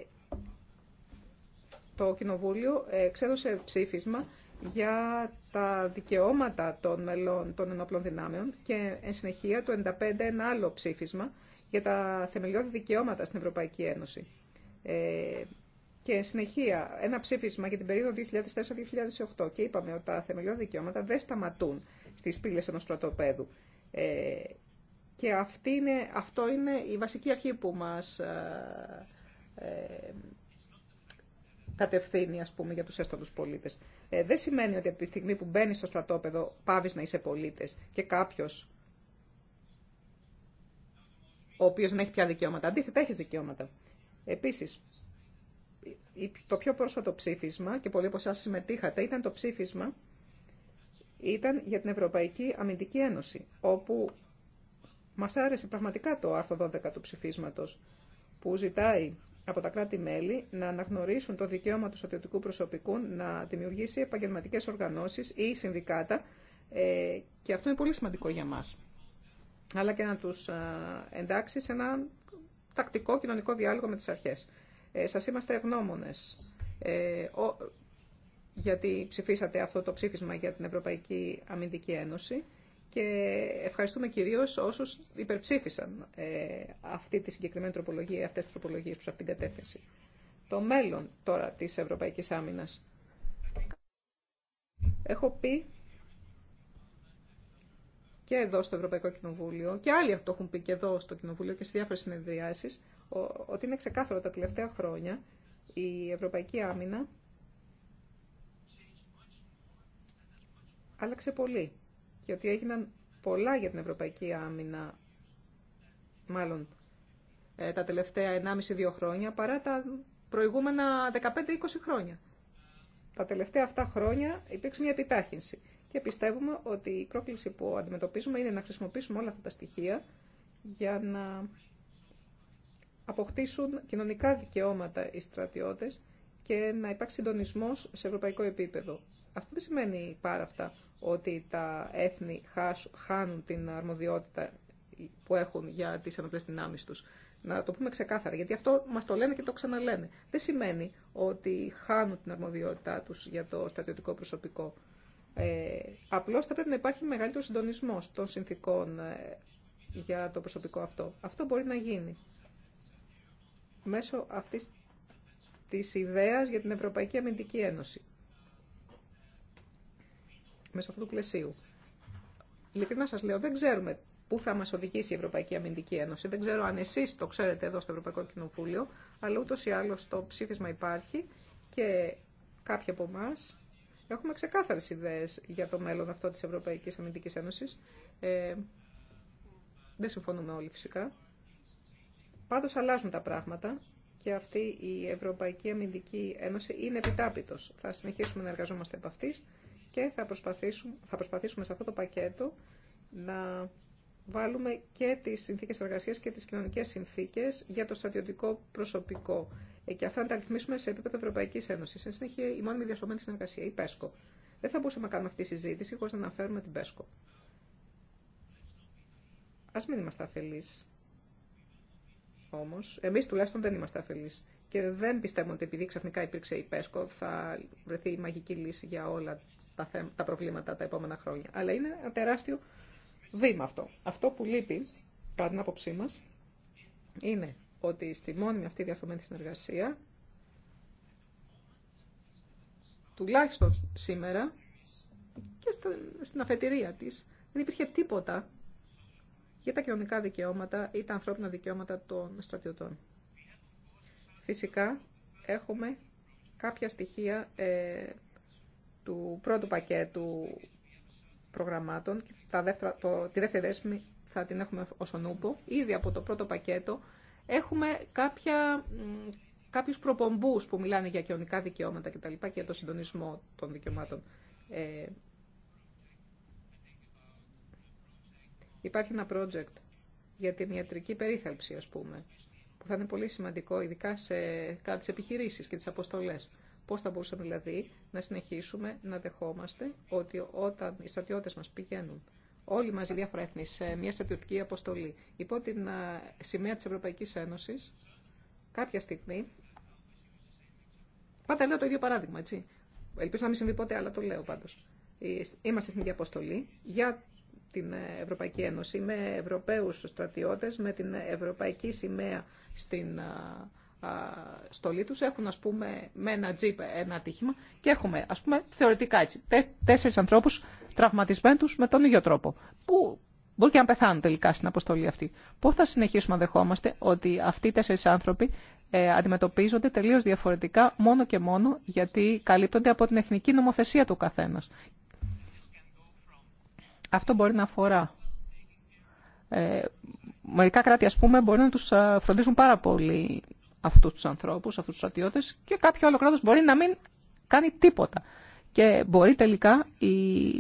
το Κοινοβούλιο εξέδωσε ψήφισμα για τα δικαιώματα των μελών των ενόπλων δυνάμεων και εν συνεχεία το 1995 ένα άλλο ψήφισμα για τα θεμελιώδη δικαιώματα στην Ευρωπαϊκή Ένωση. Ε, και συνεχεία ένα ψήφισμα για την περίοδο 2004-2008 και είπαμε ότι τα θεμελιώδη δικαιώματα δεν σταματούν στις πύλες ενός στρατοπέδου. Ε, και είναι, αυτό είναι η βασική αρχή που μας ε, ε κατευθύνει, ας πούμε, για τους έστωτους πολίτες. Ε, δεν σημαίνει ότι από τη στιγμή που μπαίνει στο στρατόπεδο πάβεις να είσαι πολίτες και κάποιος ο οποίος δεν έχει πια δικαιώματα. Αντίθετα, έχεις δικαιώματα. Επίσης, το πιο πρόσφατο ψήφισμα, και πολλοί από εσάς συμμετείχατε, ήταν το ψήφισμα ήταν για την Ευρωπαϊκή Αμυντική Ένωση, όπου μας άρεσε πραγματικά το άρθρο 12 του ψηφίσματος, που ζητάει από τα κράτη-μέλη να αναγνωρίσουν το δικαίωμα του στρατιωτικού προσωπικού να δημιουργήσει επαγγελματικέ οργανώσεις ή συνδικάτα, ε, και αυτό είναι πολύ σημαντικό για μας. Αλλά και να τους ε, εντάξει σε ένα τακτικό κοινωνικό διάλογο με τις αρχές. Ε, σας είμαστε ευγνώμονες ε, ο, γιατί ψηφίσατε αυτό το ψήφισμα για την Ευρωπαϊκή Αμυντική Ένωση και ευχαριστούμε κυρίως όσους υπερψήφισαν ε, αυτή τη συγκεκριμένη τροπολογία, αυτές τις τροπολογίες προς αυτήν την κατεύθυνση. Το μέλλον τώρα της Ευρωπαϊκής Άμυνας. Έχω πει και εδώ στο Ευρωπαϊκό Κοινοβούλιο και άλλοι αυτό έχουν πει και εδώ στο Κοινοβούλιο και σε διάφορες συνεδριάσεις ότι είναι ξεκάθαρο τα τελευταία χρόνια η Ευρωπαϊκή Άμυνα άλλαξε πολύ και ότι έγιναν πολλά για την Ευρωπαϊκή Άμυνα, μάλλον ε, τα τελευταία 1,5-2 χρόνια, παρά τα προηγούμενα 15-20 χρόνια. Τα τελευταία αυτά χρόνια υπήρξε μια επιτάχυνση και πιστεύουμε ότι η πρόκληση που αντιμετωπίζουμε είναι να χρησιμοποιήσουμε όλα αυτά τα στοιχεία για να αποκτήσουν κοινωνικά δικαιώματα οι στρατιώτες και να υπάρξει συντονισμό σε ευρωπαϊκό επίπεδο. Αυτό δεν σημαίνει πάρα αυτά ότι τα έθνη χάνουν την αρμοδιότητα που έχουν για τι αναπλές δυνάμει του. Να το πούμε ξεκάθαρα, γιατί αυτό μα το λένε και το ξαναλένε. Δεν σημαίνει ότι χάνουν την αρμοδιότητά του για το στρατιωτικό προσωπικό. Ε, απλώς θα πρέπει να υπάρχει μεγαλύτερο συντονισμό των συνθήκων ε, για το προσωπικό αυτό. Αυτό μπορεί να γίνει μέσω αυτής της ιδέας για την Ευρωπαϊκή Αμυντική Ένωση. Μέσω αυτού του πλαισίου. Ειλικρινά σας λέω, δεν ξέρουμε πού θα μας οδηγήσει η Ευρωπαϊκή Αμυντική Ένωση. Δεν ξέρω αν εσείς το ξέρετε εδώ στο Ευρωπαϊκό Κοινοβούλιο, αλλά ούτως ή άλλως το ψήφισμα υπάρχει και κάποιοι από εμά έχουμε ξεκάθαρες ιδέες για το μέλλον αυτό της Ευρωπαϊκής Αμυντικής Ένωσης. Ε, δεν συμφωνούμε όλοι φυσικά. Πάντως αλλάζουν τα πράγματα και αυτή η Ευρωπαϊκή Αμυντική Ένωση είναι επιτάπητος. Θα συνεχίσουμε να εργαζόμαστε επ' αυτής και θα προσπαθήσουμε, θα προσπαθήσουμε σε αυτό το πακέτο να βάλουμε και τις συνθήκες εργασίας και τις κοινωνικές συνθήκες για το στρατιωτικό προσωπικό. Ε, και αυτά να τα ρυθμίσουμε σε επίπεδο Ευρωπαϊκή Ένωση. Εν συνέχεια, η μόνιμη διαθρωμένη συνεργασία, η ΠΕΣΚΟ. Δεν θα μπορούσαμε να κάνουμε αυτή τη συζήτηση χωρί να αναφέρουμε την ΠΕΣΚΟ. Α μην είμαστε αφελεί Όμω, Εμείς τουλάχιστον δεν είμαστε αφελείς και δεν πιστεύουμε ότι επειδή ξαφνικά υπήρξε η ΠΕΣΚΟ θα βρεθεί η μαγική λύση για όλα τα, τα προβλήματα τα επόμενα χρόνια. Αλλά είναι ένα τεράστιο βήμα αυτό. Αυτό που λείπει, κατά την άποψή μα, είναι ότι στη μόνιμη αυτή διαφορεμένη συνεργασία, τουλάχιστον σήμερα και στην αφετηρία της, δεν υπήρχε τίποτα για τα κοινωνικά δικαιώματα ή τα ανθρώπινα δικαιώματα των στρατιωτών. Φυσικά, έχουμε κάποια στοιχεία ε, του πρώτου πακέτου προγραμμάτων και τα δεύτερα, το, τη δεύτερη δέσμη θα την έχουμε ως ονούπο. Ήδη από το πρώτο πακέτο έχουμε κάποια, κάποιους προπομπούς που μιλάνε για κοινωνικά δικαιώματα κτλ. και για το συντονισμό των δικαιωμάτων ε, Υπάρχει ένα project για την ιατρική περίθαλψη, ας πούμε, που θα είναι πολύ σημαντικό, ειδικά σε κάτι επιχειρήσεις και τις αποστολές. Πώς θα μπορούσαμε δηλαδή να συνεχίσουμε να δεχόμαστε ότι όταν οι στρατιώτες μας πηγαίνουν όλοι μαζί διάφορα έθνη σε μια στρατιωτική αποστολή υπό την σημαία της Ευρωπαϊκής Ένωσης, κάποια στιγμή, πάντα λέω το ίδιο παράδειγμα, έτσι, ελπίζω να μην συμβεί ποτέ, αλλά το λέω πάντως. Ε, είμαστε στην ίδια αποστολή για την Ευρωπαϊκή Ένωση με Ευρωπαίους στρατιώτες, με την Ευρωπαϊκή Σημαία στην στολή τους. Έχουν, ας πούμε, με ένα τζιπ ένα ατύχημα και έχουμε, ας πούμε, θεωρητικά έτσι, τέσσερις ανθρώπους τραυματισμένους με τον ίδιο τρόπο, που μπορεί και να πεθάνουν τελικά στην αποστολή αυτή. Πώς θα συνεχίσουμε να δεχόμαστε ότι αυτοί οι τέσσερις άνθρωποι ε, αντιμετωπίζονται τελείως διαφορετικά μόνο και μόνο γιατί καλύπτονται από την εθνική νομοθεσία του καθένας αυτό μπορεί να αφορά. Ε, μερικά κράτη, ας πούμε, μπορεί να τους ε, φροντίζουν πάρα πολύ αυτούς τους ανθρώπους, αυτούς τους στρατιώτες και κάποιο άλλο κράτος μπορεί να μην κάνει τίποτα. Και μπορεί τελικά οι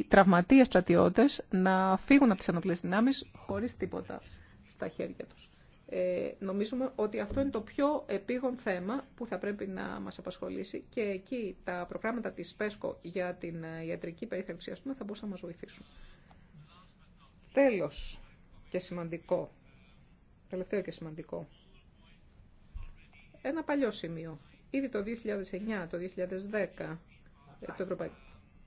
τραυματίες στρατιώτες να φύγουν από τις ενοπλές δυνάμεις χωρίς τίποτα στα χέρια τους. Ε, νομίζουμε ότι αυτό είναι το πιο επίγον θέμα που θα πρέπει να μας απασχολήσει και εκεί τα προγράμματα της ΠΕΣΚΟ για την ε, ιατρική περίθαλψη ας πούμε, θα μπορούσαν να μας βοηθήσουν. Τέλος και σημαντικό, τελευταίο και σημαντικό, ένα παλιό σημείο. Ήδη το 2009, το 2010, το Ευρωπαϊκό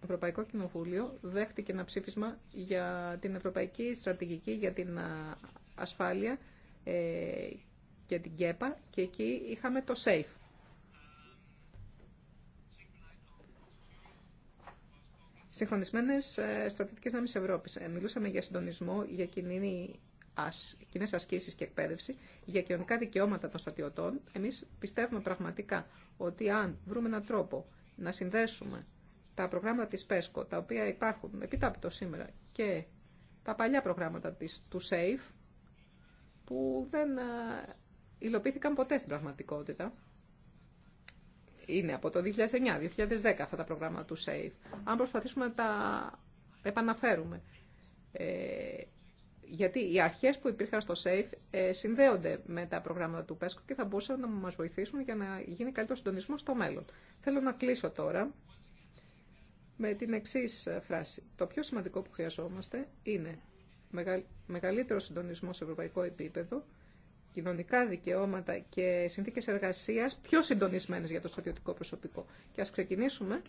Ευρωπαϊκό Κοινοβούλιο δέχτηκε ένα ψήφισμα για την Ευρωπαϊκή Στρατηγική για την Ασφάλεια ε, και την ΚΕΠΑ και εκεί είχαμε το SAFE. συγχρονισμένε ε, στρατιωτικέ δυνάμει Ευρώπη. Ε, μιλούσαμε για συντονισμό, για κοινέ ασκήσει και εκπαίδευση, για κοινωνικά δικαιώματα των στρατιωτών. Εμεί πιστεύουμε πραγματικά ότι αν βρούμε έναν τρόπο να συνδέσουμε τα προγράμματα της ΠΕΣΚΟ, τα οποία υπάρχουν επιτάπητο σήμερα και τα παλιά προγράμματα της, του ΣΕΙΦ, που δεν ε, υλοποιήθηκαν ποτέ στην πραγματικότητα, είναι από το 2009-2010 αυτά τα προγράμματα του SAFE. Αν προσπαθήσουμε να τα επαναφέρουμε. Ε, γιατί οι αρχές που υπήρχαν στο SAFE ε, συνδέονται με τα προγράμματα του ΠΕΣΚΟ και θα μπορούσαν να μας βοηθήσουν για να γίνει καλύτερο συντονισμό στο μέλλον. Θέλω να κλείσω τώρα με την εξή ε, φράση. Το πιο σημαντικό που χρειαζόμαστε είναι μεγαλύτερο συντονισμό σε ευρωπαϊκό επίπεδο κοινωνικά δικαιώματα και συνθήκες εργασίας πιο συντονισμένε για το στρατιωτικό προσωπικό. Και α ξεκινήσουμε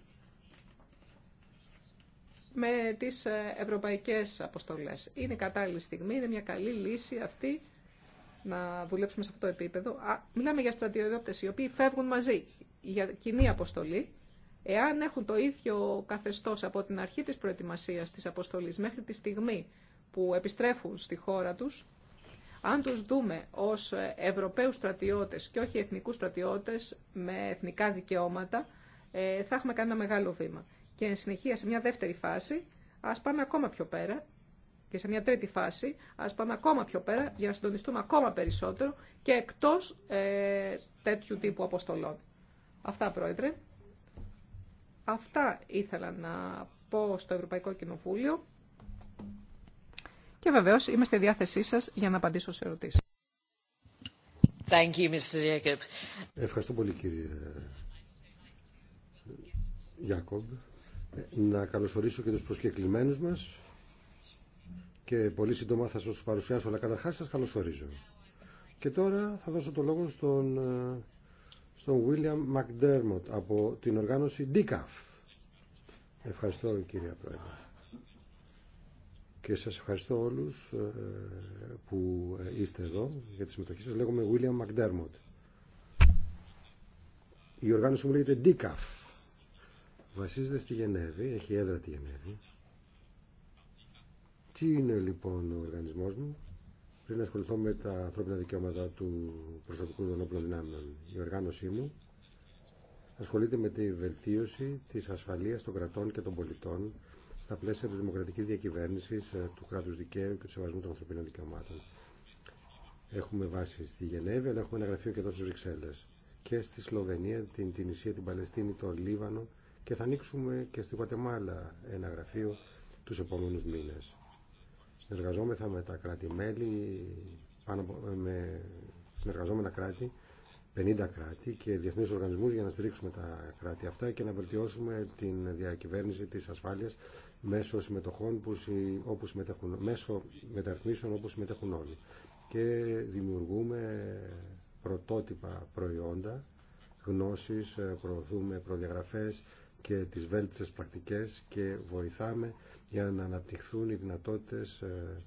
με τις ε, ευρωπαϊκές αποστολέ. Είναι κατάλληλη στιγμή, είναι μια καλή λύση αυτή να δουλέψουμε σε αυτό το επίπεδο. Α, μιλάμε για στρατιώτε, οι οποίοι φεύγουν μαζί για κοινή αποστολή. Εάν έχουν το ίδιο καθεστώ από την αρχή τη προετοιμασία τη αποστολή μέχρι τη στιγμή που επιστρέφουν στη χώρα τους, αν τους δούμε ως Ευρωπαίους στρατιώτες και όχι εθνικούς στρατιώτες με εθνικά δικαιώματα, ε, θα έχουμε κάνει ένα μεγάλο βήμα. Και εν συνεχεία σε μια δεύτερη φάση, ας πάμε ακόμα πιο πέρα και σε μια τρίτη φάση, ας πάμε ακόμα πιο πέρα για να συντονιστούμε ακόμα περισσότερο και εκτός ε, τέτοιου τύπου αποστολών. Αυτά, Πρόεδρε. Αυτά ήθελα να πω στο Ευρωπαϊκό Κοινοβούλιο και βεβαίως είμαστε στη διάθεσή σας για να απαντήσω σε ερωτήσεις. Thank you, Mr. Jacob. Ευχαριστώ πολύ κύριε Γιάκομπ. Να καλωσορίσω και τους προσκεκλημένους μας και πολύ σύντομα θα σας παρουσιάσω, αλλά καταρχάς σας καλωσορίζω. Και τώρα θα δώσω το λόγο στον, ε, στον William McDermott από την οργάνωση DICAF. Ευχαριστώ κύριε Πρόεδρε και σας ευχαριστώ όλους ε, που ε, είστε εδώ για τη συμμετοχή σας. Λέγομαι William McDermott. Η οργάνωση μου λέγεται DICAF. Βασίζεται στη Γενέβη, έχει έδρα τη Γενέβη. Τι είναι λοιπόν ο οργανισμός μου. Πριν ασχοληθώ με τα ανθρώπινα δικαιώματα του προσωπικού των όπλων δυνάμεων, η οργάνωσή μου ασχολείται με τη βελτίωση της ασφαλείας των κρατών και των πολιτών στα πλαίσια της δημοκρατικής διακυβέρνησης, ε, του κράτους δικαίου και του σεβασμού των ανθρωπίνων δικαιωμάτων. Έχουμε βάση στη Γενέβη, αλλά έχουμε ένα γραφείο και εδώ στις Βρυξέλλες. Και στη Σλοβενία, την Τινησία, την Παλαιστίνη, το Λίβανο και θα ανοίξουμε και στη Γουατεμάλα ένα γραφείο τους επόμενους μήνες. Συνεργαζόμεθα με τα κράτη-μέλη, ε, με συνεργαζόμενα κράτη, 50 κράτη και διεθνείς οργανισμούς για να στηρίξουμε τα κράτη αυτά και να βελτιώσουμε την διακυβέρνηση τη ασφάλεια μέσω συμμετοχών που, όπως μέσω μεταρρυθμίσεων όπως συμμετέχουν όλοι. Και δημιουργούμε πρωτότυπα προϊόντα, γνώσεις, ε, προωθούμε προδιαγραφές και τις βέλτιστες πρακτικές και βοηθάμε για να αναπτυχθούν οι δυνατότητες ε,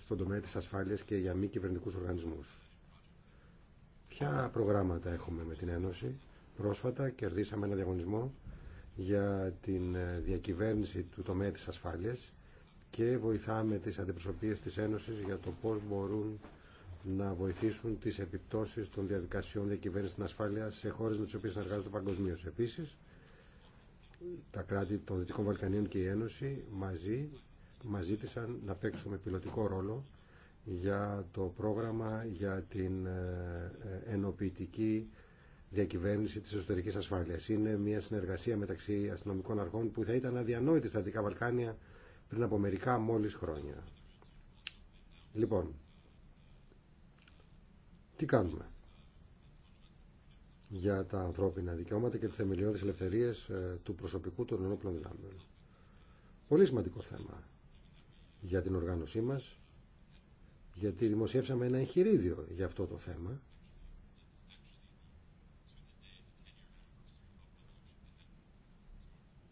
στον τομέα της ασφάλειας και για μη κυβερνητικούς οργανισμούς. Ποια προγράμματα έχουμε με την Ένωση. Πρόσφατα κερδίσαμε ένα διαγωνισμό για την ε, διακυβέρνηση του τομέα της ασφάλειας και βοηθάμε τις αντιπροσωπείες της Ένωσης για το πώς μπορούν να βοηθήσουν τις επιπτώσεις των διαδικασιών διακυβέρνησης της ασφάλειας σε χώρες με τις οποίες συνεργάζονται παγκοσμίω. Επίσης, τα κράτη των Δυτικών Βαλκανίων και η Ένωση μαζί μας ζήτησαν να παίξουμε πιλωτικό ρόλο για το πρόγραμμα για την ε, ε, ενοποιητική διακυβέρνηση της εσωτερικής ασφάλειας. Είναι μια συνεργασία μεταξύ αστυνομικών αρχών που θα ήταν αδιανόητη στα Δυτικά Βαλκάνια πριν από μερικά μόλις χρόνια. Λοιπόν, τι κάνουμε για τα ανθρώπινα δικαιώματα και τις θεμελιώδεις ελευθερίες ε, του προσωπικού των ενόπλων δυνάμεων. Πολύ σημαντικό θέμα για την οργάνωσή μας, γιατί δημοσιεύσαμε ένα εγχειρίδιο για αυτό το θέμα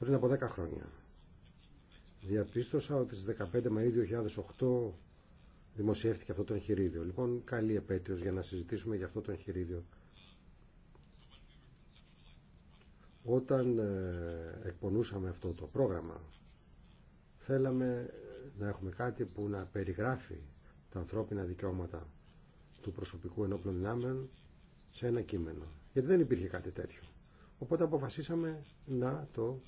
πριν από 10 χρόνια. Διαπίστωσα ότι στις 15 Μαΐου 2008 δημοσιεύτηκε αυτό το εγχειρίδιο. Λοιπόν, καλή επέτειος για να συζητήσουμε για αυτό το εγχειρίδιο. Όταν ε, εκπονούσαμε αυτό το πρόγραμμα, θέλαμε να έχουμε κάτι που να περιγράφει τα ανθρώπινα δικαιώματα του προσωπικού ενόπλων δυνάμεων σε ένα κείμενο. Γιατί δεν υπήρχε κάτι τέτοιο. Οπότε αποφασίσαμε να το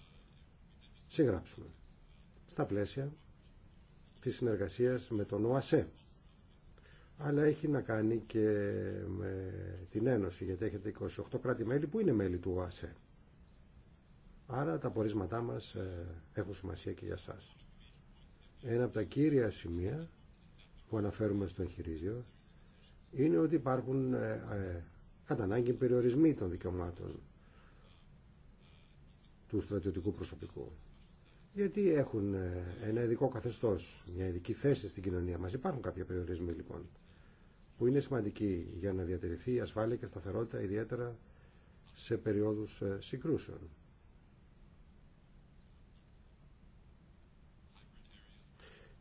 συγγράψουμε στα πλαίσια της συνεργασίας με τον ΟΑΣΕ αλλά έχει να κάνει και με την Ένωση γιατί έχετε 28 κράτη-μέλη που είναι μέλη του ΟΑΣΕ άρα τα πορίσματά μας ε, έχουν σημασία και για σας ένα από τα κύρια σημεία που αναφέρουμε στο εγχειρίδιο είναι ότι υπάρχουν ε, ε, κατά ανάγκη περιορισμοί των δικαιωμάτων του στρατιωτικού προσωπικού γιατί έχουν ε, ένα ειδικό καθεστώς, μια ειδική θέση στην κοινωνία μας. Υπάρχουν κάποια περιορισμοί λοιπόν, που είναι σημαντικοί για να διατηρηθεί η ασφάλεια και σταθερότητα, ιδιαίτερα σε περιόδους ε, συγκρούσεων.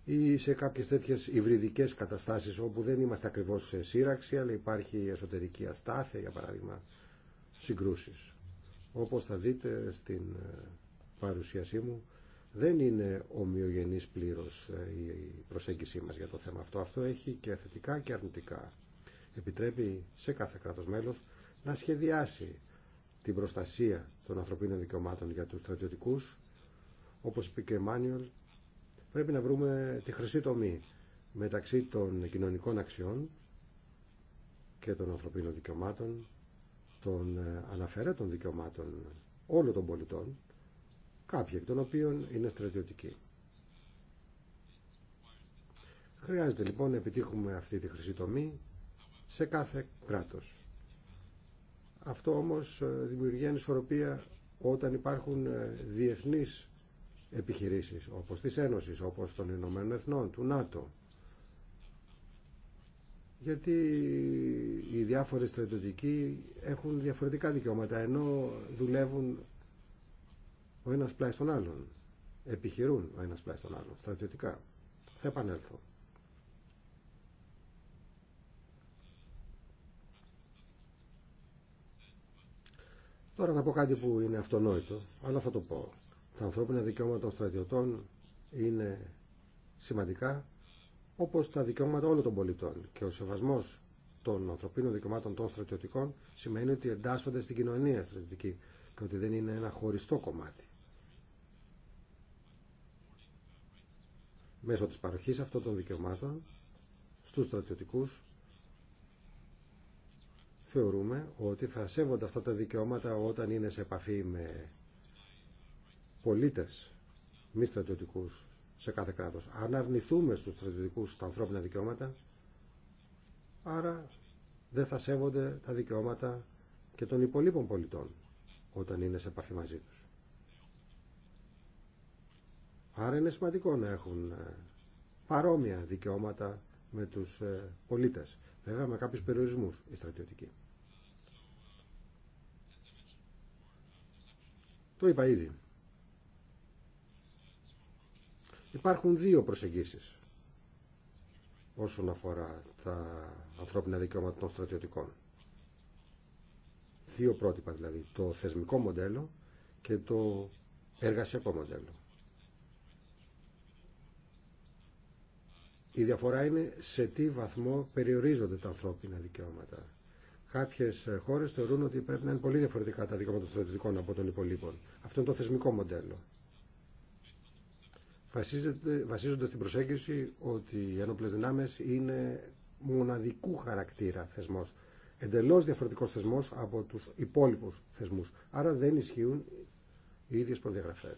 ή σε κάποιες τέτοιες υβριδικές καταστάσεις όπου δεν είμαστε ακριβώς σε σύραξη αλλά υπάρχει εσωτερική αστάθεια για παράδειγμα συγκρούσεις όπως θα δείτε στην ε, παρουσίασή μου δεν είναι ομοιογενής πλήρως ε, η προσέγγιση μας για το θέμα αυτό. Αυτό έχει και θετικά και αρνητικά. Επιτρέπει σε κάθε κράτος μέλος να σχεδιάσει την προστασία των ανθρωπίνων δικαιωμάτων για τους στρατιωτικούς. Όπως είπε και Μάνιολ, πρέπει να βρούμε τη χρυσή τομή μεταξύ των κοινωνικών αξιών και των ανθρωπίνων δικαιωμάτων, των ε, αναφερέτων δικαιωμάτων όλων των πολιτών κάποιοι εκ των οποίων είναι στρατιωτικοί. Χρειάζεται λοιπόν να επιτύχουμε αυτή τη χρυσή τομή σε κάθε κράτος. Αυτό όμως ε, δημιουργεί ανισορροπία όταν υπάρχουν ε, διεθνείς επιχειρήσεις, όπως της Ένωσης, όπως των Ηνωμένων Εθνών, του ΝΑΤΟ. Γιατί οι διάφορες στρατιωτικοί έχουν διαφορετικά δικαιώματα, ενώ δουλεύουν ο ένας πλάι στον άλλον. Επιχειρούν ο ένας πλάι στον άλλον, στρατιωτικά. Θα επανέλθω. Τώρα να πω κάτι που είναι αυτονόητο, αλλά θα το πω. Τα ανθρώπινα δικαιώματα των στρατιωτών είναι σημαντικά, όπως τα δικαιώματα όλων των πολιτών. Και ο σεβασμός των ανθρωπίνων δικαιωμάτων των στρατιωτικών σημαίνει ότι εντάσσονται στην κοινωνία στρατιωτική και ότι δεν είναι ένα χωριστό κομμάτι. μέσω της παροχής αυτών των δικαιωμάτων στους στρατιωτικούς θεωρούμε ότι θα σέβονται αυτά τα δικαιώματα όταν είναι σε επαφή με πολίτες μη στρατιωτικούς σε κάθε κράτος. Αν αρνηθούμε στους στρατιωτικούς τα ανθρώπινα δικαιώματα, άρα δεν θα σέβονται τα δικαιώματα και των υπολείπων πολιτών όταν είναι σε επαφή μαζί τους. Άρα είναι σημαντικό να έχουν ε, παρόμοια δικαιώματα με τους ε, πολίτες. Βέβαια με κάποιους περιορισμούς οι στρατιωτικοί. Το είπα ήδη. Υπάρχουν δύο προσεγγίσεις όσον αφορά τα ανθρώπινα δικαιώματα των στρατιωτικών. Δύο πρότυπα δηλαδή. Το θεσμικό μοντέλο και το εργασιακό μοντέλο. Η διαφορά είναι σε τι βαθμό περιορίζονται τα ανθρώπινα δικαιώματα. Κάποιε ε, χώρε θεωρούν ότι πρέπει να είναι πολύ διαφορετικά τα δικαιώματα των στρατιωτικών από των υπολείπων. Αυτό είναι το θεσμικό μοντέλο. Βασίζονται στην προσέγγιση ότι οι ένοπλε δυνάμει είναι μοναδικού χαρακτήρα θεσμό. Εντελώ διαφορετικό θεσμό από του υπόλοιπου θεσμού. Άρα δεν ισχύουν οι ίδιε προδιαγραφέ.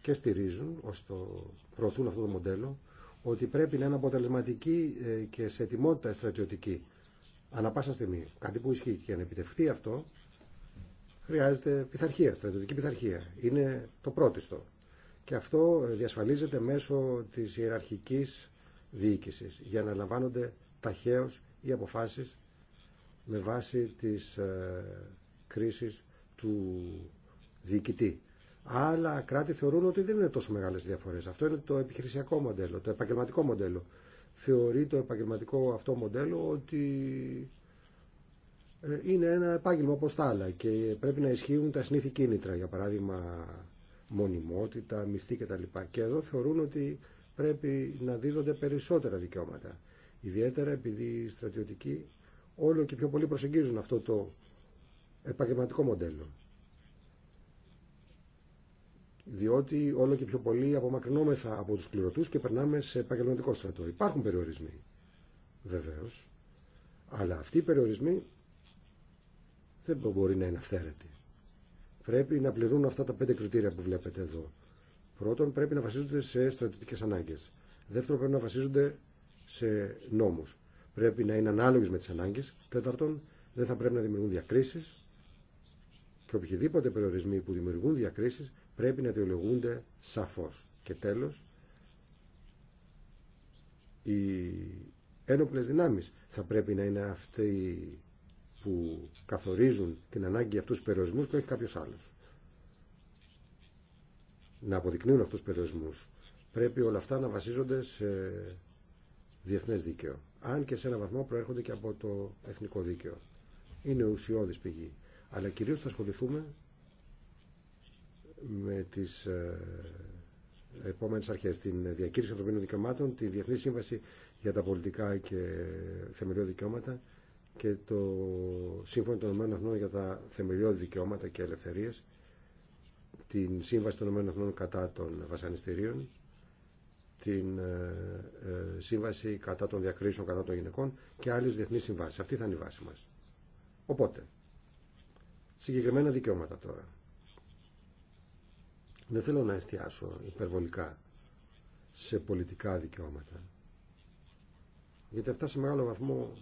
Και στηρίζουν, ώστε προωθούν αυτό το μοντέλο, ότι πρέπει να είναι αποτελεσματική ε, και σε ετοιμότητα στρατιωτική ανά πάσα στιγμή. Κάτι που ισχύει και να επιτευχθεί αυτό χρειάζεται πειθαρχία, στρατιωτική πειθαρχία. Είναι το πρώτιστο. Και αυτό διασφαλίζεται μέσω της ιεραρχικής διοίκηση, για να λαμβάνονται ταχαίω οι αποφάσεις με βάση της ε, κρίσεις του διοικητή. Άλλα κράτη θεωρούν ότι δεν είναι τόσο μεγάλε διαφορέ. Αυτό είναι το επιχειρησιακό μοντέλο, το επαγγελματικό μοντέλο. Θεωρεί το επαγγελματικό αυτό μοντέλο ότι ε, είναι ένα επάγγελμα όπω τα άλλα και πρέπει να ισχύουν τα συνήθη κίνητρα, για παράδειγμα μονιμότητα, μισθή κτλ. Και εδώ θεωρούν ότι πρέπει να δίδονται περισσότερα δικαιώματα. Ιδιαίτερα επειδή οι στρατιωτικοί όλο και πιο πολύ προσεγγίζουν αυτό το επαγγελματικό μοντέλο διότι όλο και πιο πολύ απομακρυνόμεθα από τους κληρωτούς και περνάμε σε επαγγελματικό στρατό. Υπάρχουν περιορισμοί, βεβαίως, αλλά αυτοί οι περιορισμοί δεν μπορεί να είναι αυθαίρετοι. Πρέπει να πληρούν αυτά τα πέντε κριτήρια που βλέπετε εδώ. Πρώτον, πρέπει να βασίζονται σε στρατιωτικές ανάγκες. Δεύτερον, πρέπει να βασίζονται σε νόμους. Πρέπει να είναι ανάλογες με τις ανάγκες. Τέταρτον, δεν θα πρέπει να δημιουργούν διακρίσεις και οποιοδήποτε περιορισμοί που δημιουργούν διακρίσεις πρέπει να αιτιολογούνται σαφώς. Και τέλος, οι ένοπλες δυνάμεις θα πρέπει να είναι αυτοί που καθορίζουν την ανάγκη αυτούς τους περιορισμούς και όχι κάποιος άλλος. Να αποδεικνύουν αυτούς τους περιορισμούς. Πρέπει όλα αυτά να βασίζονται σε διεθνές δίκαιο. Αν και σε ένα βαθμό προέρχονται και από το εθνικό δίκαιο. Είναι ουσιώδης πηγή. Αλλά κυρίως θα ασχοληθούμε με τις ε, επόμενες αρχές, την διακήρυξη ανθρωπίνων δικαιωμάτων, τη Διεθνή Σύμβαση για τα πολιτικά και θεμελιώδη δικαιώματα και το Σύμφωνο των ΗΠΑ για τα θεμελιώδη δικαιώματα και ελευθερίες, την Σύμβαση των Εθνών κατά των βασανιστήριων, την ε, ε, Σύμβαση κατά των διακρίσεων κατά των γυναικών και άλλες διεθνείς συμβάσεις. Αυτή θα είναι η βάση μας. Οπότε, συγκεκριμένα δικαιώματα τώρα. Δεν θέλω να εστιάσω υπερβολικά σε πολιτικά δικαιώματα. Γιατί αυτά σε μεγάλο βαθμό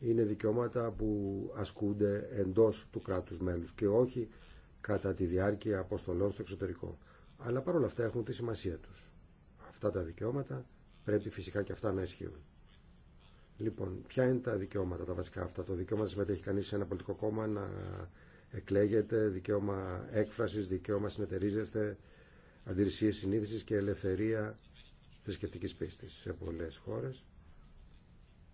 είναι δικαιώματα που ασκούνται εντός του κράτους μέλους και όχι κατά τη διάρκεια αποστολών στο εξωτερικό. Αλλά παρόλα αυτά έχουν τη σημασία τους. Αυτά τα δικαιώματα πρέπει φυσικά και αυτά να ισχύουν. Λοιπόν, ποια είναι τα δικαιώματα τα βασικά αυτά. Το δικαίωμα να συμμετέχει κανείς σε ένα πολιτικό κόμμα, να εκλέγεται, δικαίωμα έκφρασης, δικαίωμα συνεταιρίζεστε, αντιρρησίες συνείδησης και ελευθερία θρησκευτικής πίστης σε πολλές χώρες.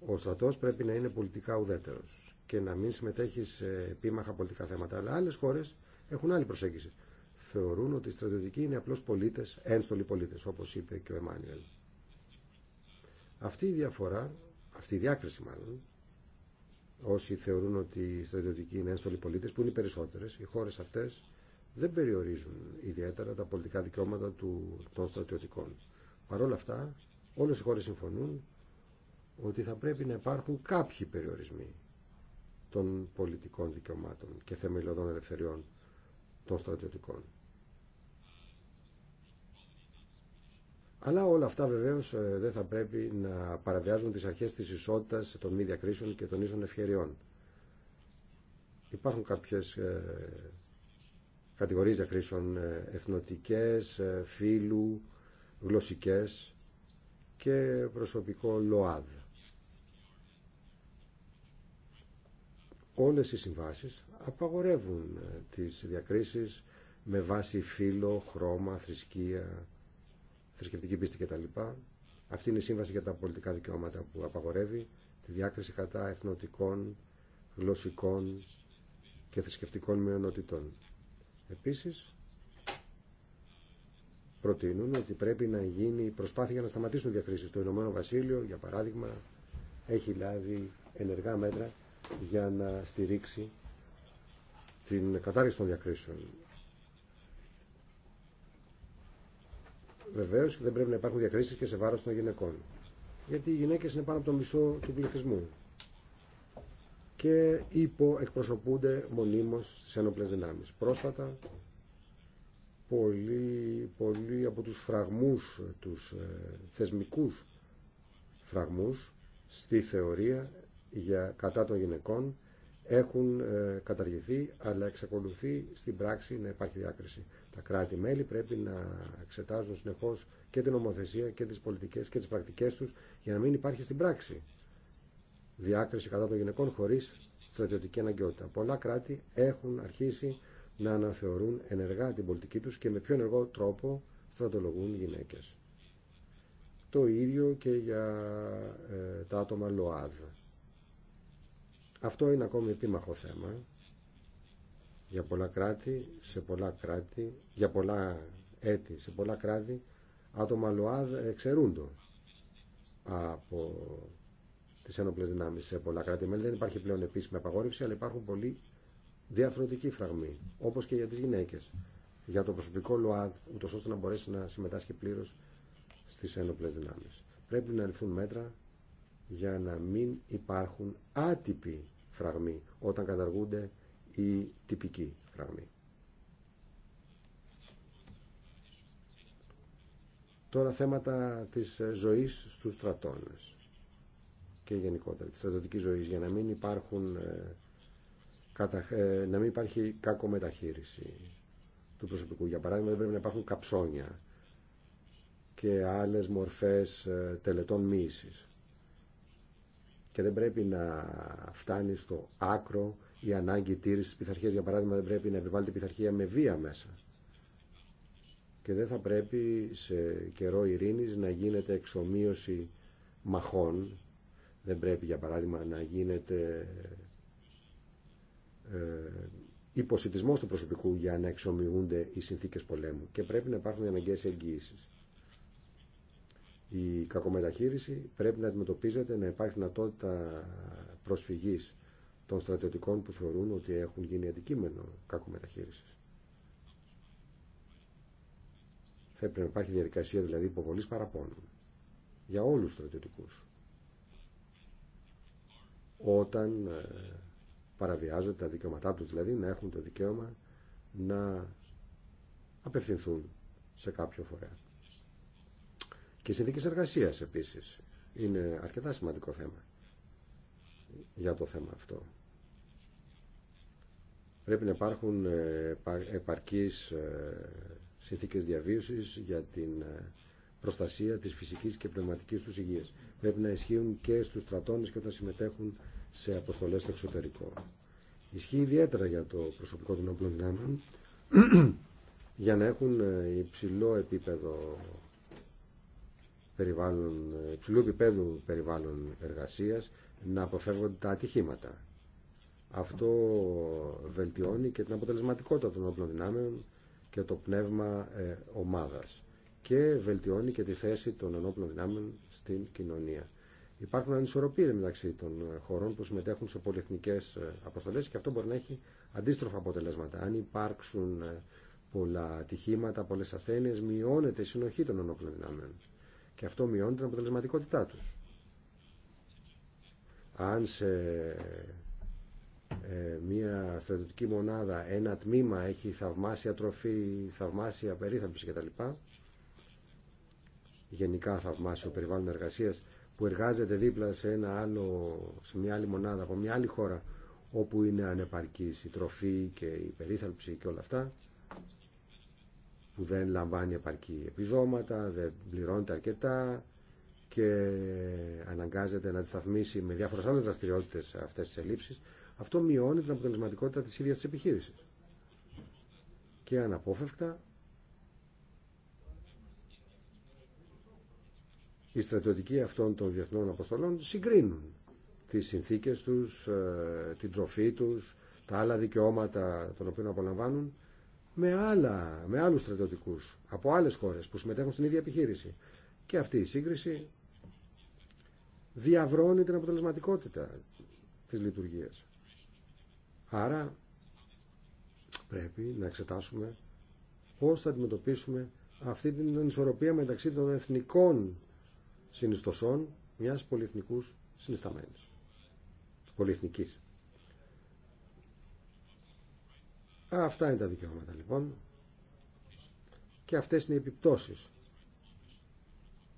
Ο στρατός πρέπει να είναι πολιτικά ουδέτερος και να μην συμμετέχει σε επίμαχα πολιτικά θέματα. Αλλά άλλες χώρες έχουν άλλη προσέγγιση. Θεωρούν ότι οι στρατιωτικοί είναι απλώς πολίτες, ένστολοι πολίτες, όπως είπε και ο Εμάνιελ. Αυτή η διαφορά, αυτή η διάκριση μάλλον, όσοι θεωρούν ότι οι στρατιωτικοί είναι ένστολοι πολίτες, που είναι οι περισσότερες, οι χώρες αυτές δεν περιορίζουν ιδιαίτερα τα πολιτικά δικαιώματα του, των στρατιωτικών. Παρ' όλα αυτά, όλες οι χώρες συμφωνούν ότι θα πρέπει να υπάρχουν κάποιοι περιορισμοί των πολιτικών δικαιωμάτων και θεμελιωδών ελευθεριών των στρατιωτικών. Αλλά όλα αυτά βεβαίω ε, δεν θα πρέπει να παραβιάζουν τι αρχέ τη ισότητα των μη διακρίσεων και των ίσων ευκαιριών. Υπάρχουν κάποιε κατηγορίε διακρίσεων ε, εθνοτικέ, ε, φύλου, γλωσσικέ και προσωπικό ΛΟΑΔ. Όλες οι συμβάσεις απαγορεύουν τις διακρίσεις με βάση φύλο, χρώμα, θρησκεία, θρησκευτική πίστη κτλ. Αυτή είναι η σύμβαση για τα πολιτικά δικαιώματα που απαγορεύει τη διάκριση κατά εθνοτικών, γλωσσικών και θρησκευτικών μειονοτήτων. Επίσης, προτείνουν ότι πρέπει να γίνει προσπάθεια για να σταματήσουν διακρίσεις. Το Ηνωμένο Βασίλειο, για παράδειγμα, έχει λάβει ενεργά μέτρα για να στηρίξει την κατάργηση των διακρίσεων. Βεβαίω και δεν πρέπει να υπάρχουν διακρίσει και σε βάρο των γυναικών. Γιατί οι γυναίκε είναι πάνω από το μισό του πληθυσμού και υπο-εκπροσωπούνται μονίμως στι ένοπλε δυνάμεις. Πρόσφατα, πολλοί, πολλοί από τους φραγμούς, τους ε, θεσμικούς φραγμούς στη θεωρία για, κατά των γυναικών έχουν ε, καταργηθεί, αλλά εξακολουθεί στην πράξη να υπάρχει διάκριση. Τα κράτη-μέλη πρέπει να εξετάζουν συνεχώ και την ομοθεσία και τι πολιτικέ και τι πρακτικέ του για να μην υπάρχει στην πράξη διάκριση κατά των γυναικών χωρί στρατιωτική αναγκαιότητα. Πολλά κράτη έχουν αρχίσει να αναθεωρούν ενεργά την πολιτική του και με πιο ενεργό τρόπο στρατολογούν γυναίκε. Το ίδιο και για ε, τα άτομα ΛΟΑΔ. Αυτό είναι ακόμη επίμαχο θέμα για πολλά κράτη, σε πολλά κράτη, για πολλά έτη, σε πολλά κράτη, άτομα ΛΟΑΔ εξαιρούντο από τις ένοπλες δυνάμεις σε πολλά κράτη. Μέλη δεν υπάρχει πλέον επίσημη απαγόρευση, αλλά υπάρχουν πολλοί διαρθρωτικοί φραγμοί, όπως και για τις γυναίκες, για το προσωπικό ΛΟΑΔ, ούτως ώστε να μπορέσει να συμμετάσχει πλήρω στις ένοπλες δυνάμεις. Πρέπει να ληφθούν μέτρα για να μην υπάρχουν άτυποι φράγμη όταν καταργούνται οι τυπικοί φραγμοί. Τώρα θέματα της ζωής στους στρατώνες και γενικότερα της στρατιωτικής ζωής για να μην υπάρχουν ε, ε, να μην υπάρχει κάκο μεταχείριση του προσωπικού. Για παράδειγμα δεν πρέπει να υπάρχουν καψόνια και άλλες μορφές ε, τελετών μοίησης και δεν πρέπει να φτάνει στο άκρο η ανάγκη τήρηση τη πειθαρχία. Για παράδειγμα, δεν πρέπει να επιβάλλεται πειθαρχία με βία μέσα. Και δεν θα πρέπει σε καιρό ειρήνη να γίνεται εξομοίωση μαχών. Δεν πρέπει, για παράδειγμα, να γίνεται ε, υποσυτισμός του προσωπικού για να εξομοιούνται οι συνθήκες πολέμου. Και πρέπει να υπάρχουν οι αναγκαίες εγγύησεις. Η κακομεταχείριση πρέπει να αντιμετωπίζεται να υπάρχει δυνατότητα προσφυγής των στρατιωτικών που θεωρούν ότι έχουν γίνει αντικείμενο κακομεταχείρισης. Θα πρέπει να υπάρχει διαδικασία δηλαδή υποβολής παραπώνων για όλους τους στρατιωτικούς. Όταν ε, παραβιάζονται τα δικαιώματά τους δηλαδή να έχουν το δικαίωμα να απευθυνθούν σε κάποιο φορέα. Και οι συνθήκε εργασία επίση είναι αρκετά σημαντικό θέμα για το θέμα αυτό. Πρέπει να υπάρχουν ε, επαρκείς ε, συνθήκες διαβίωσης για την ε, προστασία της φυσικής και πνευματικής τους υγείας. Πρέπει να ισχύουν και στους στρατώνες και όταν συμμετέχουν σε αποστολές στο εξωτερικό. Ισχύει ιδιαίτερα για το προσωπικό των όπλων δυνάμεων για να έχουν υψηλό επίπεδο περιβάλλον, ε, υψηλού επίπεδου περιβάλλον εργασίας να αποφεύγονται τα ατυχήματα. Αυτό βελτιώνει και την αποτελεσματικότητα των όπλων δυνάμεων και το πνεύμα ε, ομάδας και βελτιώνει και τη θέση των ενόπλων δυνάμεων στην κοινωνία. Υπάρχουν ανισορροπίες μεταξύ των ε, χωρών που συμμετέχουν σε πολυεθνικές ε, αποστολές και αυτό μπορεί να έχει αντίστροφα αποτελέσματα. Αν υπάρξουν πολλά ατυχήματα, πολλές ασθένειες, μειώνεται η συνοχή των ενόπλων δυνάμεων και αυτό μειώνει την αποτελεσματικότητά τους. Αν σε ε, μια στρατιωτική μονάδα ένα τμήμα έχει θαυμάσια τροφή, θαυμάσια περίθαλψη κτλ. Γενικά θαυμάσιο περιβάλλον εργασίας που εργάζεται δίπλα σε, ένα άλλο, σε μια άλλη μονάδα από μια άλλη χώρα όπου είναι ανεπαρκής η τροφή και η περίθαλψη και όλα αυτά που δεν λαμβάνει επαρκή επιζώματα, δεν πληρώνεται αρκετά και αναγκάζεται να αντισταθμίσει με διάφορε άλλε δραστηριότητε αυτέ τι ελλείψει, αυτό μειώνει την αποτελεσματικότητα τη ίδια τη επιχείρηση. Και αναπόφευκτα οι στρατιωτικοί αυτών των διεθνών αποστολών συγκρίνουν τις συνθήκες τους, ε, την τροφή τους, τα άλλα δικαιώματα των οποίων απολαμβάνουν με, άλλα, με άλλους στρατιωτικούς από άλλες χώρες που συμμετέχουν στην ίδια επιχείρηση. Και αυτή η σύγκριση διαβρώνει την αποτελεσματικότητα της λειτουργίας. Άρα πρέπει να εξετάσουμε πώς θα αντιμετωπίσουμε αυτή την ανισορροπία μεταξύ των εθνικών συνιστοσών μιας πολυεθνικούς συνισταμένης. Πολυεθνικής. Αυτά είναι τα δικαιώματα λοιπόν και αυτές είναι οι επιπτώσεις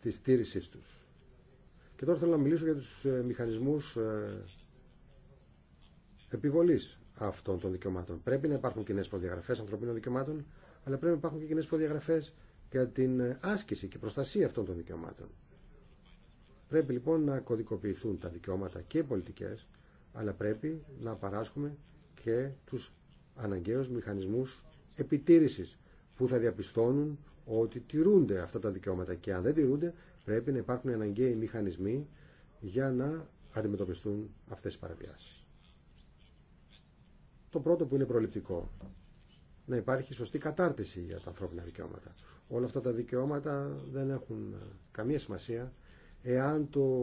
της στήριξής τους. Και τώρα θέλω να μιλήσω για τους ε, μηχανισμούς ε, επιβολής αυτών των δικαιωμάτων. Πρέπει να υπάρχουν κοινέ προδιαγραφές ανθρωπίνων δικαιωμάτων, αλλά πρέπει να υπάρχουν και κοινέ προδιαγραφές για την ε, άσκηση και προστασία αυτών των δικαιωμάτων. Πρέπει λοιπόν να κωδικοποιηθούν τα δικαιώματα και οι πολιτικές, αλλά πρέπει να παράσχουμε και τους αναγκαίους μηχανισμούς επιτήρησης που θα διαπιστώνουν ότι τηρούνται αυτά τα δικαιώματα και αν δεν τηρούνται πρέπει να υπάρχουν αναγκαίοι μηχανισμοί για να αντιμετωπιστούν αυτές οι παραβιάσεις. Το πρώτο που είναι προληπτικό, να υπάρχει σωστή κατάρτιση για τα ανθρώπινα δικαιώματα. Όλα αυτά τα δικαιώματα δεν έχουν καμία σημασία εάν το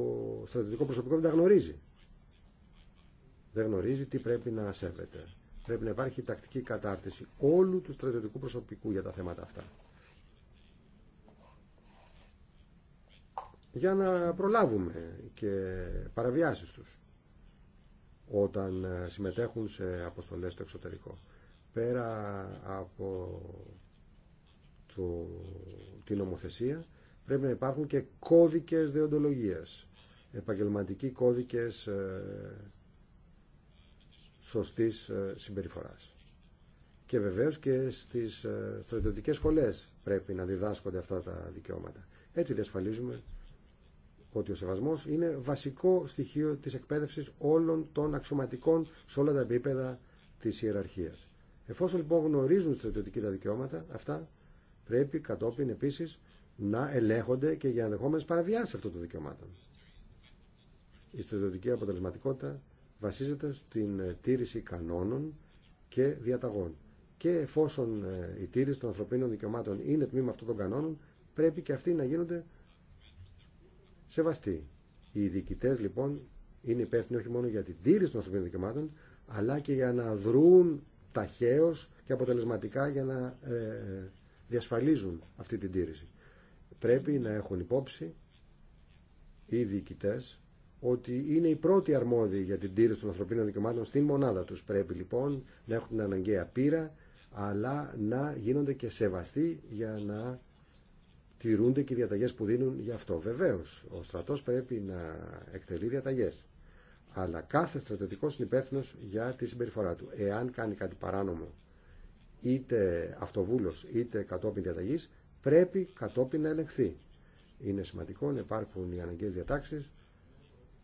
στρατιωτικό προσωπικό δεν τα γνωρίζει. Δεν γνωρίζει τι πρέπει να σέβεται. Πρέπει να υπάρχει τακτική κατάρτιση όλου του στρατιωτικού προσωπικού για τα θέματα αυτά. Για να προλάβουμε και παραβιάσεις τους όταν ε, συμμετέχουν σε αποστολές στο εξωτερικό. Πέρα από το, την νομοθεσία πρέπει να υπάρχουν και κώδικες δεοντολογίας, επαγγελματικοί κώδικες ε, σωστής ε, συμπεριφοράς. Και βεβαίως και στις ε, στρατιωτικές σχολές πρέπει να διδάσκονται αυτά τα δικαιώματα. Έτσι διασφαλίζουμε ότι ο σεβασμός είναι βασικό στοιχείο της εκπαίδευσης όλων των αξιωματικών σε όλα τα επίπεδα της ιεραρχίας. Εφόσον λοιπόν γνωρίζουν στρατιωτικοί τα δικαιώματα, αυτά πρέπει κατόπιν επίσης να ελέγχονται και για ενδεχόμενε παραβιάσει αυτών των δικαιωμάτων. Η στρατιωτική αποτελεσματικότητα βασίζεται στην ε, τήρηση κανόνων και διαταγών. Και εφόσον ε, η τήρηση των ανθρωπίνων δικαιωμάτων είναι τμήμα αυτών των κανόνων, πρέπει και αυτοί να γίνονται σεβαστοί. Οι διοικητέ λοιπόν είναι υπεύθυνοι όχι μόνο για την τήρηση των ανθρωπίνων δικαιωμάτων, αλλά και για να δρούν ταχαίω και αποτελεσματικά για να ε, διασφαλίζουν αυτή την τήρηση. Πρέπει να έχουν υπόψη οι διοικητές ότι είναι οι πρώτοι αρμόδιοι για την τήρηση των ανθρωπίνων δικαιωμάτων στην μονάδα τους. Πρέπει λοιπόν να έχουν την αναγκαία πείρα, αλλά να γίνονται και σεβαστοί για να τηρούνται και οι διαταγές που δίνουν γι' αυτό. Βεβαίως, ο στρατός πρέπει να εκτελεί διαταγές. Αλλά κάθε στρατιωτικό είναι υπεύθυνο για τη συμπεριφορά του. Εάν κάνει κάτι παράνομο, είτε αυτοβούλο είτε κατόπιν διαταγή, πρέπει κατόπιν να ελεγχθεί. Είναι σημαντικό να υπάρχουν οι αναγκαίε διατάξει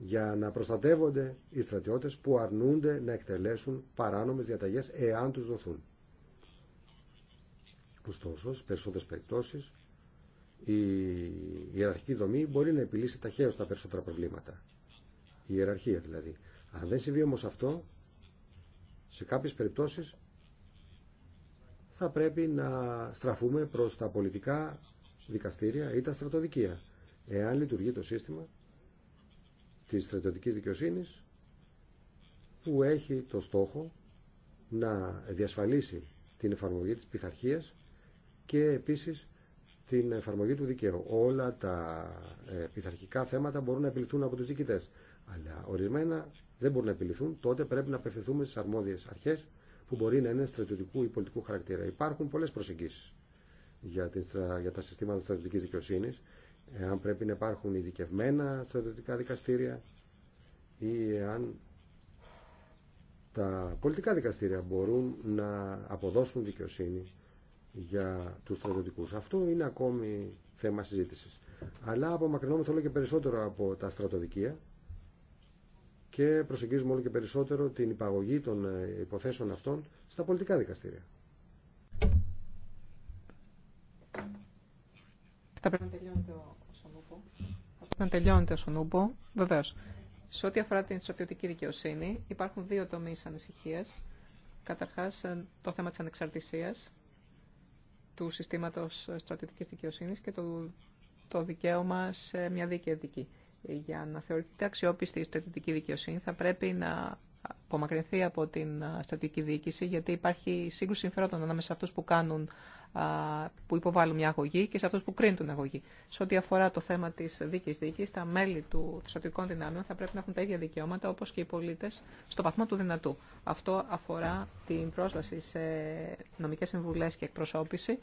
για να προστατεύονται οι στρατιώτες που αρνούνται να εκτελέσουν παράνομες διαταγές εάν τους δοθούν. Ωστόσο, στις περισσότερες περιπτώσεις, η ιεραρχική δομή μπορεί να επιλύσει ταχαίως τα περισσότερα προβλήματα. Η ιεραρχία δηλαδή. Αν δεν συμβεί όμως αυτό, σε κάποιες περιπτώσεις θα πρέπει να στραφούμε προς τα πολιτικά δικαστήρια ή τα στρατοδικεία. Εάν λειτουργεί το σύστημα της στρατιωτικής δικαιοσύνης που έχει το στόχο να διασφαλίσει την εφαρμογή της πειθαρχία και επίσης την εφαρμογή του δικαίου. Όλα τα ε, πειθαρχικά θέματα μπορούν να επιληθούν από τους διοικητές. Αλλά ορισμένα δεν μπορούν να επιληθούν, τότε πρέπει να απευθυνθούμε στι αρμόδιες αρχές που μπορεί να είναι στρατιωτικού ή πολιτικού χαρακτήρα. Υπάρχουν πολλές προσεγγίσεις για, για τα συστήματα στρατιωτικής δικαιοσύνης εάν πρέπει να υπάρχουν ειδικευμένα στρατιωτικά δικαστήρια ή εάν τα πολιτικά δικαστήρια μπορούν να αποδώσουν δικαιοσύνη για τους στρατιωτικούς. Αυτό είναι ακόμη θέμα συζήτησης. Αλλά απομακρυνόμεθα όλο και περισσότερο από τα στρατοδικεία και προσεγγίζουμε όλο και περισσότερο την υπαγωγή των ε, υποθέσεων αυτών στα πολιτικά δικαστήρια. Θα πρέπει να τελειώνεται ο Σονούπο. Θα πρέπει να τελειώνεται ο Σονούπο. Βεβαίω. Σε ό,τι αφορά την στρατιωτική δικαιοσύνη, υπάρχουν δύο τομεί ανησυχία. Καταρχά, ε, το θέμα τη ανεξαρτησία του συστήματο στρατιωτική δικαιοσύνη και το, το δικαίωμα σε μια δίκαιη δική. Για να θεωρείται αξιόπιστη η στρατιωτική δικαιοσύνη, θα πρέπει να απομακρυνθεί από την στρατηγική διοίκηση, γιατί υπάρχει σύγκρουση συμφερόντων ανάμεσα σε αυτού που, κάνουν, που υποβάλλουν μια αγωγή και σε αυτούς που κρίνουν την αγωγή. Σε ό,τι αφορά το θέμα της δίκης δίκης τα μέλη του στρατηγικών δυνάμεων θα πρέπει να έχουν τα ίδια δικαιώματα όπως και οι πολίτε στο βαθμό του δυνατού. Αυτό αφορά την πρόσβαση σε νομικέ συμβουλέ και εκπροσώπηση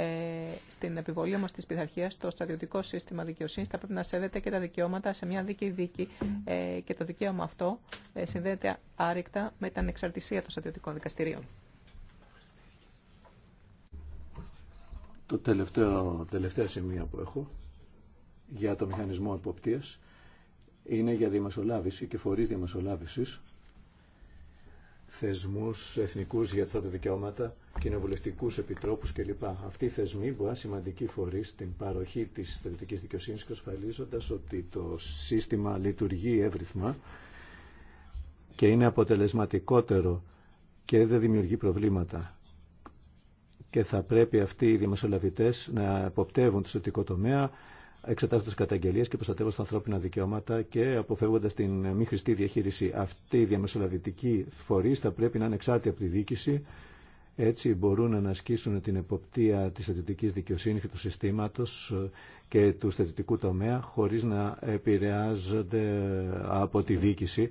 ε, στην επιβολή μας της πειθαρχίας το στρατιωτικό σύστημα δικαιοσύνης θα πρέπει να σέβεται και τα δικαιώματα σε μια δική δίκη ε, και το δικαίωμα αυτό ε, συνδέεται άρρηκτα με την ανεξαρτησία των στρατιωτικών δικαστηρίων. Το τελευταίο, τελευταίο σημείο που έχω για το μηχανισμό υποπτίας είναι για δημοσιολάβηση και φορείς δημοσιολάβησης θεσμούς εθνικούς για τα δικαιώματα, κοινοβουλευτικούς επιτρόπους κλπ. Αυτοί οι θεσμοί που σημαντική φορεί στην παροχή της στρατιωτική δικαιοσύνης και ότι το σύστημα λειτουργεί εύρυθμα και είναι αποτελεσματικότερο και δεν δημιουργεί προβλήματα. Και θα πρέπει αυτοί οι δημοσιολαβητές να εποπτεύουν το σωτικό τομέα, εξετάζοντα καταγγελίε και προστατεύοντα τα ανθρώπινα δικαιώματα και αποφεύγοντα την μη χρηστή διαχείριση. Αυτή η διαμεσολαβητική φορεί θα πρέπει να είναι εξάρτητη από τη διοίκηση. Έτσι μπορούν να ασκήσουν την εποπτεία τη στρατιωτική δικαιοσύνη και του συστήματο και του στρατιωτικού τομέα χωρί να επηρεάζονται από τη δίκηση.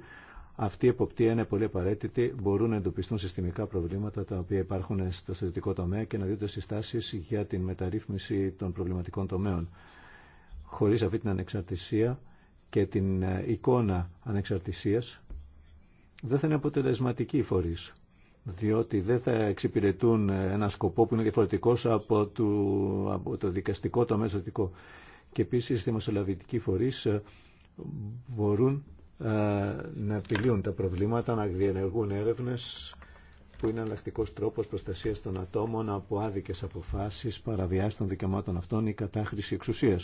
Αυτή η εποπτεία είναι πολύ απαραίτητη. Μπορούν να εντοπιστούν συστημικά προβλήματα τα οποία υπάρχουν στο στρατιωτικό τομέα και να δίνονται συστάσει για την μεταρρύθμιση των προβληματικών τομέων. Χωρίς αυτή την ανεξαρτησία και την ε, εικόνα ανεξαρτησίας δεν θα είναι αποτελεσματικοί οι φορείς διότι δεν θα εξυπηρετούν ε, ένα σκοπό που είναι διαφορετικός από το, από το δικαστικό, το μεσοτικό Και επίσης οι δημοσιολαβητικοί φορείς ε, μπορούν να επιλύουν τα προβλήματα, να διενεργούν έρευνες που είναι εναλλακτικό τρόπο προστασία των ατόμων από άδικε αποφάσει, παραβιάσει των δικαιωμάτων αυτών ή κατάχρηση εξουσία.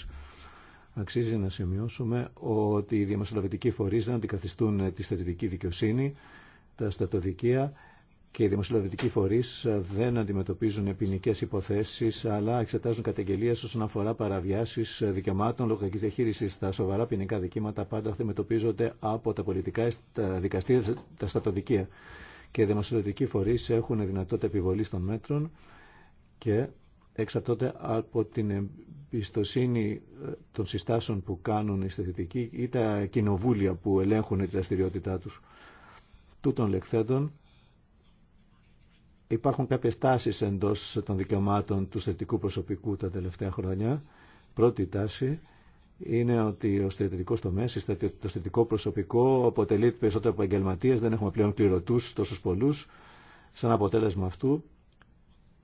Αξίζει να σημειώσουμε ότι οι δημοσιολογητικοί φορεί δεν αντικαθιστούν τη στατιωτική δικαιοσύνη, τα στατοδικεία και οι δημοσιολογητικοί φορεί δεν αντιμετωπίζουν ποινικέ υποθέσει, αλλά εξετάζουν καταγγελίε όσον αφορά παραβιάσει δικαιωμάτων λόγω διαχείριση διαχείρισης. Τα σοβαρά ποινικά δικήματα πάντα αντιμετωπίζονται από τα πολιτικά, τα δικαστήρια, τα στατοδικεία. Και οι δημοσιολαβητικοί φορεί έχουν δυνατότητα επιβολή των μέτρων και εξαρτώνται από την πιστοσύνη ε, των συστάσεων που κάνουν οι στερετικοί ή τα κοινοβούλια που ελέγχουν τη δραστηριότητά τους. Τούτων λεκθέντων υπάρχουν κάποιες τάσεις εντός των δικαιωμάτων του στερετικού προσωπικού τα τελευταία χρόνια. Πρώτη τάση είναι ότι ο στρατιωτικό τομέα, το στρατιωτικό προσωπικό αποτελεί περισσότερο από επαγγελματίε, δεν έχουμε πλέον κληρωτούς τόσου πολλού. Σαν αποτέλεσμα αυτού,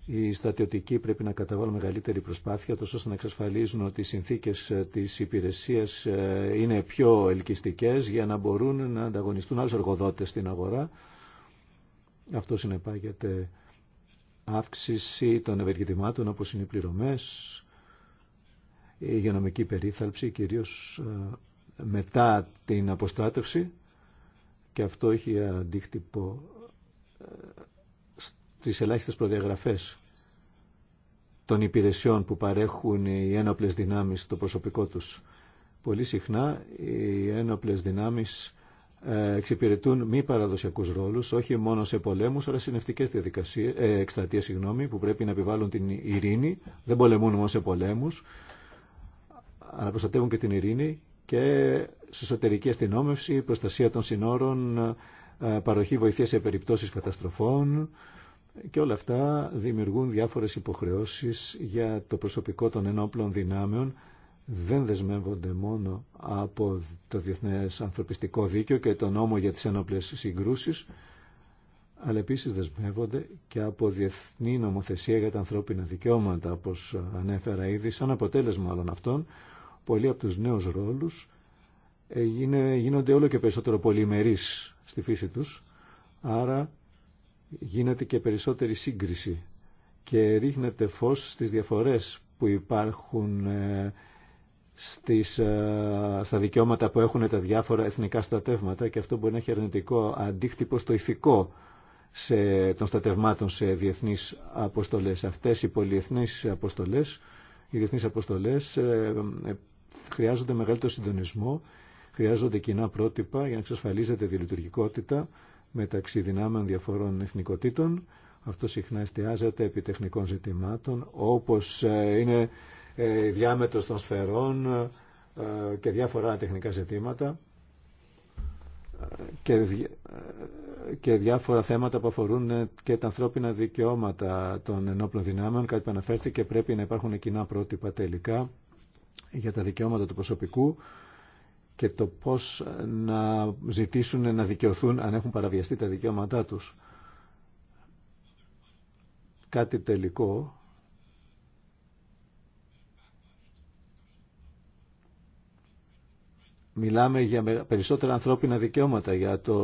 οι στρατιωτικοί πρέπει να καταβάλουν μεγαλύτερη προσπάθεια τόσο ώστε να εξασφαλίζουν ότι οι συνθήκες ε, της υπηρεσίας ε, είναι πιο ελκυστικές για να μπορούν να ανταγωνιστούν άλλους εργοδότες στην αγορά. Αυτό συνεπάγεται αύξηση των ευεργετημάτων όπως είναι οι πληρωμές, η υγειονομική περίθαλψη κυρίως ε, μετά την αποστράτευση και αυτό έχει αντίκτυπο τις ελάχιστες προδιαγραφές των υπηρεσιών που παρέχουν οι ένοπλες δυνάμεις στο προσωπικό τους. Πολύ συχνά οι ένοπλες δυνάμεις ε, εξυπηρετούν μη παραδοσιακούς ρόλους, όχι μόνο σε πολέμους, αλλά σε νευτικές διαδικασίες, ε, που πρέπει να επιβάλλουν την ειρήνη. Δεν πολεμούν μόνο σε πολέμους, αλλά προστατεύουν και την ειρήνη και σε εσωτερική αστυνόμευση, προστασία των συνόρων, ε, παροχή βοηθεία σε περιπτώσεις καταστροφών, και όλα αυτά δημιουργούν διάφορες υποχρεώσεις για το προσωπικό των ενόπλων δυνάμεων δεν δεσμεύονται μόνο από το Διεθνές Ανθρωπιστικό Δίκαιο και τον νόμο για τις ενόπλες συγκρούσεις, αλλά επίσης δεσμεύονται και από διεθνή νομοθεσία για τα ανθρώπινα δικαιώματα, όπως ανέφερα ήδη, σαν αποτέλεσμα όλων αυτών, πολλοί από τους νέους ρόλους γίνονται όλο και περισσότερο πολυμερείς στη φύση τους, άρα γίνεται και περισσότερη σύγκριση και ρίχνεται φως στις διαφορές που υπάρχουν ε, στις, ε, στα δικαιώματα που έχουν τα διάφορα εθνικά στρατεύματα και αυτό μπορεί να έχει αρνητικό αντίκτυπο στο ηθικό σε, των στρατευμάτων σε διεθνείς αποστολές. Αυτές οι πολυεθνείς αποστολές, οι διεθνείς αποστολές ε, ε, χρειάζονται μεγαλύτερο συντονισμό, χρειάζονται κοινά πρότυπα για να εξασφαλίζεται τη λειτουργικότητα μεταξύ δυνάμεων διαφορών εθνικοτήτων. Αυτό συχνά εστιάζεται επί τεχνικών ζητημάτων, όπως ε, είναι ε, η διάμετρος των σφαιρών ε, και διάφορα τεχνικά ζητήματα και, διάφορα θέματα που αφορούν και τα ανθρώπινα δικαιώματα των ενόπλων δυνάμεων, κάτι που αναφέρθηκε, πρέπει να υπάρχουν κοινά πρότυπα τελικά για τα δικαιώματα του προσωπικού και το πώς ε, να ζητήσουν να δικαιωθούν αν έχουν παραβιαστεί τα δικαιώματά τους. Κάτι τελικό. Μιλάμε για περισσότερα ανθρώπινα δικαιώματα για το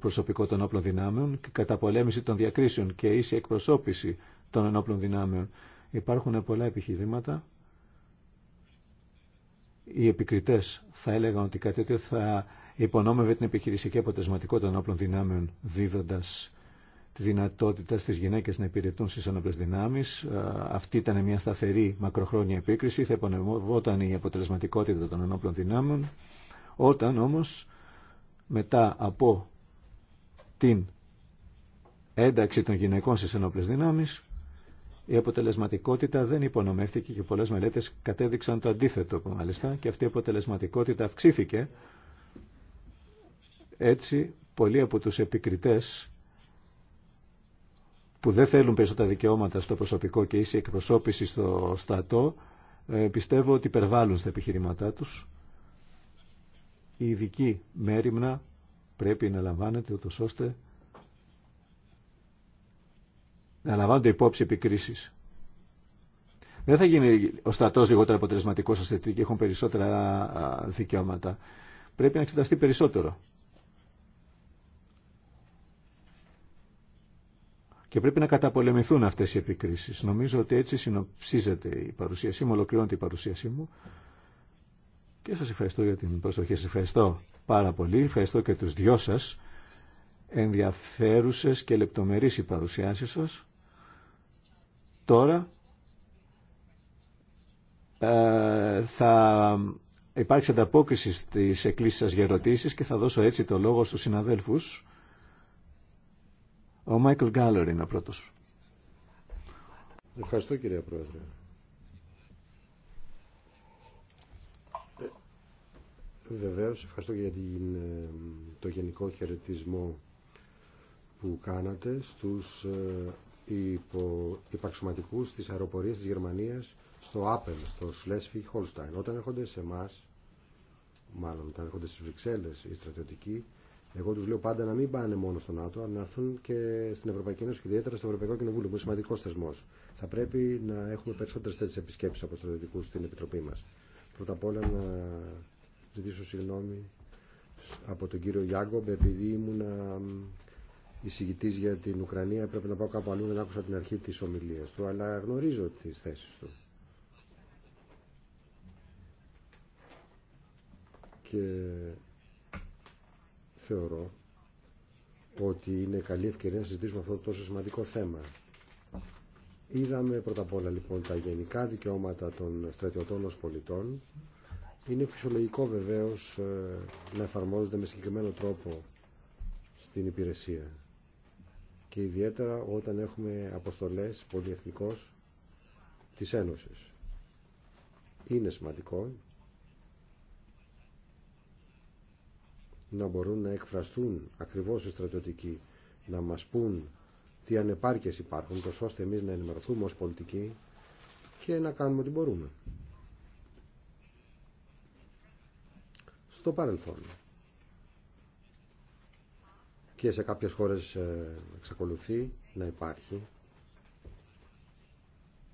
προσωπικό των όπλων δυνάμεων και καταπολέμηση των διακρίσεων και ίση εκπροσώπηση των ενόπλων δυνάμεων. Υπάρχουν πολλά επιχειρήματα οι επικριτές θα έλεγαν ότι κάτι τέτοιο θα υπονόμευε την επιχειρησιακή αποτελεσματικότητα των όπλων δυνάμεων δίδοντας τη δυνατότητα στις γυναίκες να υπηρετούν στις αναπλές δυνάμεις. Αυτή ήταν μια σταθερή μακροχρόνια επίκριση, θα υπονομευόταν η αποτελεσματικότητα των ενόπλων δυνάμεων, όταν όμως μετά από την ένταξη των γυναικών στις ενόπλες δυνάμεις η αποτελεσματικότητα δεν υπονομεύτηκε και πολλές μελέτες κατέδειξαν το αντίθετο μάλιστα και αυτή η αποτελεσματικότητα αυξήθηκε. Έτσι, πολλοί από τους επικριτές που δεν θέλουν περισσότερα δικαιώματα στο προσωπικό και ίση εκπροσώπηση στο στρατό, ε, πιστεύω ότι υπερβάλλουν στα επιχειρήματά τους. Η ειδική μέρημνα πρέπει να λαμβάνεται ούτως ώστε να λαμβάνονται υπόψη επικρίσεις. Δεν θα γίνει ο στρατός λιγότερο αποτελεσματικός σε θετική, έχουν περισσότερα δικαιώματα. Πρέπει να εξεταστεί περισσότερο. Και πρέπει να καταπολεμηθούν αυτές οι επικρίσεις. Νομίζω ότι έτσι συνοψίζεται η παρουσίασή μου, ολοκληρώνεται η παρουσίασή μου. Και σας ευχαριστώ για την προσοχή. Σας ευχαριστώ πάρα πολύ. Ευχαριστώ και τους δυο σας ενδιαφέρουσες και λεπτομερείς οι παρουσιάσεις σας. Τώρα ε, θα υπάρξει ανταπόκριση στις εκκλήσεις σας για ερωτήσεις και θα δώσω έτσι το λόγο στους συναδέλφους. Ο Μάικλ Γκάλλερ είναι ο πρώτος. Ευχαριστώ κύριε Πρόεδρε. Ε, βεβαίως, ευχαριστώ για την, ε, το γενικό χαιρετισμό που κάνατε στους υπό υπαξιωματικούς της αεροπορίας της Γερμανίας στο Άπελ, στο Σλέσφι Χολστάιν. Όταν έρχονται σε εμά, μάλλον όταν έρχονται στις Βρυξέλλες οι στρατιωτικοί, εγώ του λέω πάντα να μην πάνε μόνο στο ΝΑΤΟ, αλλά να έρθουν και στην Ευρωπαϊκή Ένωση και ιδιαίτερα στο Ευρωπαϊκό Κοινοβούλιο, που είναι σημαντικό θεσμό. Θα πρέπει να έχουμε περισσότερε τέτοιε επισκέψει από στρατιωτικού στην Επιτροπή μα. Πρώτα απ' όλα να ζητήσω συγγνώμη από τον κύριο Γιάγκομπ, επειδή ήμουνα εισηγητή για την Ουκρανία. Πρέπει να πάω κάπου αλλού, δεν άκουσα την αρχή τη ομιλία του, αλλά γνωρίζω τι θέσει του. Και θεωρώ ότι είναι καλή ευκαιρία να συζητήσουμε αυτό το τόσο σημαντικό θέμα. Είδαμε πρώτα απ' όλα λοιπόν τα γενικά δικαιώματα των στρατιωτών ως πολιτών. Είναι φυσιολογικό βεβαίως ε, να εφαρμόζονται με συγκεκριμένο τρόπο στην υπηρεσία και ιδιαίτερα όταν έχουμε αποστολές πολυεθνικός της Ένωσης. Είναι σημαντικό να μπορούν να εκφραστούν ακριβώς οι στρατιωτικοί, να μας πούν τι ανεπάρκειες υπάρχουν, τόσο ώστε εμείς να ενημερωθούμε ως πολιτικοί και να κάνουμε ό,τι μπορούμε. Στο παρελθόν, και σε κάποιες χώρες ε, εξακολουθεί να υπάρχει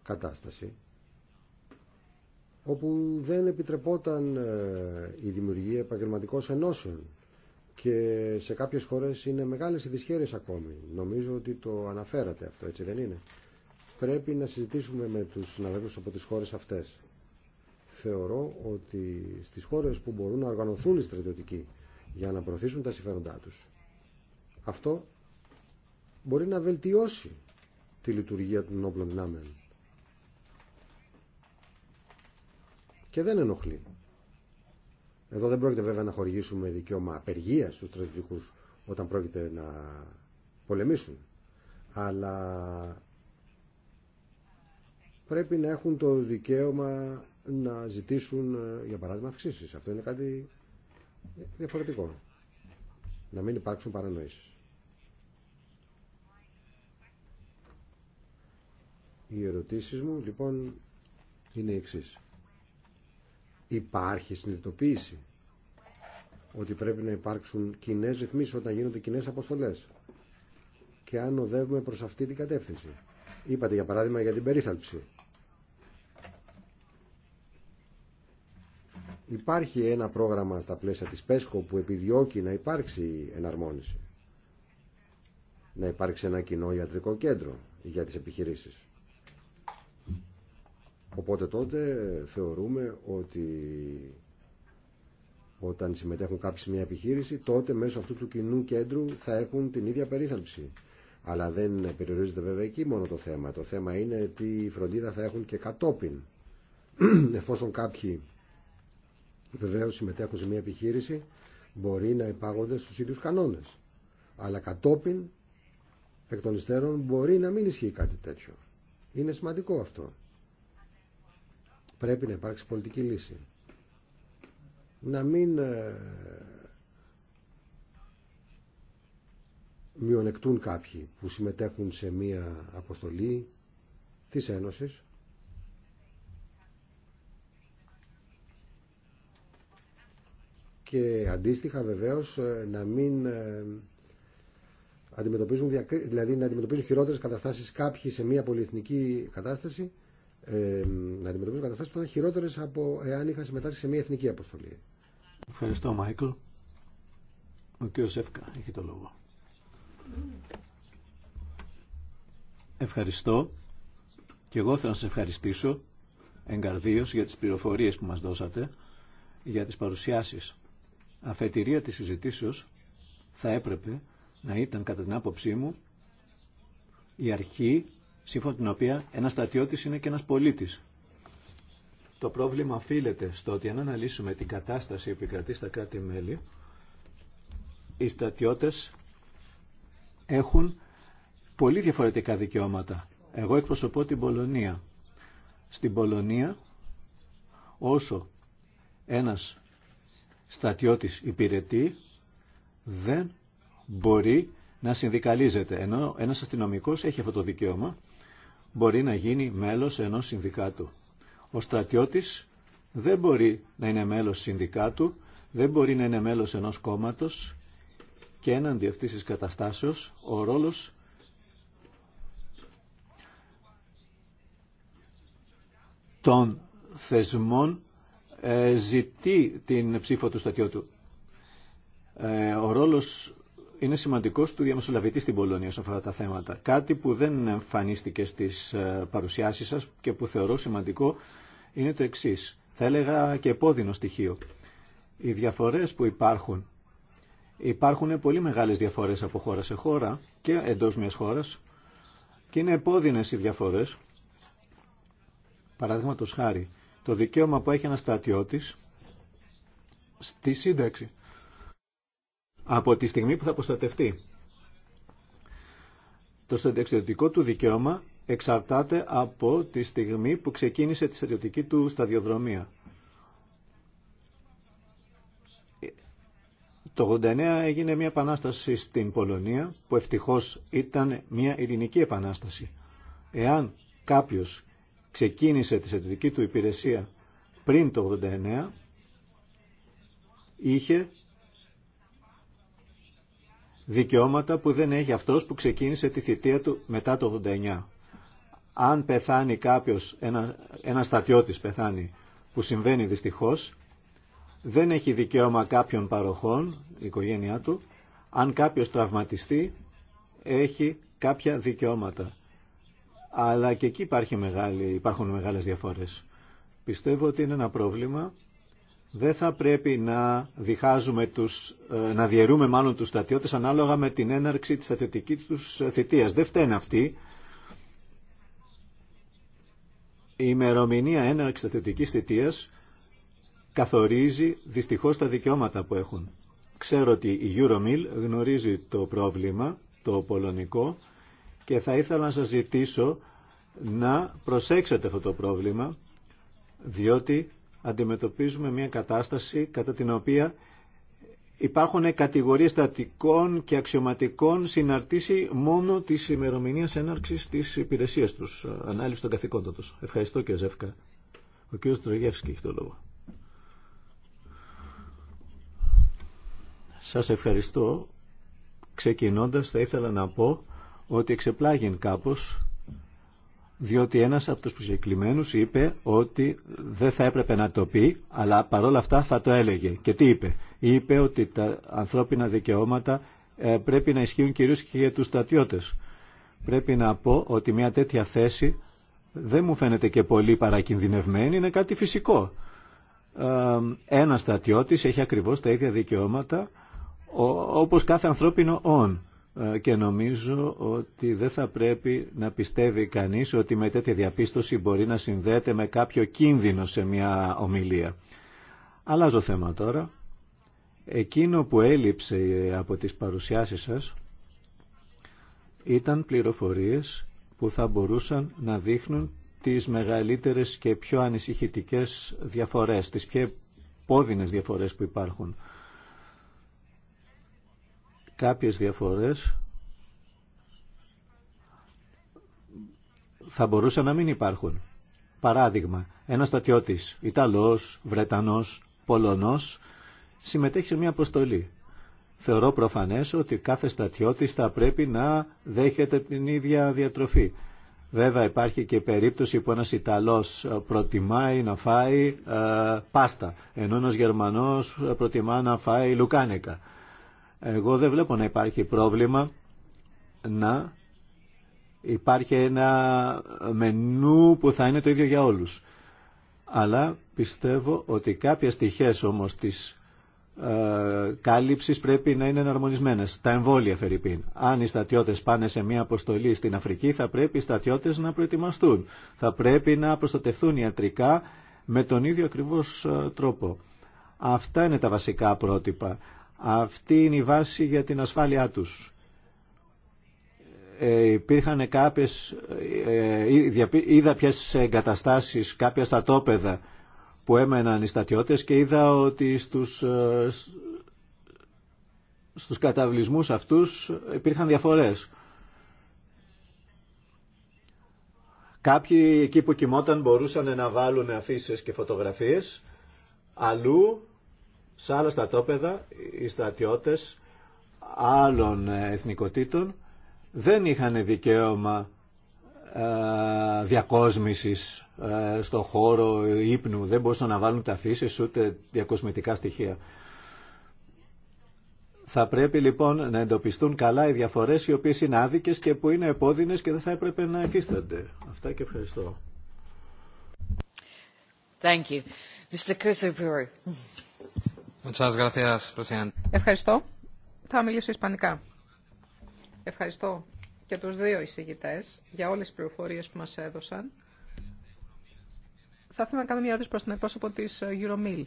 κατάσταση όπου δεν επιτρεπόταν ε, η δημιουργία επαγγελματικών ενώσεων και σε κάποιες χώρες είναι μεγάλες οι δυσχέρειες ακόμη. Νομίζω ότι το αναφέρατε αυτό, έτσι δεν είναι. Πρέπει να συζητήσουμε με τους συναδέλφους από τις χώρες αυτές. Θεωρώ ότι στις χώρες που μπορούν να οργανωθούν οι στρατιωτικοί για να προωθήσουν τα συμφέροντά τους αυτό μπορεί να βελτιώσει τη λειτουργία των όπλων δυνάμεων. Και δεν ενοχλεί. Εδώ δεν πρόκειται βέβαια να χορηγήσουμε δικαίωμα απεργία στους στρατιωτικούς όταν πρόκειται να πολεμήσουν. Αλλά πρέπει να έχουν το δικαίωμα να ζητήσουν, ε, για παράδειγμα, αυξήσεις. Αυτό είναι κάτι διαφορετικό. Να μην υπάρξουν παρανοήσεις. Οι ερωτήσεις μου λοιπόν είναι οι εξής. Υπάρχει συνειδητοποίηση ότι πρέπει να υπάρξουν κοινέ ρυθμίσει όταν γίνονται κοινέ αποστολέ. Και αν οδεύουμε προ αυτή την κατεύθυνση. Είπατε για παράδειγμα για την περίθαλψη. Υπάρχει ένα πρόγραμμα στα πλαίσια της ΠΕΣΚΟ που επιδιώκει να υπάρξει εναρμόνιση. Να υπάρξει ένα κοινό ιατρικό κέντρο για τις επιχειρήσεις. Οπότε τότε θεωρούμε ότι όταν συμμετέχουν κάποιοι σε μια επιχείρηση, τότε μέσω αυτού του κοινού κέντρου θα έχουν την ίδια περίθαλψη. Αλλά δεν περιορίζεται βέβαια εκεί μόνο το θέμα. Το θέμα είναι τι φροντίδα θα έχουν και κατόπιν. Εφόσον κάποιοι βεβαίως συμμετέχουν σε μια επιχείρηση, μπορεί να υπάγονται στους ίδιους κανόνες. Αλλά κατόπιν, εκ των υστέρων, μπορεί να μην ισχύει κάτι τέτοιο. Είναι σημαντικό αυτό. Πρέπει να υπάρξει πολιτική λύση. Να μην ε, μειονεκτούν κάποιοι που συμμετέχουν σε μία αποστολή της Ένωσης και αντίστοιχα βεβαίως ε, να μην ε, αντιμετωπίζουν, δηλαδή να αντιμετωπίζουν χειρότερες καταστάσεις κάποιοι σε μία πολυεθνική κατάσταση ε, να αντιμετωπίζουν καταστάσει που θα ήταν χειρότερες από εάν είχαν συμμετάσχει σε μια εθνική αποστολή. Ευχαριστώ Μάικλ. Ο κ. Σεύκα έχει το λόγο. Ευχαριστώ και εγώ θέλω να σας ευχαριστήσω εγκαρδίω για τις πληροφορίε που μας δώσατε, για τις παρουσιάσεις. Αφετηρία τη συζητήσεω θα έπρεπε να ήταν κατά την άποψή μου η αρχή σύμφωνα την οποία ένας στρατιώτη είναι και ένας πολίτης. Το πρόβλημα οφείλεται στο ότι αν αναλύσουμε την κατάσταση που επικρατεί στα κράτη-μέλη, οι στρατιώτε έχουν πολύ διαφορετικά δικαιώματα. Εγώ εκπροσωπώ την Πολωνία. Στην Πολωνία, όσο ένας στρατιώτης υπηρετεί, δεν μπορεί να συνδικαλίζεται, ενώ ένας αστυνομικός έχει αυτό το δικαίωμα μπορεί να γίνει μέλος ενός συνδικάτου. Ο στρατιώτης δεν μπορεί να είναι μέλος συνδικάτου, δεν μπορεί να είναι μέλος ενός κόμματος και έναντι αυτής της καταστάσεως ο ρόλος των θεσμών ε, ζητεί την ψήφο του στρατιώτου. Ε, ο ρόλος είναι σημαντικό του διαμεσολαβητή στην Πολωνία σε αφορά τα θέματα. Κάτι που δεν εμφανίστηκε στι ε, παρουσιάσει σα και που θεωρώ σημαντικό είναι το εξή. Θα έλεγα και επώδυνο στοιχείο. Οι διαφορέ που υπάρχουν. Υπάρχουν πολύ μεγάλε διαφορέ από χώρα σε χώρα και εντό μια χώρα και είναι επώδυνε οι διαφορέ. Παραδείγματο χάρη, το δικαίωμα που έχει ένα στρατιώτη στη σύνταξη από τη στιγμή που θα προστατευτεί. Το στρατιωτικό του δικαίωμα εξαρτάται από τη στιγμή που ξεκίνησε τη στρατιωτική του σταδιοδρομία. Το 89 έγινε μια επανάσταση στην Πολωνία που ευτυχώς ήταν μια ειρηνική επανάσταση. Εάν κάποιος ξεκίνησε τη στρατιωτική του υπηρεσία πριν το 89 είχε δικαιώματα που δεν έχει αυτός που ξεκίνησε τη θητεία του μετά το 89. Αν πεθάνει κάποιος, ένα, ένα στατιώτης πεθάνει, που συμβαίνει δυστυχώς, δεν έχει δικαίωμα κάποιων παροχών, η οικογένειά του, αν κάποιος τραυματιστεί, έχει κάποια δικαιώματα. Αλλά και εκεί υπάρχει υπάρχουν μεγάλες διαφορές. Πιστεύω ότι είναι ένα πρόβλημα δεν θα πρέπει να διχάζουμε τους, ε, να διαιρούμε μάλλον τους στατιώτες ανάλογα με την έναρξη της στατιωτικής τους ε, θητείας. Δεν φταίνε αυτή Η ημερομηνία έναρξης στατιωτικής θητείας καθορίζει δυστυχώς τα δικαιώματα που έχουν. Ξέρω ότι η Euromil γνωρίζει το πρόβλημα, το πολωνικό, και θα ήθελα να σας ζητήσω να προσέξετε αυτό το πρόβλημα, διότι αντιμετωπίζουμε μια κατάσταση κατά την οποία υπάρχουν κατηγορίες στατικών και αξιωματικών συναρτήσει μόνο της ημερομηνία έναρξης της υπηρεσίας τους, Ανάλυση των καθηκόντων τους. Ευχαριστώ κύριε Ζεύκα. Ο κύριος Τρογεύσκη έχει το λόγο. Σας ευχαριστώ. Ξεκινώντας θα ήθελα να πω ότι εξεπλάγει κάπως διότι ένας από τους συγκεκριμένους είπε ότι δεν θα έπρεπε να το πει, αλλά παρόλα αυτά θα το έλεγε. Και τι είπε. Είπε ότι τα ανθρώπινα δικαιώματα ε, πρέπει να ισχύουν κυρίως και για τους στρατιώτες. Πρέπει να πω ότι μια τέτοια θέση δεν μου φαίνεται και πολύ παρακινδυνευμένη, είναι κάτι φυσικό. Ε, ένας στρατιώτης έχει ακριβώς τα ίδια δικαιώματα όπως κάθε ανθρώπινο όν. Ε, και νομίζω ότι δεν θα πρέπει να πιστεύει κανείς ότι με τέτοια διαπίστωση μπορεί να συνδέεται με κάποιο κίνδυνο σε μια ομιλία. Αλλάζω θέμα τώρα. Εκείνο που έλειψε από τις παρουσιάσεις σας ήταν πληροφορίες που θα μπορούσαν να δείχνουν τις μεγαλύτερες και πιο ανησυχητικές διαφορές, τις πιο πόδινες διαφορές που υπάρχουν κάποιες διαφορές θα μπορούσαν να μην υπάρχουν. Παράδειγμα, ένας στρατιώτης, Ιταλός, Βρετανός, Πολωνός, συμμετέχει σε μια αποστολή. Θεωρώ προφανές ότι κάθε στρατιώτης θα πρέπει να δέχεται την ίδια διατροφή. Βέβαια υπάρχει και περίπτωση που ένας Ιταλός προτιμάει να φάει ε, πάστα, ενώ ένας Γερμανός προτιμά να φάει λουκάνικα. Εγώ δεν βλέπω να υπάρχει πρόβλημα να υπάρχει ένα μενού που θα είναι το ίδιο για όλους. Αλλά πιστεύω ότι κάποιες στοιχές όμως της ε, κάλυψης πρέπει να είναι εναρμονισμένες. Τα εμβόλια, φερειπίν. Αν οι στατιώτες πάνε σε μια αποστολή στην Αφρική, θα πρέπει οι στατιώτες να προετοιμαστούν. Θα πρέπει να προστατευτούν ιατρικά με τον ίδιο ακριβώς ε, τρόπο. Αυτά είναι τα βασικά πρότυπα. Αυτή είναι η βάση για την ασφάλειά τους. Ε, υπήρχαν κάποιες, ε, ε, είδα ποιες εγκαταστάσεις, κάποια στατόπεδα που έμεναν οι στατιώτες και είδα ότι στους, ε, στους καταβλισμούς αυτούς υπήρχαν διαφορές. Κάποιοι εκεί που κοιμόταν μπορούσαν να βάλουν αφήσει και φωτογραφίες, αλλού σε άλλα στατόπεδα οι στρατιώτες άλλων ε, εθνικοτήτων δεν είχαν δικαίωμα ε, διακόσμησης ε, στο χώρο ύπνου. Δεν μπορούσαν να βάλουν τα φύσεις ούτε διακοσμητικά στοιχεία. Θα πρέπει λοιπόν να εντοπιστούν καλά οι διαφορές οι οποίες είναι άδικες και που είναι επώδυνες και δεν θα έπρεπε να εφίστανται. Αυτά και ευχαριστώ. Thank you. Mr. Ευχαριστώ. Θα μιλήσω ισπανικά. Ευχαριστώ και τους δύο εισηγητές για όλες τις πληροφορίες που μας έδωσαν. Θα ήθελα να κάνω μια ερώτηση προς την εκπρόσωπο της Euromil.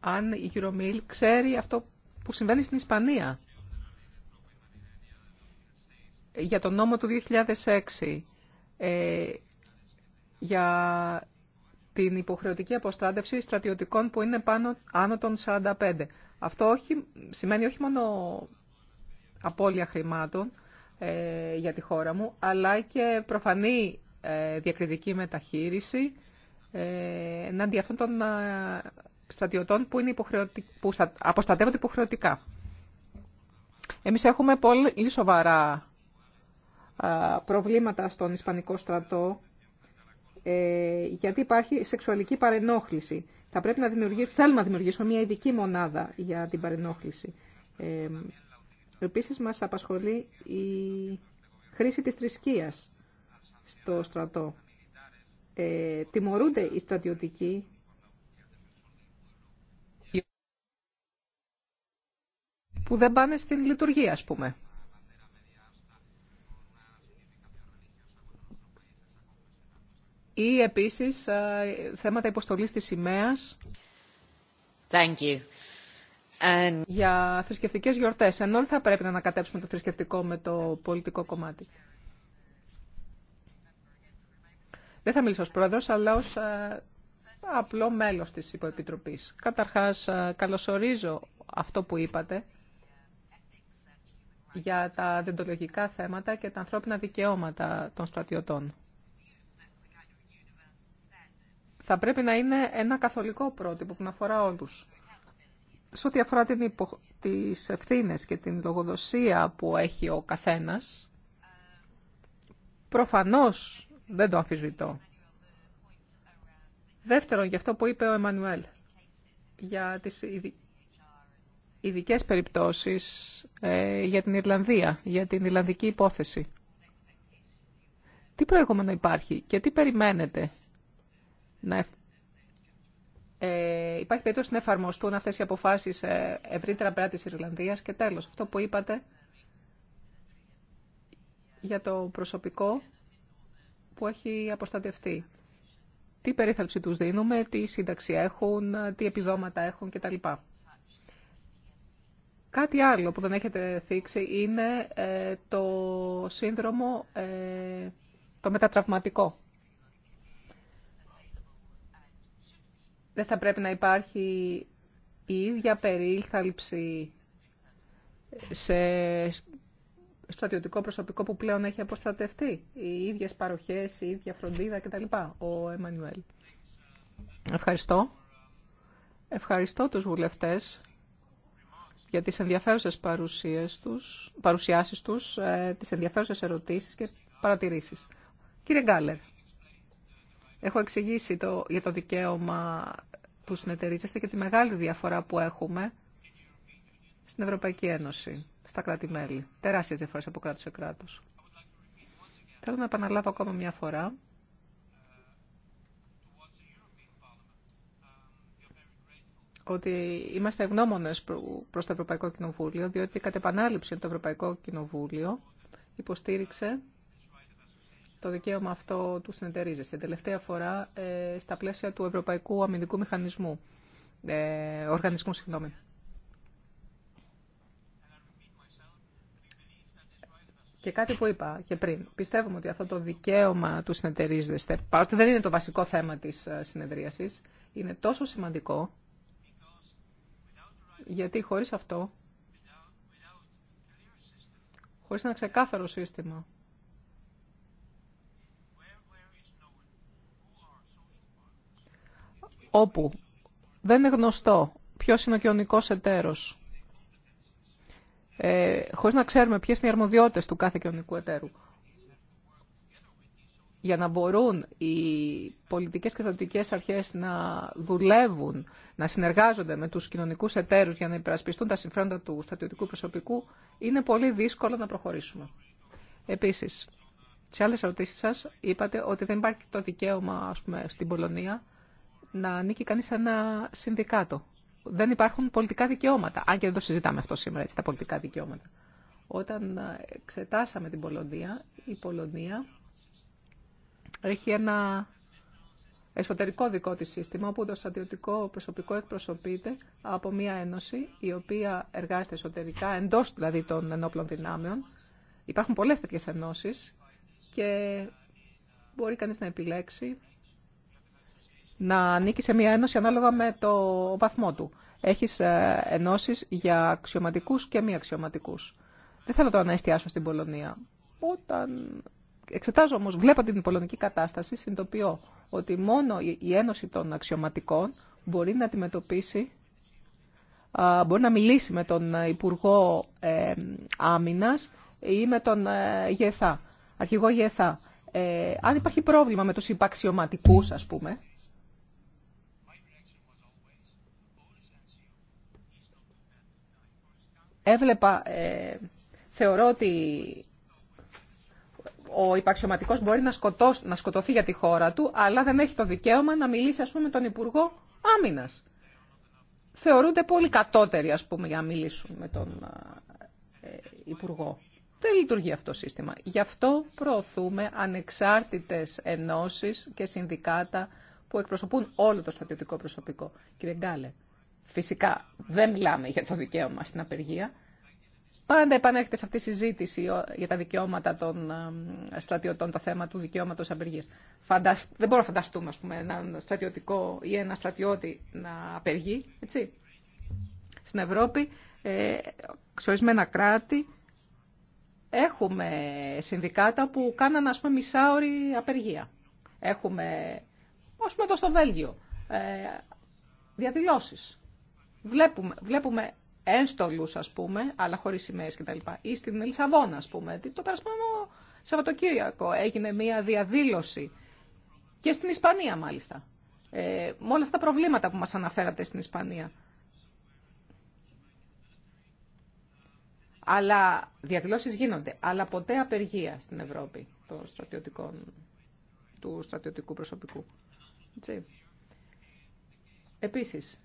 Αν η Euromil ξέρει αυτό που συμβαίνει στην Ισπανία για τον νόμο του 2006 ε, για την υποχρεωτική αποστράτευση στρατιωτικών που είναι πάνω, άνω των 45. Αυτό όχι, σημαίνει όχι μόνο απώλεια χρημάτων ε, για τη χώρα μου, αλλά και προφανή ε, διακριτική μεταχείριση ε, εναντί αυτών των ε, στρατιωτών που, είναι υποχρεωτικ... που αποστατεύονται υποχρεωτικά. Εμείς έχουμε πολύ σοβαρά ε, προβλήματα στον Ισπανικό στρατό ε, γιατί υπάρχει σεξουαλική παρενόχληση. Θα πρέπει να δημιουργήσουμε, θέλουμε να δημιουργήσουμε μια ειδική μονάδα για την παρενόχληση. Ε, επίσης μας απασχολεί η χρήση της θρησκείας στο στρατό. Ε, τιμωρούνται οι στρατιωτικοί που δεν πάνε στην λειτουργία, ας πούμε. ή επίσης ε, θέματα υποστολής της σημαίας Thank you. για θρησκευτικές γιορτές, ενώ θα πρέπει να ανακατέψουμε το θρησκευτικό με το πολιτικό κομμάτι. Δεν θα μιλήσω ως πρόεδρος, αλλά ως ε, απλό μέλος της υποεπιτροπής. Καταρχάς, ε, καλωσορίζω αυτό που είπατε για τα δεντολογικά θέματα και τα ανθρώπινα δικαιώματα των στρατιωτών θα πρέπει να είναι ένα καθολικό πρότυπο που να αφορά όλους. Σε ό,τι αφορά την υπο... τις ευθύνε και την λογοδοσία που έχει ο καθένας, προφανώς δεν το αμφισβητώ. Δεύτερον, για αυτό που είπε ο Εμμανουέλ, για τις ειδικέ περιπτώσεις ε, για την Ιρλανδία, για την Ιρλανδική υπόθεση. Τι προηγούμενο υπάρχει και τι περιμένετε να ε, υπάρχει περίπτωση να εφαρμοστούν αυτές οι αποφάσεις ε, ευρύτερα πέρα της Ιρλανδίας. Και τέλος, αυτό που είπατε για το προσωπικό που έχει αποστατευτεί. Τι περίθαλψη τους δίνουμε, τι σύνταξη έχουν, τι επιδόματα έχουν κτλ. Κάτι άλλο που δεν έχετε θίξει είναι ε, το σύνδρομο ε, το μετατραυματικό. δεν θα πρέπει να υπάρχει η ίδια περίληψη σε στρατιωτικό προσωπικό που πλέον έχει αποστρατευτεί. Οι ίδιες παροχές, η ίδια φροντίδα κτλ. Ο Εμμανουέλ. Ευχαριστώ. Ευχαριστώ τους βουλευτές για τις ενδιαφέρουσες παρουσίες τους, παρουσιάσεις τους, ε, τις ενδιαφέρουσες ερωτήσεις και παρατηρήσεις. Κύριε Γκάλερ. Έχω εξηγήσει το, για το δικαίωμα που συνεταιρίζεστε και τη μεγάλη διαφορά που έχουμε στην Ευρωπαϊκή Ένωση, στα κράτη-μέλη. Τεράστιε διαφορέ από κράτος σε κράτος. Θέλω να επαναλάβω ακόμα μια φορά ότι είμαστε ευγνώμονες προς το Ευρωπαϊκό Κοινοβούλιο, διότι κατ' επανάληψη το Ευρωπαϊκό Κοινοβούλιο υποστήριξε το δικαίωμα αυτό του συνεταιρίζεσαι. Τελευταία φορά ε, στα πλαίσια του Ευρωπαϊκού Αμυντικού Μηχανισμού. Ε, οργανισμού, συγγνώμη. Και κάτι που είπα και πριν. Πιστεύουμε ότι αυτό το δικαίωμα του συνεταιρίζεστε, παρότι δεν είναι το βασικό θέμα της ε, συνεδρίασης, είναι τόσο σημαντικό, γιατί χωρίς αυτό, χωρίς ένα ξεκάθαρο σύστημα όπου δεν είναι γνωστό ποιο είναι ο κοινωνικό εταίρο, ε, χωρί να ξέρουμε ποιε είναι οι αρμοδιότητε του κάθε κοινωνικού εταίρου, για να μπορούν οι πολιτικές και θετικές αρχές να δουλεύουν, να συνεργάζονται με τους κοινωνικούς εταίρους για να υπερασπιστούν τα συμφέροντα του στρατιωτικού προσωπικού, είναι πολύ δύσκολο να προχωρήσουμε. Επίσης, σε άλλες ερωτήσεις σας είπατε ότι δεν υπάρχει το δικαίωμα ας πούμε, στην Πολωνία να ανήκει κανεί σε ένα συνδικάτο. Δεν υπάρχουν πολιτικά δικαιώματα, αν και δεν το συζητάμε αυτό σήμερα, έτσι, τα πολιτικά δικαιώματα. Όταν εξετάσαμε την Πολωνία, η Πολωνία έχει ένα εσωτερικό δικό της σύστημα, όπου το στρατιωτικό προσωπικό εκπροσωπείται από μια ένωση, η οποία εργάζεται εσωτερικά, εντός δηλαδή των ενόπλων δυνάμεων. Υπάρχουν πολλές τέτοιες ενώσεις και μπορεί κανείς να επιλέξει να ανήκει σε μια ένωση ανάλογα με το βαθμό του. Έχεις ε, ενώσεις για αξιωματικούς και μη αξιωματικούς. Δεν θέλω τώρα να εστιάσω στην Πολωνία. Όταν εξετάζω όμως, βλέπω την πολωνική κατάσταση, συνειδητοποιώ ότι μόνο η ένωση των αξιωματικών μπορεί να αντιμετωπίσει, μπορεί να μιλήσει με τον Υπουργό ε, ή με τον ε, ΓΕΘΑ, Αρχηγό ΓΕΘΑ. Ε, αν υπάρχει πρόβλημα με τους υπαξιωματικούς, ας πούμε, έβλεπα, ε, θεωρώ ότι ο υπαξιωματικό μπορεί να, να σκοτωθεί για τη χώρα του, αλλά δεν έχει το δικαίωμα να μιλήσει, ας πούμε, με τον Υπουργό Άμυνας. Θεωρούνται πολύ κατώτεροι, ας πούμε, για να μιλήσουν με τον ε, Υπουργό. Δεν λειτουργεί αυτό το σύστημα. Γι' αυτό προωθούμε ανεξάρτητες ενώσεις και συνδικάτα που εκπροσωπούν όλο το στρατιωτικό προσωπικό. Κύριε Γκάλε, Φυσικά δεν μιλάμε για το δικαίωμα στην απεργία. Πάντα επανέρχεται σε αυτή τη συζήτηση για τα δικαιώματα των στρατιωτών, το θέμα του δικαιώματος απεργίας. Δεν μπορούμε να φανταστούμε, ας έναν στρατιωτικό ή ένα στρατιώτη να απεργεί, έτσι. Στην Ευρώπη, ε, σε ορισμένα κράτη, έχουμε συνδικάτα που κάνανε ας πούμε, μισάωρη απεργία. Έχουμε, ας πούμε, εδώ στο Βέλγιο, ε, διαδηλώσεις Βλέπουμε, βλέπουμε ένστολους, πούμε, αλλά χωρίς σημαίες κτλ. Ή στην Ελισσαβόνα α πούμε, το περασμένο Σαββατοκύριακο έγινε μια διαδήλωση και στην Ισπανία, μάλιστα. Ε, με όλα αυτά τα προβλήματα που μα αναφέρατε στην Ισπανία. Αλλά διαδηλώσει γίνονται, αλλά ποτέ απεργία στην Ευρώπη των στρατιωτικών, του στρατιωτικού προσωπικού. Έτσι. Επίσης,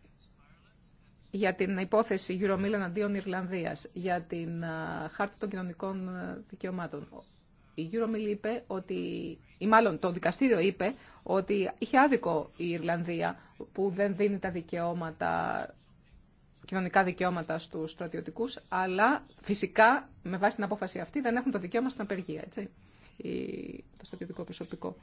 για την υπόθεση Γιουρομήλ αντίον Ιρλανδίας, για την χάρτη των κοινωνικών δικαιωμάτων. Η Euromillan είπε ότι, ή μάλλον το δικαστήριο είπε ότι είχε άδικο η Ιρλανδία που δεν δίνει τα δικαιώματα κοινωνικά δικαιώματα στους στρατιωτικούς, αλλά φυσικά με βάση την απόφαση αυτή δεν έχουν το δικαίωμα στην απεργία, έτσι, το στρατιωτικό προσωπικό.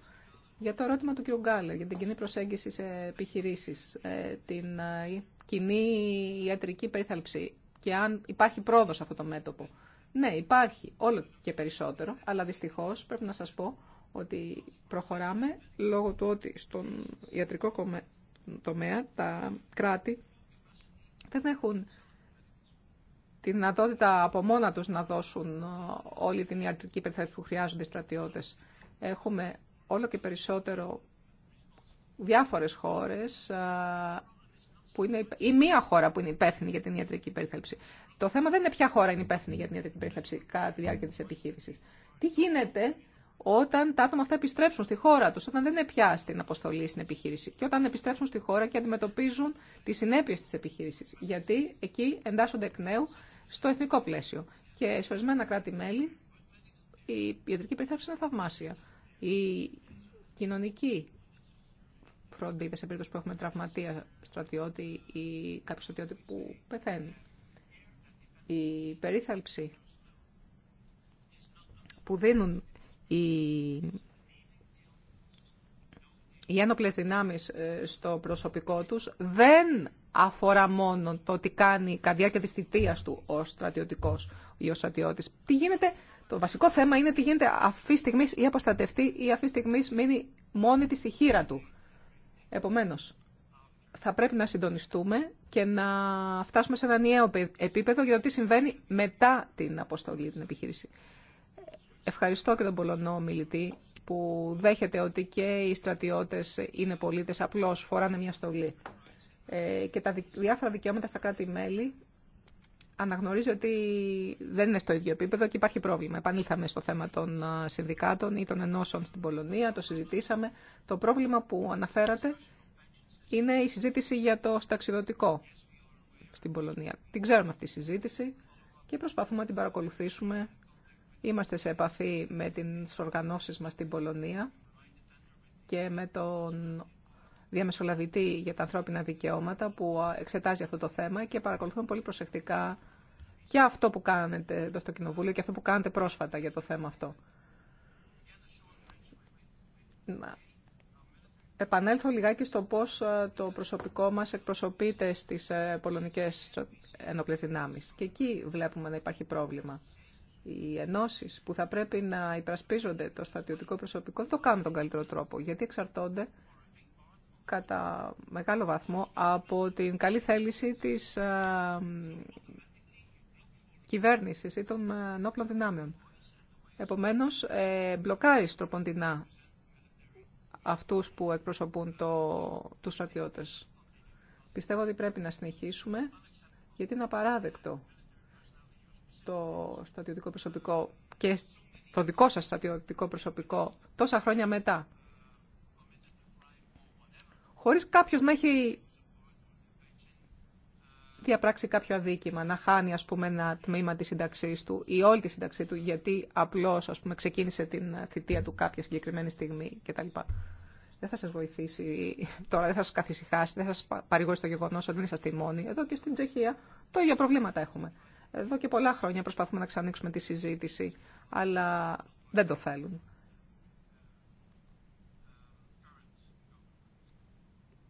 Για το ερώτημα του κ. Γκάλε, για την κοινή προσέγγιση σε επιχειρήσεις, ε, την ε, κοινή ιατρική περίθαλψη και αν υπάρχει πρόοδος σε αυτό το μέτωπο. Ναι, υπάρχει όλο και περισσότερο, αλλά δυστυχώς πρέπει να σας πω ότι προχωράμε λόγω του ότι στον ιατρικό τομέα τα κράτη δεν έχουν τη δυνατότητα από μόνα τους να δώσουν ε, όλη την ιατρική περιθάλψη που χρειάζονται οι στρατιώτες. Έχουμε όλο και περισσότερο διάφορες χώρες που είναι, ή μία χώρα που είναι υπεύθυνη για την ιατρική περίθαλψη. Το θέμα δεν είναι ποια χώρα είναι υπεύθυνη για την ιατρική περίθαλψη κατά τη διάρκεια της επιχείρησης. Τι γίνεται όταν τα άτομα αυτά επιστρέψουν στη χώρα τους, όταν δεν είναι πια στην αποστολή, στην επιχείρηση και όταν επιστρέψουν στη χώρα και αντιμετωπίζουν τις συνέπειες της επιχείρησης. Γιατί εκεί εντάσσονται εκ νέου στο εθνικό πλαίσιο. Και σε ορισμένα κράτη-μέλη η ιατρική περίθαλψη είναι θαυμάσια. Οι κοινωνικοί φροντίδα σε περίπτωση που έχουμε τραυματία στρατιώτη ή κάποιο στρατιώτη που πεθαίνει. Η περίθαλψη που δίνουν οι, οι ένοπλες δυνάμεις ε, στο προσωπικό τους δεν αφορά μόνο το τι κάνει η καρδιά και της του ο στρατιωτικός ή ο στρατιώτης. Τι το βασικό θέμα είναι τι γίνεται αυτή τη στιγμή ή αποστατευτεί ή αυτή τη στιγμή μείνει μόνη τη η χείρα του. Επομένω, θα πρέπει να συντονιστούμε και να φτάσουμε σε ένα νέο επίπεδο για το τι συμβαίνει μετά την αποστολή, την επιχείρηση. Ευχαριστώ και τον Πολωνό μιλητή που δέχεται ότι και οι στρατιώτες είναι πολίτες, απλώς φοράνε μια στολή. Ε, και τα διάφορα δικαιώματα στα κράτη-μέλη αναγνωρίζει ότι δεν είναι στο ίδιο επίπεδο και υπάρχει πρόβλημα. Επανήλθαμε στο θέμα των συνδικάτων ή των ενώσεων στην Πολωνία, το συζητήσαμε. Το πρόβλημα που αναφέρατε είναι η συζήτηση για το σταξιδοτικό στην Πολωνία. Την ξέρουμε αυτή τη συζήτηση και προσπαθούμε να την παρακολουθήσουμε. Είμαστε σε επαφή με τις οργανώσεις μας στην Πολωνία και με τον διαμεσολαβητή για τα ανθρώπινα δικαιώματα που εξετάζει αυτό το θέμα και παρακολουθούμε πολύ προσεκτικά και αυτό που κάνετε εδώ στο Κοινοβούλιο και αυτό που κάνετε πρόσφατα για το θέμα αυτό. Να. Επανέλθω λιγάκι στο πώς ε, το προσωπικό μας εκπροσωπείται στις ε, πολωνικές ενόπλες δυνάμεις. Και εκεί βλέπουμε να υπάρχει πρόβλημα. Οι ενώσει που θα πρέπει να υπρασπίζονται το στρατιωτικό προσωπικό το κάνουν τον καλύτερο τρόπο, γιατί εξαρτώνται κατά μεγάλο βαθμό από την καλή θέληση της ε, κυβέρνησης ή των ε, νόπλων δυνάμεων. Επομένως, ε, μπλοκάρει στροποντινά αυτούς που εκπροσωπούν το, τους στρατιώτες. Πιστεύω ότι πρέπει να συνεχίσουμε, γιατί είναι απαράδεκτο το στρατιωτικό προσωπικό και το δικό σας στρατιωτικό προσωπικό τόσα χρόνια μετά χωρίς κάποιος να έχει διαπράξει κάποιο αδίκημα, να χάνει ας πούμε ένα τμήμα της σύνταξή του ή όλη τη σύνταξή του γιατί απλώς ας πούμε ξεκίνησε την θητεία του κάποια συγκεκριμένη στιγμή κτλ. Δεν θα σας βοηθήσει τώρα, δεν θα σας καθησυχάσει, δεν θα σας παρηγορήσει το γεγονός ότι δεν είσαστε μόνοι. Εδώ και στην Τσεχία το ίδιο προβλήματα έχουμε. Εδώ και πολλά χρόνια προσπαθούμε να ξανοίξουμε τη συζήτηση, αλλά δεν το θέλουν.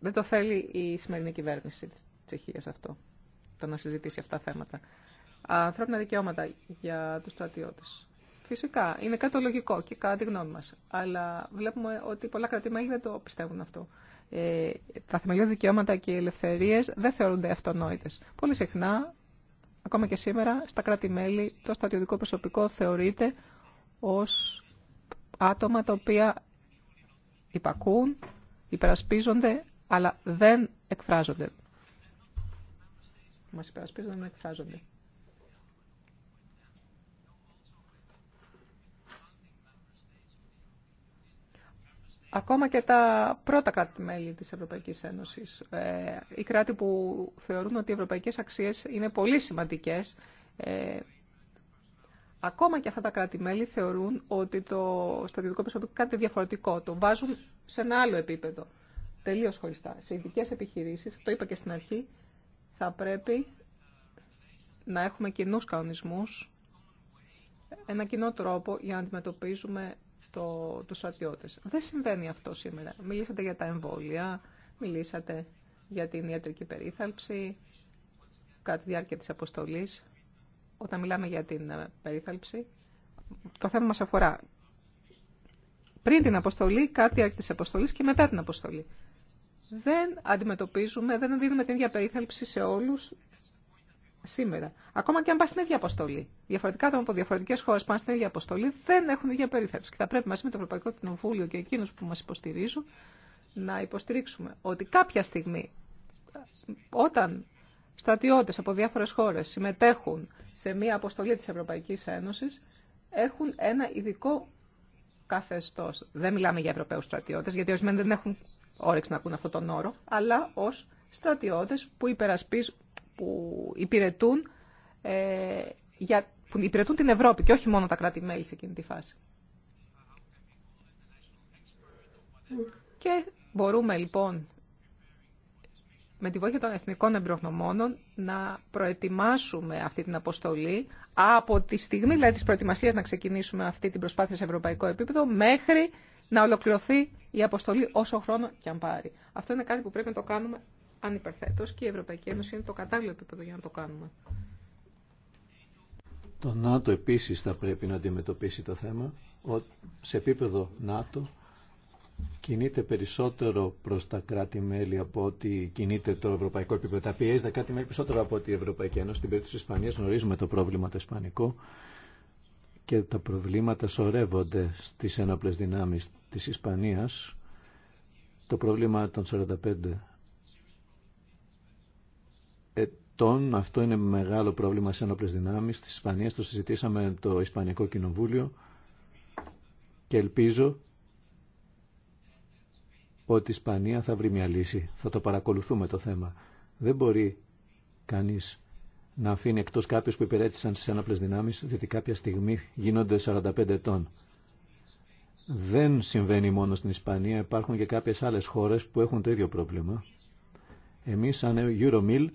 δεν το θέλει η σημερινή κυβέρνηση της Τσεχίας αυτό, το να συζητήσει αυτά τα θέματα. Ανθρώπινα δικαιώματα για τους στρατιώτες. Φυσικά, είναι κάτι λογικό και κατά γνώμη μας. Αλλά βλέπουμε ότι πολλά κρατήματα δεν το πιστεύουν αυτό. Ε, τα θεμελιώδη δικαιώματα και οι ελευθερίες δεν θεωρούνται αυτονόητες. Πολύ συχνά, ακόμα και σήμερα, στα κρατημέλη το στρατιωτικό προσωπικό θεωρείται ως άτομα τα οποία υπακούν, υπερασπίζονται αλλά δεν εκφράζονται. Μας υπερασπίζονται να εκφράζονται. Ακόμα και τα πρώτα κράτη-μέλη της Ευρωπαϊκής Ένωσης, ε, οι κράτη που θεωρούν ότι οι ευρωπαϊκές αξίες είναι πολύ σημαντικές, ε, ακόμα και αυτά τα κράτη-μέλη θεωρούν ότι το στρατιωτικό προσωπικό κάτι διαφορετικό, το βάζουν σε ένα άλλο επίπεδο τελείως χωριστά. Σε ειδικέ επιχειρήσεις, το είπα και στην αρχή, θα πρέπει να έχουμε κοινού κανονισμούς, ένα κοινό τρόπο για να αντιμετωπίζουμε το, τους στρατιώτες. Δεν συμβαίνει αυτό σήμερα. Μιλήσατε για τα εμβόλια, μιλήσατε για την ιατρική περίθαλψη, κατά τη διάρκεια της αποστολής, όταν μιλάμε για την ε, περίθαλψη, το θέμα μας αφορά πριν την αποστολή, κάτι τη αποστολή και μετά την αποστολή δεν αντιμετωπίζουμε, δεν δίνουμε την ίδια περίθαλψη σε όλου σήμερα. Ακόμα και αν πά στην ίδια αποστολή. Διαφορετικά άτομα από διαφορετικέ χώρε πάνε στην ίδια αποστολή, δεν έχουν ίδια περίθαλψη. Και θα πρέπει μαζί με το Ευρωπαϊκό Κοινοβούλιο και εκείνου που μα υποστηρίζουν να υποστηρίξουμε ότι κάποια στιγμή, όταν στρατιώτε από διάφορε χώρε συμμετέχουν σε μία αποστολή τη Ευρωπαϊκή Ένωση, έχουν ένα ειδικό καθεστώ. Δεν μιλάμε για Ευρωπαίου στρατιώτε, γιατί ορισμένοι δεν έχουν όρεξη να ακούν αυτόν τον όρο, αλλά ως στρατιώτες που, που υπηρετούν, ε, που υπηρετούν την Ευρώπη και όχι μόνο τα κράτη-μέλη σε εκείνη τη φάση. Και μπορούμε λοιπόν με τη βοήθεια των εθνικών εμπειρογνωμόνων να προετοιμάσουμε αυτή την αποστολή από τη στιγμή δηλαδή, της προετοιμασίας να ξεκινήσουμε αυτή την προσπάθεια σε ευρωπαϊκό επίπεδο μέχρι να ολοκληρωθεί η αποστολή όσο χρόνο και αν πάρει. Αυτό είναι κάτι που πρέπει να το κάνουμε ανυπερθέτως και η Ευρωπαϊκή Ένωση είναι το κατάλληλο επίπεδο για να το κάνουμε. Το ΝΑΤΟ επίσης θα πρέπει να αντιμετωπίσει το θέμα. Σε επίπεδο ΝΑΤΟ κινείται περισσότερο προς τα κράτη-μέλη από ότι κινείται το ευρωπαϊκό επίπεδο. Τα πιέζει τα κράτη-μέλη περισσότερο από ότι η Ευρωπαϊκή Ένωση. Στην περίπτωση της Ισπανίας γνωρίζουμε το πρόβλημα το ισπανικό και τα προβλήματα σωρεύονται στις ένοπλες δυνάμεις της Ισπανίας. Το πρόβλημα των 45 ετών, αυτό είναι μεγάλο πρόβλημα στις ένοπλες δυνάμεις της Ισπανίας. Το συζητήσαμε το Ισπανικό Κοινοβούλιο και ελπίζω ότι η Ισπανία θα βρει μια λύση. Θα το παρακολουθούμε το θέμα. Δεν μπορεί κανείς να αφήνει εκτός κάποιους που υπηρέτησαν στι ένοπλε δυνάμεις, διότι κάποια στιγμή γίνονται 45 ετών. Δεν συμβαίνει μόνο στην Ισπανία, υπάρχουν και κάποιες άλλες χώρες που έχουν το ίδιο πρόβλημα. Εμείς σαν EuroMill,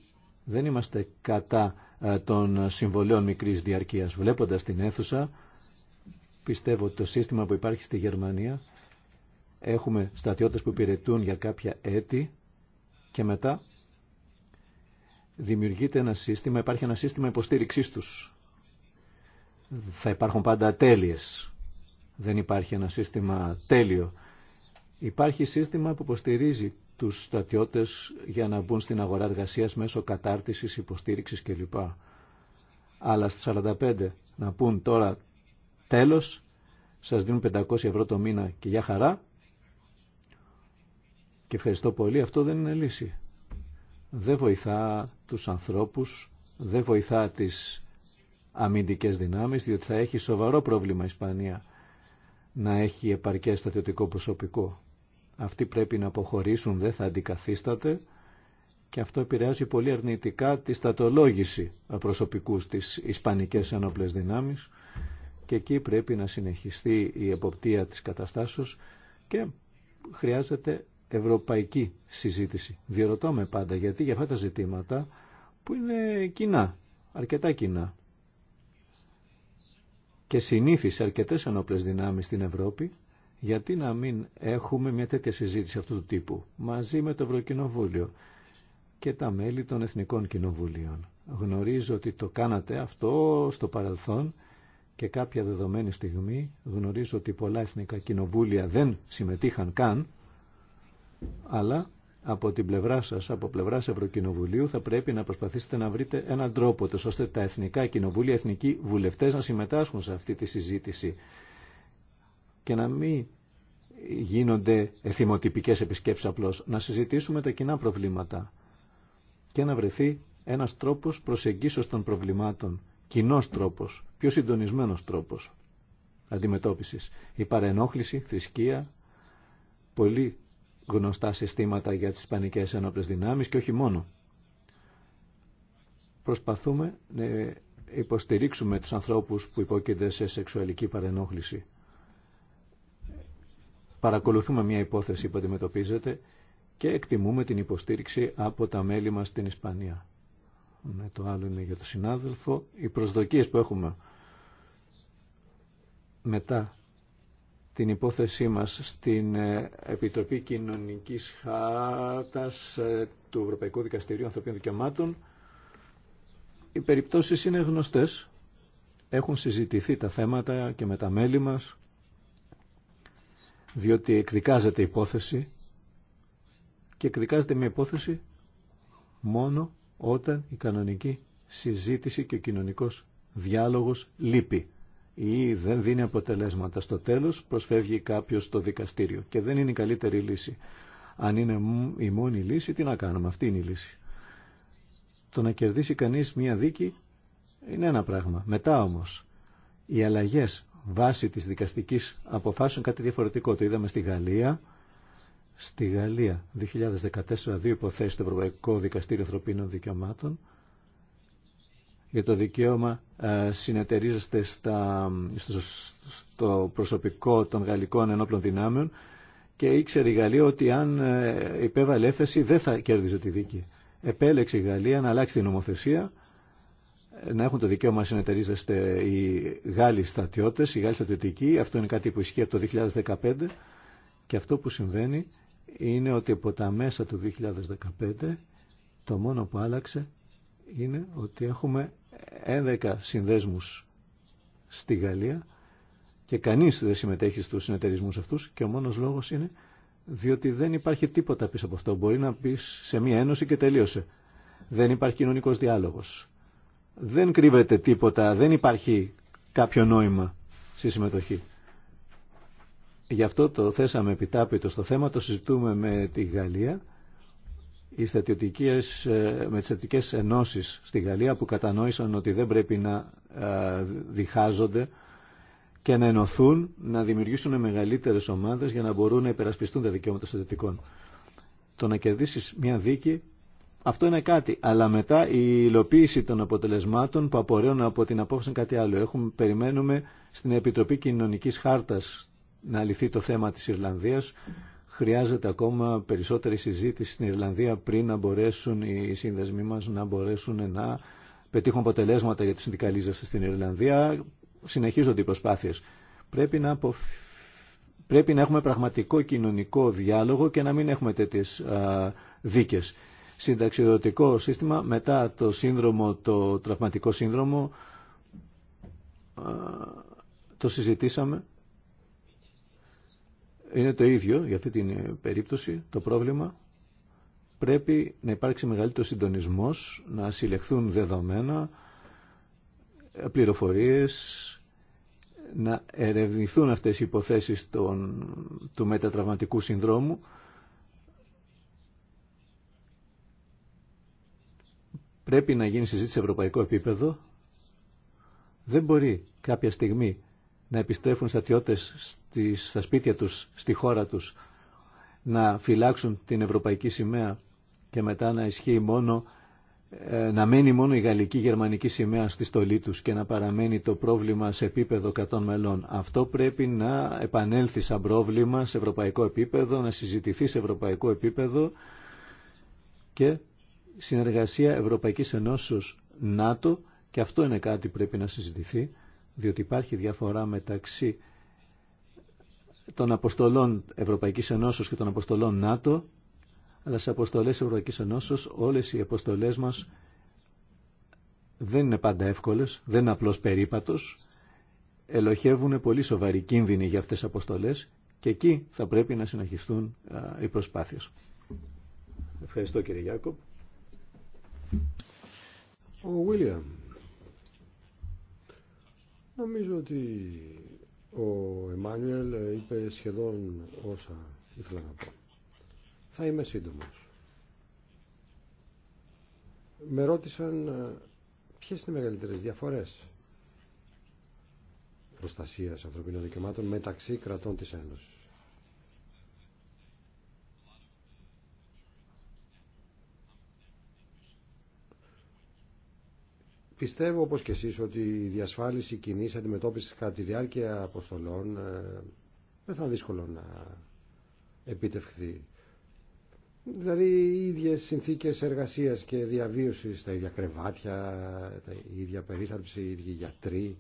δεν είμαστε κατά ε, των συμβολέων μικρής διαρκείας. Βλέποντας την αίθουσα, πιστεύω ότι το σύστημα που υπάρχει στη Γερμανία έχουμε στρατιώτε που υπηρετούν για κάποια έτη και μετά δημιουργείται ένα σύστημα, υπάρχει ένα σύστημα υποστήριξής τους. Θα υπάρχουν πάντα τέλειε. Δεν υπάρχει ένα σύστημα τέλειο. Υπάρχει σύστημα που υποστηρίζει τους στρατιώτες για να μπουν στην αγορά εργασίας μέσω κατάρτισης, υποστήριξης κλπ. Αλλά στις 45 να πούν τώρα τέλος, σας δίνουν 500 ευρώ το μήνα και για χαρά. Και ευχαριστώ πολύ, αυτό δεν είναι λύση δεν βοηθά τους ανθρώπους, δεν βοηθά τις αμυντικές δυνάμεις, διότι θα έχει σοβαρό πρόβλημα η Ισπανία να έχει επαρκές στατιωτικό προσωπικό. Αυτοί πρέπει να αποχωρήσουν, δεν θα αντικαθίσταται και αυτό επηρεάζει πολύ αρνητικά τη στατολόγηση προσωπικού της Ισπανικές Ένοπλες Δυνάμεις και εκεί πρέπει να συνεχιστεί η εποπτεία της καταστάσεως και χρειάζεται ευρωπαϊκή συζήτηση. Διερωτώ με πάντα γιατί για αυτά τα ζητήματα που είναι κοινά, αρκετά κοινά και συνήθισε αρκετές ενόπλες δυνάμεις στην Ευρώπη, γιατί να μην έχουμε μια τέτοια συζήτηση αυτού του τύπου, μαζί με το Ευρωκοινοβούλιο και τα μέλη των Εθνικών Κοινοβουλίων. Γνωρίζω ότι το κάνατε αυτό στο παρελθόν και κάποια δεδομένη στιγμή γνωρίζω ότι πολλά Εθνικά Κοινοβούλια δεν συμμετείχαν καν αλλά από την πλευρά σας, από πλευρά Ευρωκοινοβουλίου θα πρέπει να προσπαθήσετε να βρείτε έναν τρόπο ώστε τα εθνικά κοινοβούλια, εθνικοί βουλευτές να συμμετάσχουν σε αυτή τη συζήτηση και να μην γίνονται εθιμοτυπικέ επισκέψεις απλώ να συζητήσουμε τα κοινά προβλήματα και να βρεθεί ένας τρόπος προσεγγίσεω των προβλημάτων, κοινό τρόπο, πιο συντονισμένο τρόπο αντιμετώπιση. Η παρενόχληση, θρησκεία, πολύ γνωστά συστήματα για τις Ισπανικές Ένοπλες Δυνάμεις και όχι μόνο. Προσπαθούμε να υποστηρίξουμε τους ανθρώπους που υπόκεινται σε σεξουαλική παρενόχληση. Παρακολουθούμε μια υπόθεση που αντιμετωπίζεται και εκτιμούμε την υποστήριξη από τα μέλη μας στην Ισπανία. Ναι, το άλλο είναι για τον συνάδελφο. Οι προσδοκίες που έχουμε μετά την υπόθεσή μας στην ε, Επιτροπή Κοινωνικής Χάρτας ε, του Ευρωπαϊκού Δικαστηρίου Ανθρωπίνων Δικαιωμάτων. Οι περιπτώσεις είναι γνωστές. Έχουν συζητηθεί τα θέματα και με τα μέλη μας, διότι εκδικάζεται υπόθεση και εκδικάζεται μια υπόθεση μόνο όταν η κανονική συζήτηση και ο κοινωνικός διάλογος λείπει ή δεν δίνει αποτελέσματα. Στο τέλος προσφεύγει κάποιος στο δικαστήριο και δεν είναι η καλύτερη λύση. Αν είναι η μόνη λύση, τι να κάνουμε, αυτή είναι η λύση. Το να κερδίσει κανείς μία δίκη είναι ένα πράγμα. Μετά όμως, οι αλλαγές βάσει της δικαστικής αποφάσεων κάτι διαφορετικό. Το είδαμε στη Γαλλία. Στη Γαλλία, 2014, δύο υποθέσεις στο Ευρωπαϊκό Δικαστήριο Ανθρωπίνων Δικαιωμάτων για το δικαίωμα ε, συνεταιρίζεστε στα, στο, στο προσωπικό των γαλλικών ενόπλων δυνάμεων και ήξερε η Γαλλία ότι αν ε, υπέβαλε έφεση δεν θα κέρδιζε τη δίκη. Επέλεξε η Γαλλία να αλλάξει την νομοθεσία, να έχουν το δικαίωμα να συνεταιρίζεστε οι Γάλλοι στρατιώτε, οι Γάλλοι στρατιωτικοί. Αυτό είναι κάτι που ισχύει από το 2015 και αυτό που συμβαίνει είναι ότι από τα μέσα του 2015 το μόνο που άλλαξε είναι ότι έχουμε 11 συνδέσμους στη Γαλλία και κανείς δεν συμμετέχει στους συνεταιρισμούς αυτούς και ο μόνος λόγος είναι διότι δεν υπάρχει τίποτα πίσω από αυτό. Μπορεί να πεις σε μία ένωση και τελείωσε. Δεν υπάρχει κοινωνικό διάλογος. Δεν κρύβεται τίποτα, δεν υπάρχει κάποιο νόημα στη συμμετοχή. Γι' αυτό το θέσαμε επιτάπητο στο θέμα, το συζητούμε με τη Γαλλία οι ε, με τις στρατιωτικές ενώσεις στη Γαλλία που κατανόησαν ότι δεν πρέπει να ε, διχάζονται και να ενωθούν, να δημιουργήσουν μεγαλύτερες ομάδες για να μπορούν να υπερασπιστούν τα δικαιώματα των στρατιωτικών. Το να κερδίσει μια δίκη, αυτό είναι κάτι. Αλλά μετά η υλοποίηση των αποτελεσμάτων που απορρέουν από την απόφαση κάτι άλλο. Έχουμε, περιμένουμε στην Επιτροπή Κοινωνικής Χάρτας να λυθεί το θέμα της Ιρλανδίας χρειάζεται ακόμα περισσότερη συζήτηση στην Ιρλανδία πριν να μπορέσουν οι σύνδεσμοί μας να μπορέσουν να πετύχουν αποτελέσματα για τη συνδικαλίζες στην Ιρλανδία. Συνεχίζονται οι προσπάθειες. Πρέπει να, πρέπει να έχουμε πραγματικό κοινωνικό διάλογο και να μην έχουμε τέτοιες δίκε. δίκες. Συνταξιδοτικό σύστημα μετά το σύνδρομο, το τραυματικό σύνδρομο, το συζητήσαμε είναι το ίδιο για αυτή την ε, περίπτωση το πρόβλημα. Πρέπει να υπάρξει μεγαλύτερο συντονισμός, να συλλεχθούν δεδομένα, πληροφορίες, να ερευνηθούν αυτές οι υποθέσεις των, του μετατραυματικού συνδρόμου. Πρέπει να γίνει συζήτηση σε ευρωπαϊκό επίπεδο. Δεν μπορεί κάποια στιγμή να επιστρέφουν στατιώτες στα σπίτια τους, στη χώρα τους, να φυλάξουν την ευρωπαϊκή σημαία και μετά να ισχύει μόνο ε, να μένει μόνο η γαλλική-γερμανική σημαία στη στολή τους και να παραμένει το πρόβλημα σε επίπεδο 100 μελών. Αυτό πρέπει να επανέλθει σαν πρόβλημα σε ευρωπαϊκό επίπεδο, να συζητηθεί σε ευρωπαϊκό επίπεδο και συνεργασία Ευρωπαϊκή Ενώσεω ΝΑΤΟ και αυτό είναι κάτι που πρέπει να συζητηθεί διότι υπάρχει διαφορά μεταξύ των αποστολών Ευρωπαϊκής Ενώσεως και των αποστολών ΝΑΤΟ, αλλά σε αποστολές Ευρωπαϊκής Ενώσεως όλες οι αποστολές μας δεν είναι πάντα εύκολες, δεν είναι απλώς περίπατος, ελοχεύουν πολύ σοβαροί κίνδυνοι για αυτές τις αποστολές και εκεί θα πρέπει να συνεχιστούν οι προσπάθειες. Ευχαριστώ κύριε Γιάκοπ. Ο Βίλιαμ. Νομίζω ότι ο Εμμάνιουελ είπε σχεδόν όσα ήθελα να πω. Θα είμαι σύντομος. Με ρώτησαν ε, ποιες είναι οι μεγαλύτερες διαφορές προστασίας ανθρωπίνων δικαιωμάτων μεταξύ κρατών της Ένωσης. Πιστεύω όπως και εσείς ότι η διασφάλιση κοινή αντιμετώπισης κατά τη διάρκεια αποστολών ε, δεν θα είναι δύσκολο να επιτευχθεί. Δηλαδή οι ίδιες συνθήκες εργασίας και διαβίωσης, τα ίδια κρεβάτια, τα ίδια περίθαλψη, οι ίδιοι γιατροί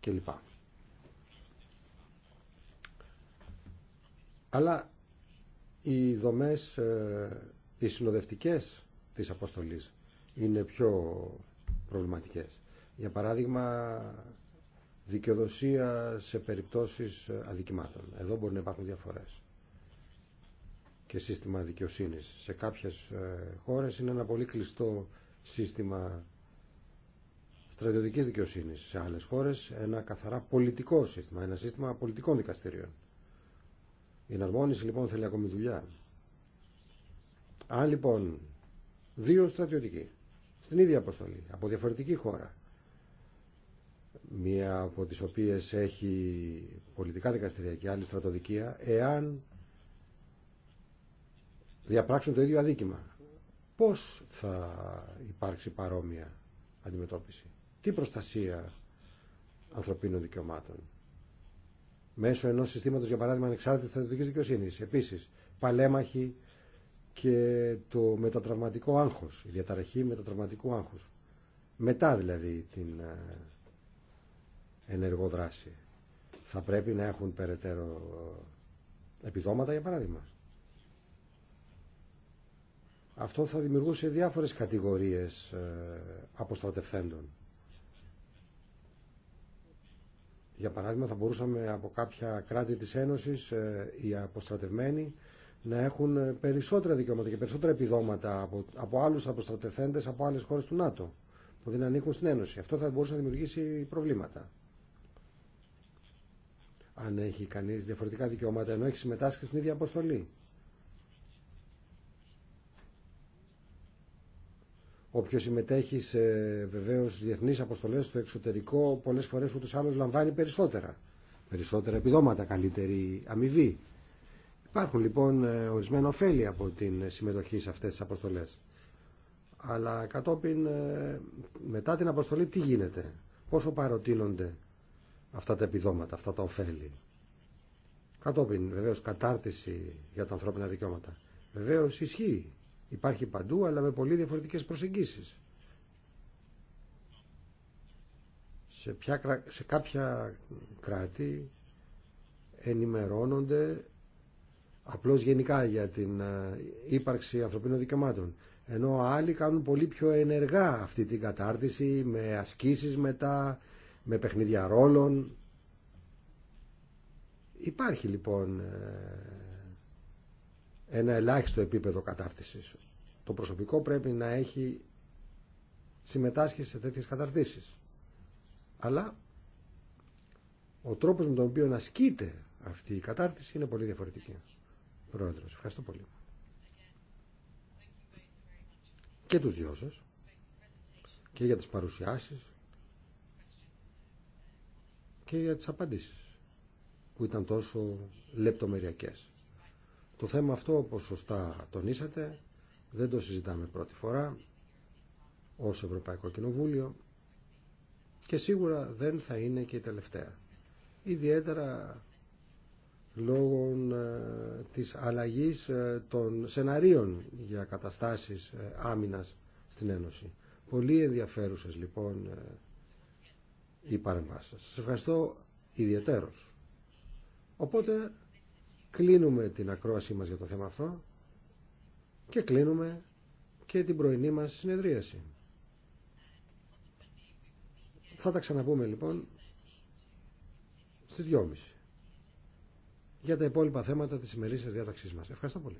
κλπ. Αλλά οι δομές, ε, οι συνοδευτικές της αποστολής είναι πιο προβληματικές. Για παράδειγμα, δικαιοδοσία σε περιπτώσεις αδικημάτων. Εδώ μπορεί να υπάρχουν διαφορές και σύστημα δικαιοσύνης. Σε κάποιες ε, χώρες είναι ένα πολύ κλειστό σύστημα στρατιωτικής δικαιοσύνης. Σε άλλες χώρες ένα καθαρά πολιτικό σύστημα, ένα σύστημα πολιτικών δικαστηρίων. Η εναρμόνιση λοιπόν θέλει ακόμη δουλειά. Αν λοιπόν δύο στρατιωτικοί στην ίδια αποστολή, από διαφορετική χώρα. Μία από τις οποίες έχει πολιτικά δικαστηρία και άλλη στρατοδικία, εάν διαπράξουν το ίδιο αδίκημα, πώς θα υπάρξει παρόμοια αντιμετώπιση. Τι προστασία ανθρωπίνων δικαιωμάτων. Μέσω ενός συστήματος, για παράδειγμα, ανεξάρτητης στρατιωτικής δικαιοσύνης. Επίσης, παλέμαχοι και το μετατραυματικό άγχος, η διαταραχή μετατραυματικού άγχους. Μετά δηλαδή την ε, ενεργόδράση Θα πρέπει να έχουν περαιτέρω ε, επιδόματα για παράδειγμα. Αυτό θα δημιουργούσε διάφορες κατηγορίες ε, αποστρατευθέντων. Για παράδειγμα θα μπορούσαμε από κάποια κράτη της Ένωσης οι αποστρατευμένοι να έχουν περισσότερα δικαιώματα και περισσότερα επιδόματα από, από άλλους αποστρατευθέντες από άλλες χώρες του ΝΑΤΟ που δεν ανήκουν στην Ένωση. Αυτό θα μπορούσε να δημιουργήσει προβλήματα. Αν έχει κανείς διαφορετικά δικαιώματα ενώ έχει συμμετάσχει στην ίδια αποστολή. Όποιο συμμετέχει σε βεβαίω διεθνεί αποστολέ στο εξωτερικό, πολλέ φορέ ούτω ή άλλω λαμβάνει περισσότερα. Περισσότερα επιδόματα, καλύτερη αμοιβή. Υπάρχουν λοιπόν ε, ορισμένα ωφέλη από την συμμετοχή σε αυτές τις αποστολές. Αλλά κατόπιν ε, μετά την αποστολή τι γίνεται, πόσο παροτείνονται αυτά τα επιδόματα, αυτά τα ωφέλη. Κατόπιν βεβαίως κατάρτιση για τα ανθρώπινα δικαιώματα. Βεβαίως ισχύει, υπάρχει παντού αλλά με πολύ διαφορετικές προσεγγίσεις. Σε, σε κάποια κράτη ενημερώνονται απλώς γενικά για την ε, ύπαρξη ανθρωπίνων δικαιωμάτων. Ενώ άλλοι κάνουν πολύ πιο ενεργά αυτή την κατάρτιση με ασκήσεις μετά, με παιχνίδια ρόλων. Υπάρχει λοιπόν ε, ένα ελάχιστο επίπεδο κατάρτισης. Το προσωπικό πρέπει να έχει συμμετάσχει σε τέτοιες καταρτήσεις. Αλλά ο τρόπος με τον οποίο ασκείται αυτή η κατάρτιση είναι πολύ διαφορετική. Πρόεδρος, ευχαριστώ πολύ. Και τους δυο σα και για τις παρουσιάσεις και για τις απαντήσεις που ήταν τόσο λεπτομεριακές. Το θέμα αυτό, όπως σωστά τονίσατε, δεν το συζητάμε πρώτη φορά ως Ευρωπαϊκό Κοινοβούλιο και σίγουρα δεν θα είναι και η τελευταία. Ιδιαίτερα λόγω ε, της αλλαγής ε, των σεναρίων για καταστάσεις ε, άμυνας στην Ένωση. Πολύ ενδιαφέρουσες λοιπόν οι παρεμβάσεις. Σας ευχαριστώ ιδιαίτερος. Οπότε κλείνουμε την ακρόασή μας για το θέμα αυτό και κλείνουμε και την πρωινή μας συνεδρίαση. Θα τα ξαναπούμε λοιπόν στις 2.30 για τα υπόλοιπα θέματα της σημερινής διάταξής μας. Ευχαριστώ πολύ.